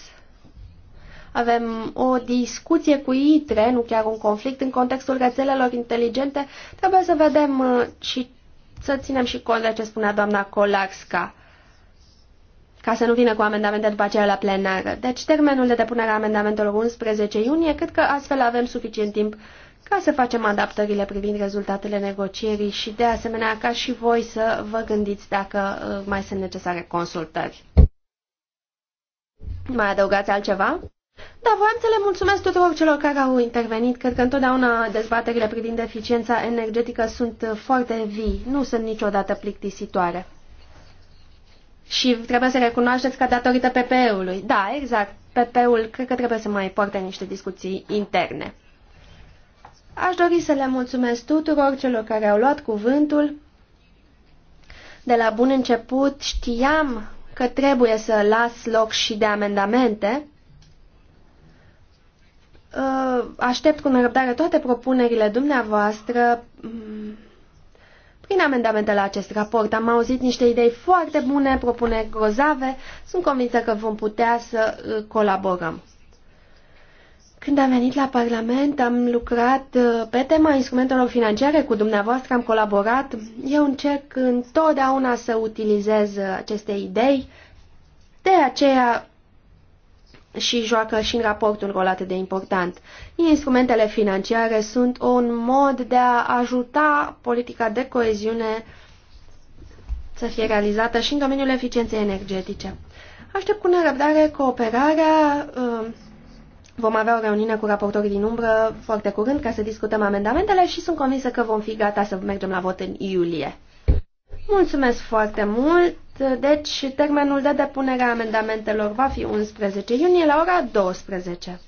avem o discuție cu ITRE, nu chiar un conflict, în contextul rețelelor inteligente, trebuie să vedem uh, și să ținem și cont de ce spunea doamna Colarska, ca să nu vină cu amendamente după aceea la plenară. Deci termenul de depunere a amendamentelor 11 iunie, cred că astfel avem suficient timp ca să facem adaptările privind rezultatele negocierii și de asemenea ca și voi să vă gândiți dacă uh, mai sunt necesare consultări. Mai adăugați altceva? Da, voiam să le mulțumesc tuturor celor care au intervenit. Cred că întotdeauna dezbaterile privind eficiența energetică sunt foarte vii, nu sunt niciodată plictisitoare. Și trebuie să recunoașteți că datorită PPE-ului. Da, exact. PP-ul cred că trebuie să mai poarte niște discuții interne. Aș dori să le mulțumesc tuturor celor care au luat cuvântul. De la bun început știam că trebuie să las loc și de amendamente, Uh, aștept cu nerăbdare toate propunerile dumneavoastră mm, prin amendamente la acest raport. Am auzit niște idei foarte bune, propuneri grozave. Sunt convinsă că vom putea să uh, colaborăm. Când am venit la Parlament, am lucrat uh, pe tema instrumentelor financiare cu dumneavoastră, am colaborat. Eu încerc întotdeauna să utilizez aceste idei, de aceea și joacă și în raport un rol atât de important. Instrumentele financiare sunt un mod de a ajuta politica de coeziune să fie realizată și în domeniul eficienței energetice. Aștept cu nerăbdare cooperarea. Um, vom avea o reuniune cu raportorii din umbră foarte curând ca să discutăm amendamentele și sunt convinsă că vom fi gata să mergem la vot în iulie. Mulțumesc foarte mult! Deci, termenul de depunere a amendamentelor va fi 11 iunie la ora 12.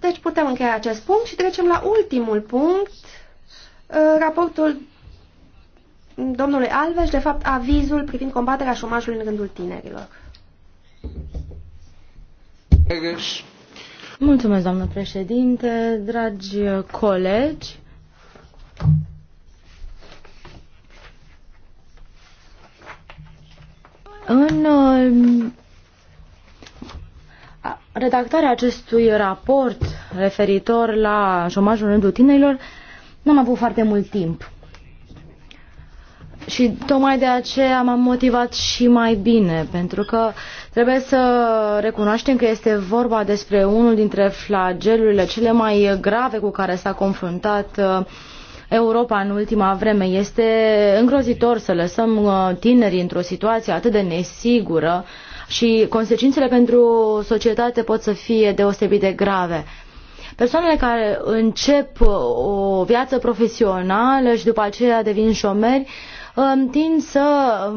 deci putem încheia acest punct și trecem la ultimul punct, uh, raportul domnului Alves, de fapt avizul privind combaterea șomajului în rândul tinerilor. Mulțumesc, doamnă președinte, dragi colegi. În uh, redactarea acestui raport referitor la șomajul în rândul tinerilor, n-am avut foarte mult timp. Și tocmai de aceea m-am motivat și mai bine, pentru că trebuie să recunoaștem că este vorba despre unul dintre flagelurile cele mai grave cu care s-a confruntat uh, Europa în ultima vreme. Este îngrozitor să lăsăm uh, tinerii într-o situație atât de nesigură și consecințele pentru societate pot să fie deosebit de grave. Persoanele care încep uh, o viață profesională și după aceea devin șomeri tind să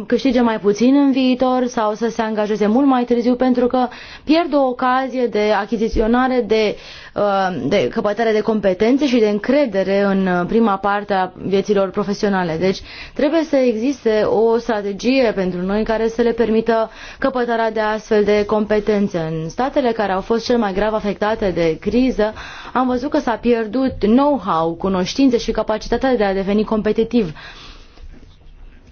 câștige mai puțin în viitor sau să se angajeze mult mai târziu pentru că pierd o ocazie de achiziționare, de, uh, de căpătare de competențe și de încredere în uh, prima parte a vieților profesionale. Deci trebuie să existe o strategie pentru noi care să le permită căpătarea de astfel de competențe. În statele care au fost cel mai grav afectate de criză, am văzut că s-a pierdut know-how, cunoștințe și capacitatea de a deveni competitiv.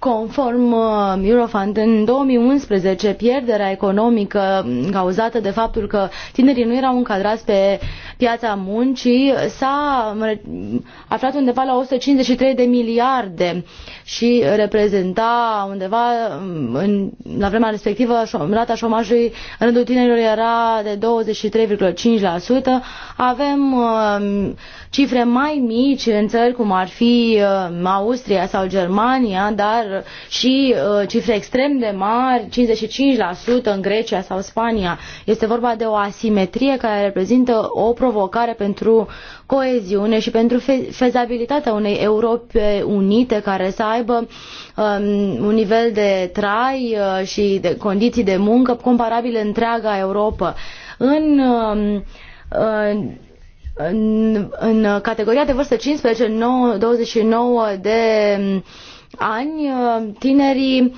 Conform uh, Eurofund, în 2011 pierderea economică mm, cauzată de faptul că tinerii nu erau încadrați pe piața muncii s-a aflat undeva la 153 de miliarde și reprezenta undeva mm, în, la vremea respectivă rata șomajului în rândul tinerilor era de 23,5%. Avem mm, cifre mai mici în țări cum ar fi Austria sau Germania, dar chiar și uh, cifre extrem de mari, 55% în Grecia sau Spania. Este vorba de o asimetrie care reprezintă o provocare pentru coeziune și pentru fezabilitatea unei Europe unite care să aibă um, un nivel de trai uh, și de condiții de muncă comparabile întreaga Europa. În um, în, în categoria de vârstă 15-29 de ani, uh, tinerii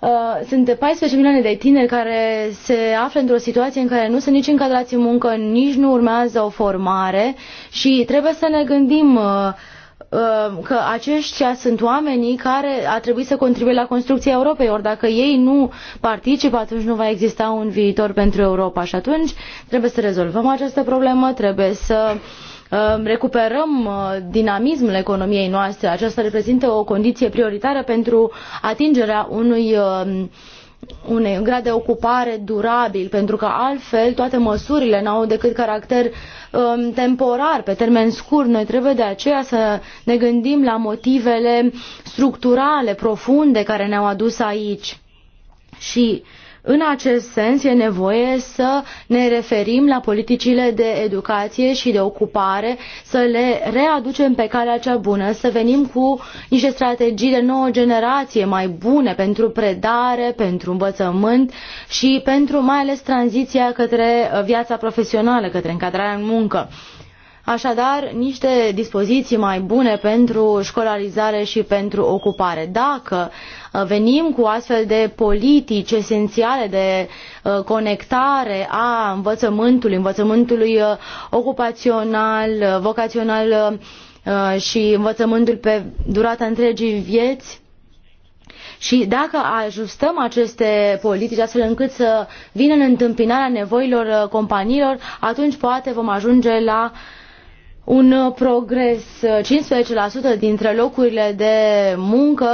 uh, sunt 14 milioane de tineri care se află într-o situație în care nu sunt nici încadrați în muncă, nici nu urmează o formare și trebuie să ne gândim uh, că aceștia sunt oamenii care ar trebui să contribuie la construcția Europei, ori dacă ei nu participă, atunci nu va exista un viitor pentru Europa și atunci trebuie să rezolvăm această problemă, trebuie să uh, recuperăm uh, dinamismul economiei noastre. Aceasta reprezintă o condiție prioritară pentru atingerea unui um, unei grad de ocupare durabil, pentru că altfel toate măsurile n-au decât caracter um, temporar, pe termen scurt. Noi trebuie de aceea să ne gândim la motivele structurale, profunde, care ne-au adus aici. Și uh, în acest sens e nevoie să ne referim la politicile de educație și de ocupare, să le readucem pe calea cea bună, să venim cu niște strategii de nouă generație mai bune pentru predare, pentru învățământ și pentru mai ales tranziția către uh, viața profesională, către încadrarea în muncă Așadar, niște dispoziții mai bune pentru școlarizare și pentru ocupare. Dacă uh, venim cu astfel de politici esențiale de uh, conectare a învățământului, învățământului uh, ocupațional, vocațional și învățământul pe durata întregii vieți, și dacă ajustăm aceste politici astfel încât să vină în întâmpinarea nevoilor companiilor, atunci poate vom ajunge la uh, un uh, progres. 15% uh, dintre locurile de muncă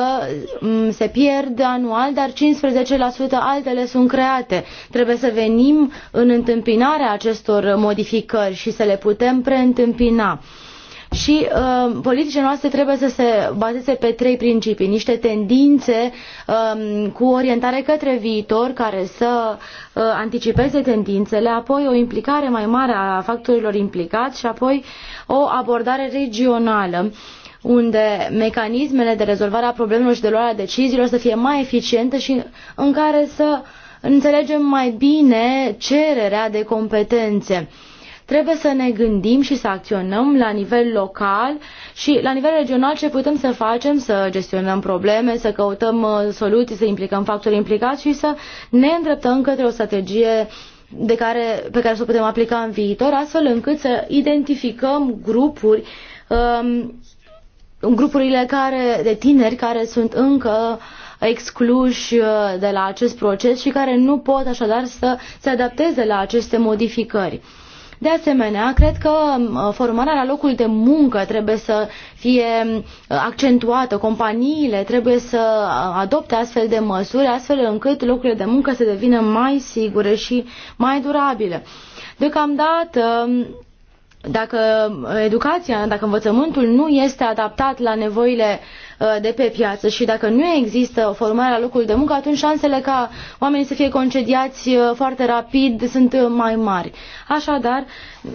mm, se pierd anual, dar 15% altele sunt create. Trebuie să venim în întâmpinarea acestor modificări și să le putem preîntâmpina și uh, politicile noastre trebuie să se bazeze pe trei principii, niște tendințe um, cu orientare către viitor care să uh, anticipeze tendințele, apoi o implicare mai mare a factorilor implicați și apoi o abordare regională unde mecanismele de rezolvare a problemelor și de luarea deciziilor să fie mai eficiente și în care să înțelegem mai bine cererea de competențe. Uh, Trebuie să ne gândim și să acționăm la nivel local și la nivel regional ce putem să facem, să gestionăm probleme, să căutăm uh, soluții, să implicăm factori implicați și să ne îndreptăm către o strategie de care, pe care să o putem aplica în viitor, astfel încât să identificăm grupuri um, grupurile care, de tineri care sunt încă excluși uh, de la acest proces și care nu pot așadar să se adapteze la aceste modificări. De asemenea, cred că formarea la locul de muncă trebuie să fie accentuată, companiile trebuie să adopte astfel de măsuri, astfel încât locurile de muncă să devină mai sigure și mai durabile. Deocamdată, dacă uh, educația, dacă învățământul nu este adaptat la nevoile uh, de pe piață și dacă nu există o formare la locul de muncă, atunci șansele ca oamenii să fie concediați uh, foarte rapid sunt mai mari. Așadar,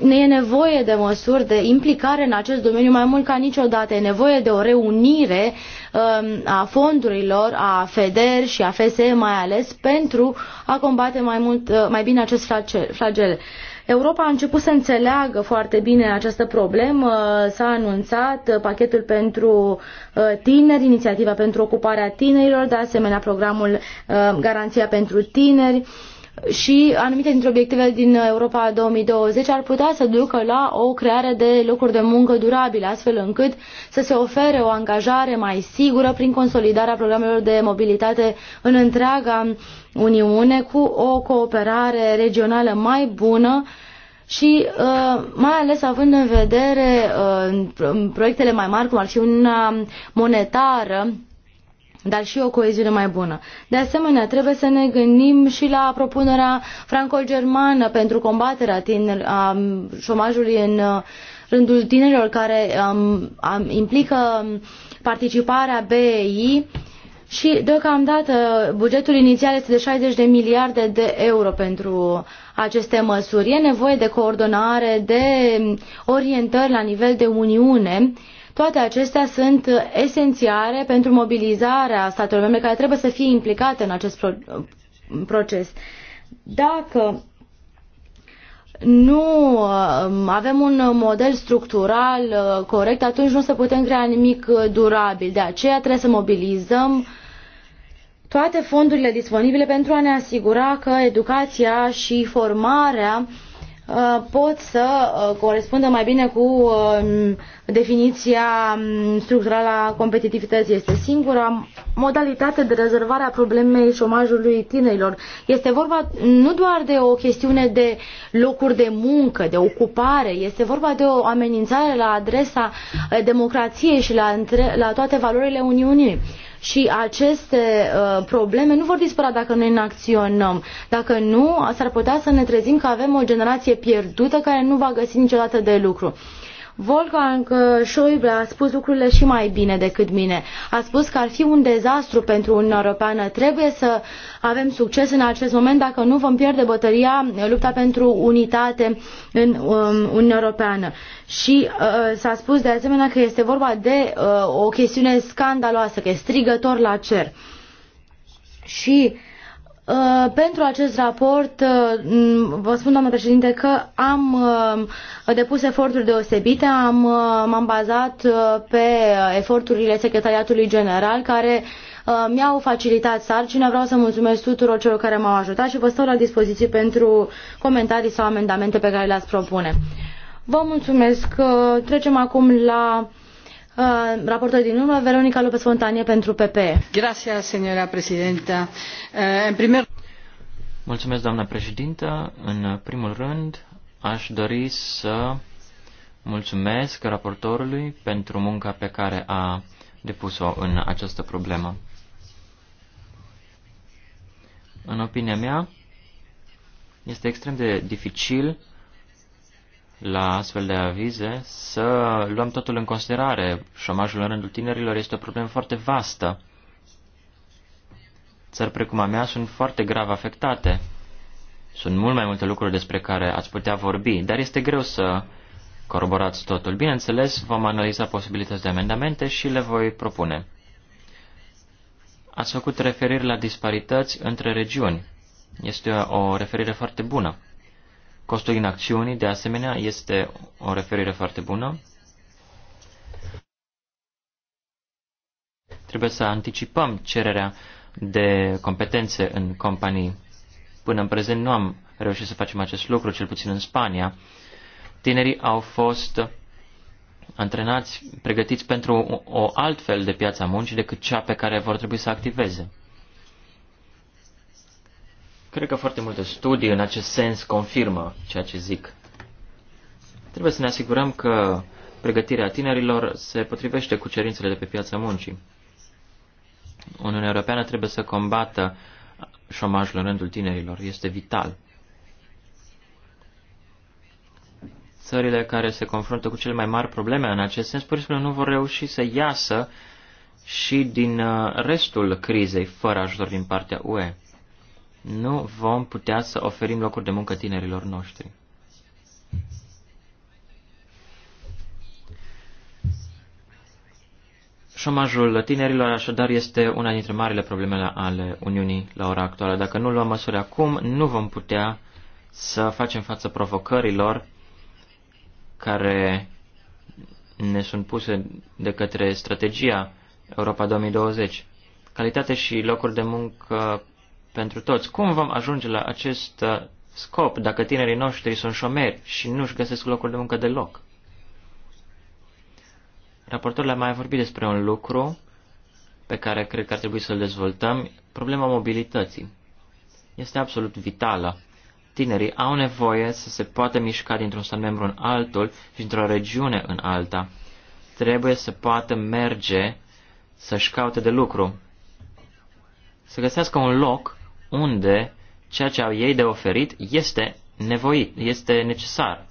ne e nevoie de măsuri de implicare în acest domeniu mai mult ca niciodată. E nevoie de o reunire um, a fondurilor, a FEDER și a FSE mai ales, pentru a combate mai, mult, mai bine acest flagel. Europa a început să înțeleagă foarte bine această problemă, s-a anunțat pachetul pentru uh, tineri, inițiativa pentru ocuparea tinerilor, de asemenea programul uh, Garanția pentru tineri și anumite dintre obiectivele din Europa 2020 ar putea să ducă la o creare de locuri de muncă durabile, astfel încât să se ofere o angajare mai sigură prin consolidarea programelor de mobilitate în întreaga Uniune cu o cooperare regională mai bună și uh, mai ales având în vedere uh, proiectele mai mari, cum ar fi una monetară, dar și o coeziune mai bună. De asemenea, trebuie să ne gândim și la propunerea franco-germană pentru combaterea tiner, a șomajului în uh, rândul tinerilor care um, implică um, participarea BEI și deocamdată bugetul inițial este de 60 de miliarde de euro pentru aceste măsuri. E nevoie de coordonare, de orientări la nivel de Uniune. Toate acestea sunt esențiale pentru mobilizarea statelor membre care trebuie să fie implicate în acest proces. Dacă nu uh, avem un model structural uh, corect, atunci nu se putem crea nimic uh, durabil. De aceea trebuie să mobilizăm toate fondurile disponibile pentru a ne asigura că educația și formarea uh, Uh, pot să uh, corespundă mai bine cu uh, definiția um, structurală a competitivității. Este singura modalitate de rezolvare a problemei șomajului tinerilor. Este vorba nu doar de o chestiune de locuri de muncă, de ocupare, este vorba de o amenințare la adresa democrației și la, între, la toate valorile Uniunii și aceste uh, probleme nu vor dispărea dacă noi ne acționăm. Dacă nu, s-ar putea să ne trezim că avem o generație pierdută care nu va găsi niciodată de lucru. Wolfgang uh, Schäuble a spus lucrurile și mai bine decât mine. A spus că ar fi un dezastru pentru Uniunea Europeană. Trebuie să avem succes în acest moment dacă nu vom pierde bătăria uh, lupta pentru unitate în um, Uniunea Europeană. Și uh, s-a spus de asemenea că este vorba de uh, o chestiune scandaloasă, că e strigător la cer. Și uh, Uh, pentru acest raport, uh, vă spun, doamnă președinte, că am uh, depus eforturi deosebite, am, m-am bazat pe eforturile Secretariatului General, care mi-au facilitat sarcina. Vreau să mulțumesc tuturor celor care m-au ajutat și vă stau la dispoziție pentru comentarii sau amendamente pe care le-ați propune. Vă mulțumesc. Trecem acum la Uh, doamnă pentru uh, Mulțumesc, președintă. În primul rând, aș dori să mulțumesc raportorului pentru munca pe care a depus-o în această problemă. În opinia mea, este extrem de dificil la astfel de avize să luăm totul în considerare. Șomajul în rândul tinerilor este o problemă foarte vastă. Țări precum a mea sunt foarte grav afectate. Sunt mult mai multe lucruri despre care ați putea vorbi, dar este greu să coroborați totul. Bineînțeles, vom analiza posibilități de amendamente și le voi propune. Ați făcut referiri la disparități între regiuni. Este o referire foarte bună. Costul acțiuni de asemenea, este o referire foarte bună. Trebuie să anticipăm cererea de competențe în companii. Până în prezent nu am reușit să facem acest lucru, cel puțin în Spania. Tinerii au fost antrenați, pregătiți pentru o altfel de piață a muncii decât cea pe care vor trebui să activeze. Cred că foarte multe studii în acest sens confirmă ceea ce zic. Trebuie să ne asigurăm că pregătirea tinerilor se potrivește cu cerințele de pe piața muncii. Uniunea Europeană trebuie să combată șomajul în rândul tinerilor. Este vital. Țările care se confruntă cu cele mai mari probleme în acest sens, pur și simplu nu vor reuși să iasă și din uh, restul crizei fără ajutor din partea UE nu vom putea să oferim locuri de muncă tinerilor noștri. Șomajul tinerilor așadar este una dintre marile probleme ale Uniunii la ora actuală. Dacă nu luăm măsuri acum, nu vom putea să facem față provocărilor care ne sunt puse de către strategia Europa 2020. Calitate și locuri de muncă pentru toți. Cum vom ajunge la acest uh, scop dacă tinerii noștri sunt șomeri și nu-și găsesc locuri de muncă deloc? Raportorul a mai vorbit despre un lucru pe care cred că ar trebui să-l dezvoltăm, problema mobilității. Este absolut vitală. Tinerii au nevoie să se poată mișca dintr-un stat membru în altul și dintr-o regiune în alta. Trebuie să poată merge să-și caute de lucru, să găsească un loc unde ceea ce au ei de oferit este nevoit, este necesar.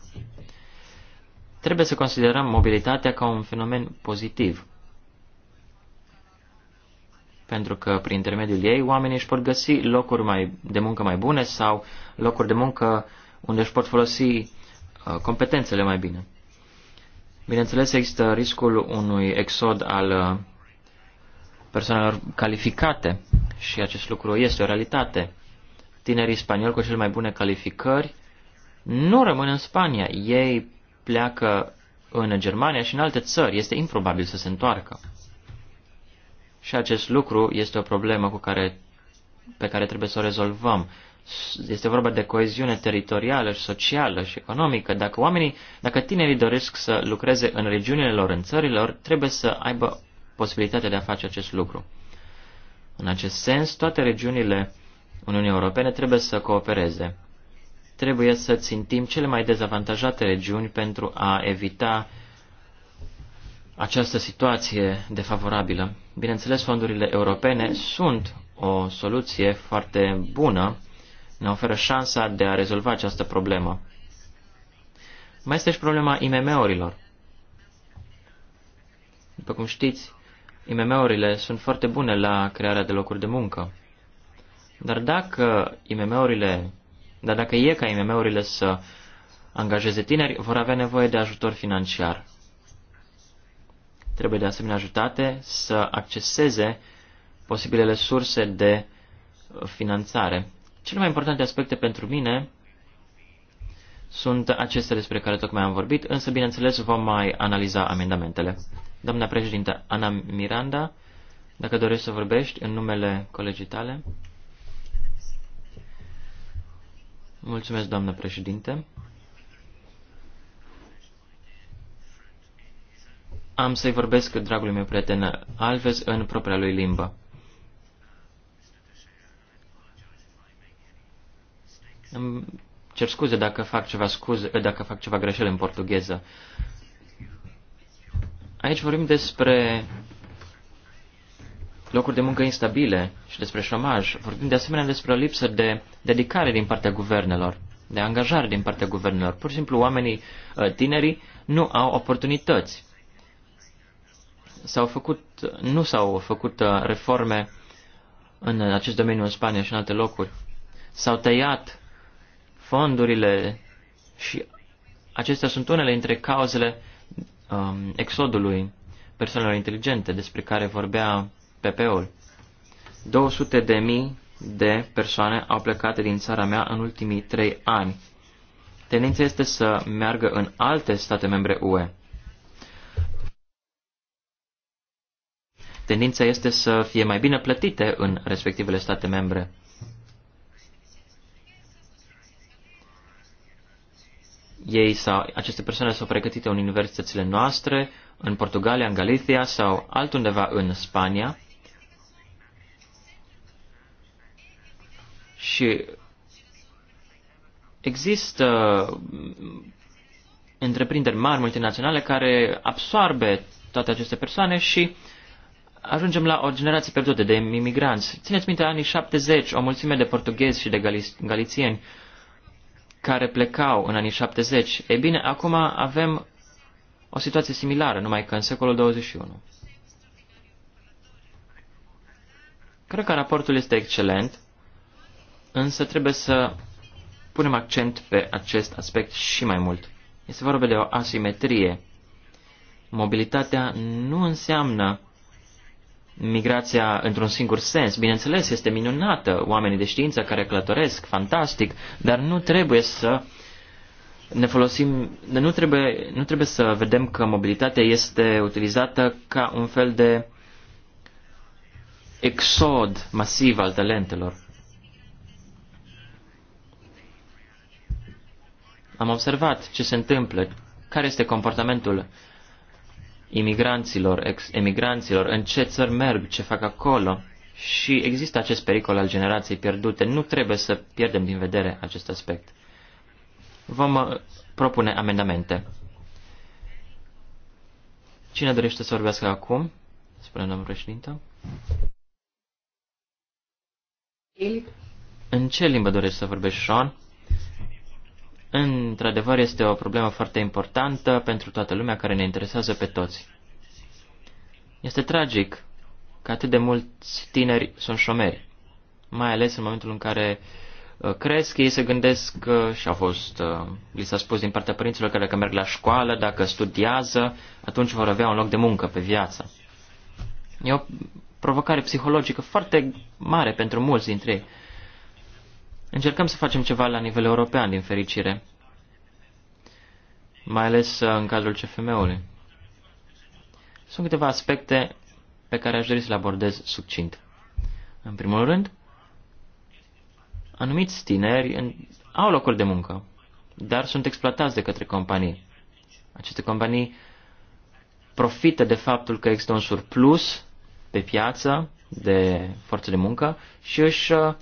Trebuie să considerăm mobilitatea ca un fenomen pozitiv, pentru că prin intermediul ei oamenii își pot găsi locuri mai, de muncă mai bune sau locuri de muncă unde își pot folosi uh, competențele mai bine. Bineînțeles, există riscul unui exod al uh, persoanelor calificate și acest lucru este o realitate. Tinerii spanioli cu cele mai bune calificări nu rămân în Spania. Ei pleacă în Germania și în alte țări. Este improbabil să se întoarcă. Și acest lucru este o problemă cu care, pe care trebuie să o rezolvăm. Este vorba de coeziune teritorială și socială și economică. Dacă oamenii, dacă tinerii doresc să lucreze în regiunile lor, în țările lor, trebuie să aibă posibilitatea de a face acest lucru. În acest sens, toate regiunile Uniunii Europene trebuie să coopereze. Trebuie să țintim cele mai dezavantajate regiuni pentru a evita această situație defavorabilă. Bineînțeles, fondurile europene sunt o soluție foarte bună, ne oferă șansa de a rezolva această problemă. Mai este și problema IMM-urilor. După cum știți, IMM-urile sunt foarte bune la crearea de locuri de muncă. Dar dacă IMM-urile, dar dacă e ca IMM-urile să angajeze tineri, vor avea nevoie de ajutor financiar. Trebuie de asemenea ajutate să acceseze posibilele surse de finanțare. Cele mai importante aspecte pentru mine sunt acestea despre care tocmai am vorbit, însă, bineînțeles, vom mai analiza amendamentele. Doamna președintă Ana Miranda, dacă dorești să vorbești în numele colegii tale. Mulțumesc, doamnă președinte. Am să-i vorbesc dragului meu prieten Alves în propria lui limbă. Îmi cer scuze dacă fac ceva scuze, dacă fac ceva greșel în portugheză. Aici vorbim despre locuri de muncă instabile și despre șomaj. Vorbim de asemenea despre o lipsă de dedicare din partea guvernelor, de angajare din partea guvernelor. Pur și simplu oamenii uh, tinerii nu au oportunități. S-au făcut, nu s-au făcut uh, reforme în acest domeniu în Spania și în alte locuri. S-au tăiat fondurile și acestea sunt unele dintre cauzele um, exodului persoanelor inteligente despre care vorbea PP-ul. 200 de mii de persoane au plecat din țara mea în ultimii trei ani. Tendința este să meargă în alte state membre UE. Tendința este să fie mai bine plătite în respectivele state membre. ei sau aceste persoane s-au pregătit în universitățile noastre, în Portugalia, în Galicia sau altundeva în Spania. Și există mm, întreprinderi mari multinaționale care absorbe toate aceste persoane și ajungem la o generație pierdută de imigranți. Țineți minte, anii 70, o mulțime de portughezi și de galițieni care plecau în anii 70. E bine, acum avem o situație similară, numai că în secolul 21. Cred că raportul este excelent, însă trebuie să punem accent pe acest aspect și mai mult. Este vorba de o asimetrie. Mobilitatea nu înseamnă migrația într-un singur sens. Bineînțeles, este minunată oamenii de știință care călătoresc, fantastic, dar nu trebuie să ne folosim, nu trebuie, nu trebuie să vedem că mobilitatea este utilizată ca un fel de exod masiv al talentelor. Am observat ce se întâmplă, care este comportamentul imigranților, ex-emigranților, în ce țări merg, ce fac acolo. Și există acest pericol al generației pierdute. Nu trebuie să pierdem din vedere acest aspect. Vom uh, propune amendamente. Cine dorește să vorbească acum? Spune domnul președinte. În ce limbă dorești să vorbești, Sean? Într-adevăr, este o problemă foarte importantă pentru toată lumea care ne interesează pe toți. Este tragic că atât de mulți tineri sunt șomeri, mai ales în momentul în care uh, cresc, ei se gândesc și a fost, uh, li s-a spus din partea părinților că dacă merg la școală, dacă studiază, atunci vor avea un loc de muncă pe viață. E o provocare psihologică foarte mare pentru mulți dintre ei. Încercăm să facem ceva la nivel european, din fericire, mai ales uh, în cadrul CFM-ului. Sunt câteva aspecte pe care aș dori să le abordez succint. În primul rând, anumiți tineri au locuri de muncă, dar sunt exploatați de către companii. Aceste companii profită de faptul că există un surplus pe piață de forță de muncă și își uh,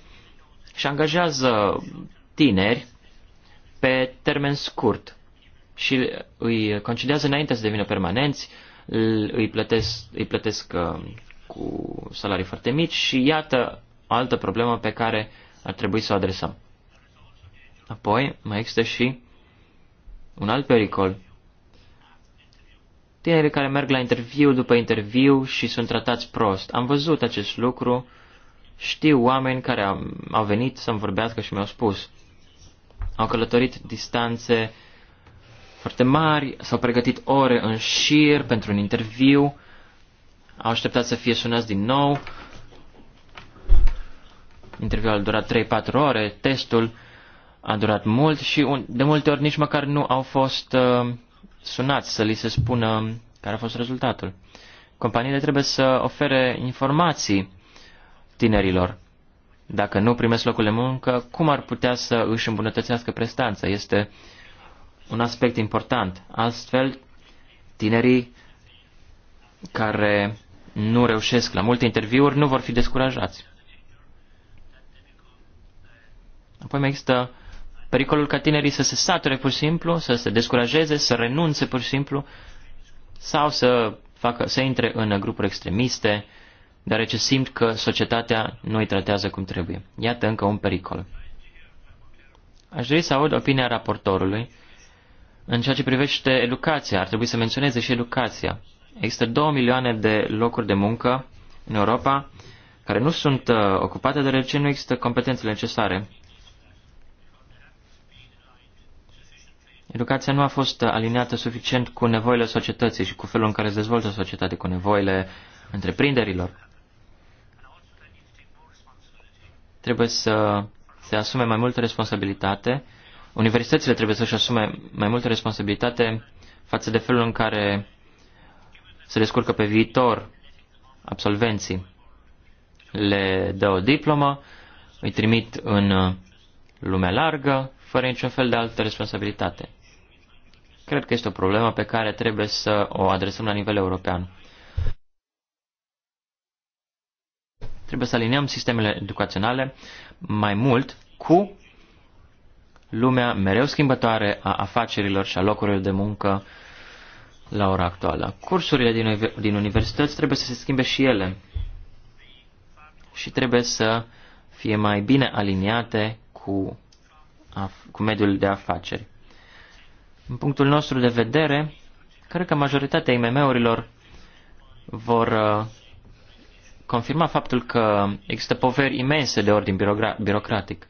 și angajează tineri pe termen scurt și îi concediază înainte să devină permanenți, îi plătesc, îi plătesc uh, cu salarii foarte mici și iată o altă problemă pe care ar trebui să o adresăm. Apoi mai există și un alt pericol. Tinerii care merg la interviu după interviu și sunt tratați prost. Am văzut acest lucru știu oameni care au, venit să-mi vorbească și mi-au spus. Au călătorit distanțe foarte mari, s-au pregătit ore în șir pentru un interviu, au așteptat să fie sunați din nou. Interviul a durat 3-4 ore, testul a durat mult și de multe ori nici măcar nu au fost uh, sunați să li se spună care a fost rezultatul. Companiile trebuie să ofere informații tinerilor. Dacă nu primesc locul de muncă, cum ar putea să își îmbunătățească prestanța? Este un aspect important. Astfel, tinerii care nu reușesc la multe interviuri nu vor fi descurajați. Apoi mai există pericolul ca tinerii să se sature pur și simplu, să se descurajeze, să renunțe pur și simplu sau să, facă, să intre în grupuri extremiste, deoarece simt că societatea nu îi tratează cum trebuie. Iată încă un pericol. Aș dori să aud opinia raportorului în ceea ce privește educația. Ar trebui să menționeze și educația. Există 2 milioane de locuri de muncă în Europa care nu sunt uh, ocupate deoarece nu există competențele necesare. Educația nu a fost uh, aliniată suficient cu nevoile societății și cu felul în care se dezvoltă societatea, cu nevoile întreprinderilor. trebuie să se asume mai multă responsabilitate, universitățile trebuie să-și asume mai multă responsabilitate față de felul în care se descurcă pe viitor absolvenții. Le dă o diplomă, îi trimit în uh, lumea largă, fără niciun fel de altă responsabilitate. Cred că este o problemă pe care trebuie să o adresăm la nivel european. Trebuie să aliniem sistemele educaționale mai mult cu lumea mereu schimbătoare a afacerilor și a locurilor de muncă la ora actuală. Cursurile din, din universități trebuie să se schimbe și ele și trebuie să fie mai bine aliniate cu, cu mediul de afaceri. În punctul nostru de vedere, cred că majoritatea IMM-urilor vor uh, confirma faptul că există poveri imense de ordin birocratic.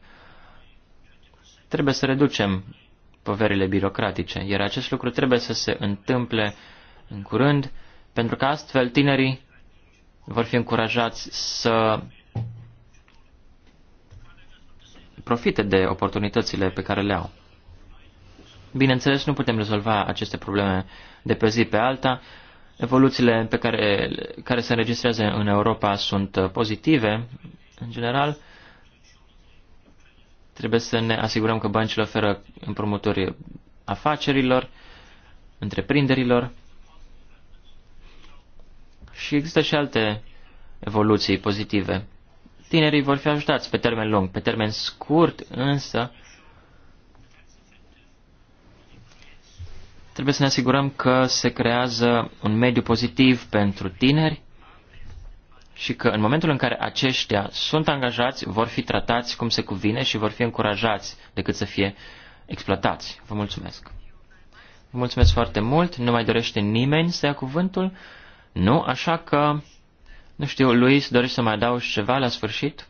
Trebuie să reducem poverile birocratice, iar acest lucru trebuie să se întâmple în curând, pentru că astfel tinerii vor fi încurajați să profite de oportunitățile pe care le au. Bineînțeles, nu putem rezolva aceste probleme de pe zi pe alta, Evoluțiile pe care, care se înregistrează în Europa sunt uh, pozitive, în general. Trebuie să ne asigurăm că băncile oferă împrumuturi afacerilor, întreprinderilor. Și există și alte evoluții pozitive. Tinerii vor fi ajutați pe termen lung. Pe termen scurt, însă, Trebuie să ne asigurăm că se creează un mediu pozitiv pentru tineri și că în momentul în care aceștia sunt angajați, vor fi tratați cum se cuvine și vor fi încurajați decât să fie exploatați. Vă mulțumesc! Vă mulțumesc foarte mult, nu mai dorește nimeni să ia cuvântul? Nu, așa că, nu știu, Luis, dorești să mai adaugi ceva la sfârșit?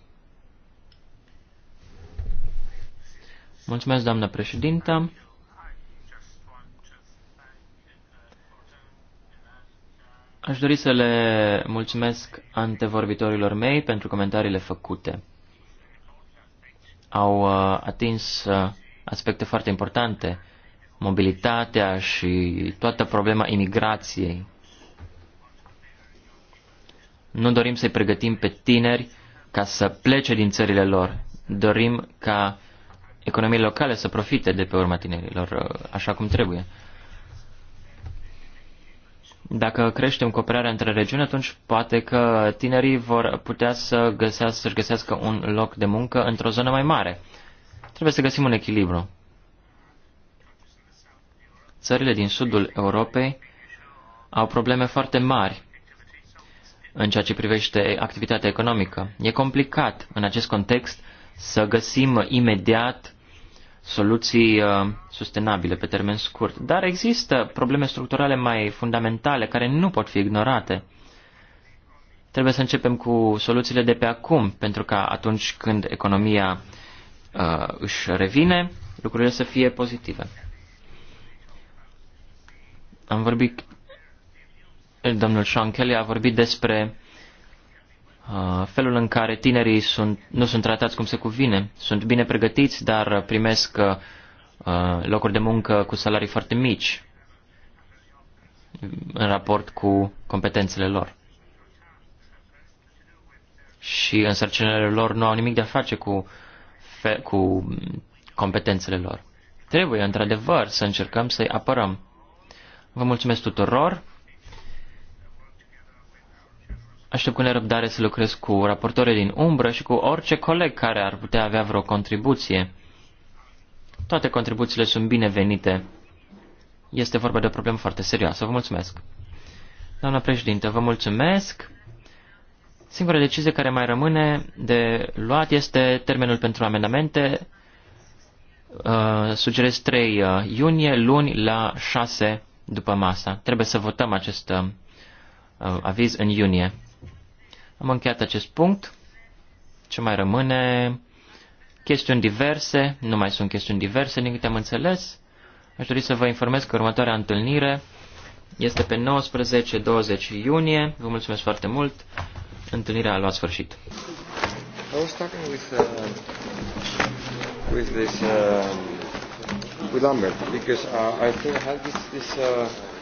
Mulțumesc, doamnă președintă. Aș dori să le mulțumesc antevorbitorilor mei pentru comentariile făcute. Au uh, atins uh, aspecte foarte importante, mobilitatea și toată problema imigrației. Nu dorim să-i pregătim pe tineri ca să plece din țările lor. Dorim ca economiile locale să profite de pe urma tinerilor uh, așa cum trebuie. Dacă creștem cooperarea între regiuni, atunci poate că tinerii vor putea să găsească, să găsească un loc de muncă într-o zonă mai mare. Trebuie să găsim un echilibru. Țările din sudul Europei au probleme foarte mari în ceea ce privește activitatea economică. E complicat în acest context să găsim imediat soluții uh, sustenabile pe termen scurt. Dar există probleme structurale mai fundamentale care nu pot fi ignorate. Trebuie să începem cu soluțiile de pe acum, pentru că atunci când economia uh, își revine, lucrurile să fie pozitive. Am vorbit, domnul Sean Kelly a vorbit despre Uh, felul în care tinerii sunt, nu sunt tratați cum se cuvine. Sunt bine pregătiți, dar primesc uh, uh, locuri de muncă cu salarii foarte mici în raport cu competențele lor. Și însărcinările lor nu au nimic de a face cu, fe, cu competențele lor. Trebuie, într-adevăr, să încercăm să-i apărăm. Vă mulțumesc tuturor! Aștept cu nerăbdare să lucrez cu raportorii din umbră și cu orice coleg care ar putea avea vreo contribuție. Toate contribuțiile sunt binevenite. Este vorba de o problemă foarte serioasă. Vă mulțumesc. Doamna președinte, vă mulțumesc. Singura decizie care mai rămâne de luat este termenul pentru amendamente. Uh, sugerez 3 uh, iunie, luni la 6 după masa. Trebuie să votăm acest uh, uh aviz în iunie. Am încheiat acest punct. Ce mai rămâne? Chestiuni diverse. Nu mai sunt chestiuni diverse, din câte am înțeles. Aș dori să vă informez că următoarea întâlnire este pe 19-20 iunie. Vă mulțumesc foarte mult. Întâlnirea a luat sfârșit. I was talking with uh, with this uh, with Lambert because uh, I think I had this this. Uh,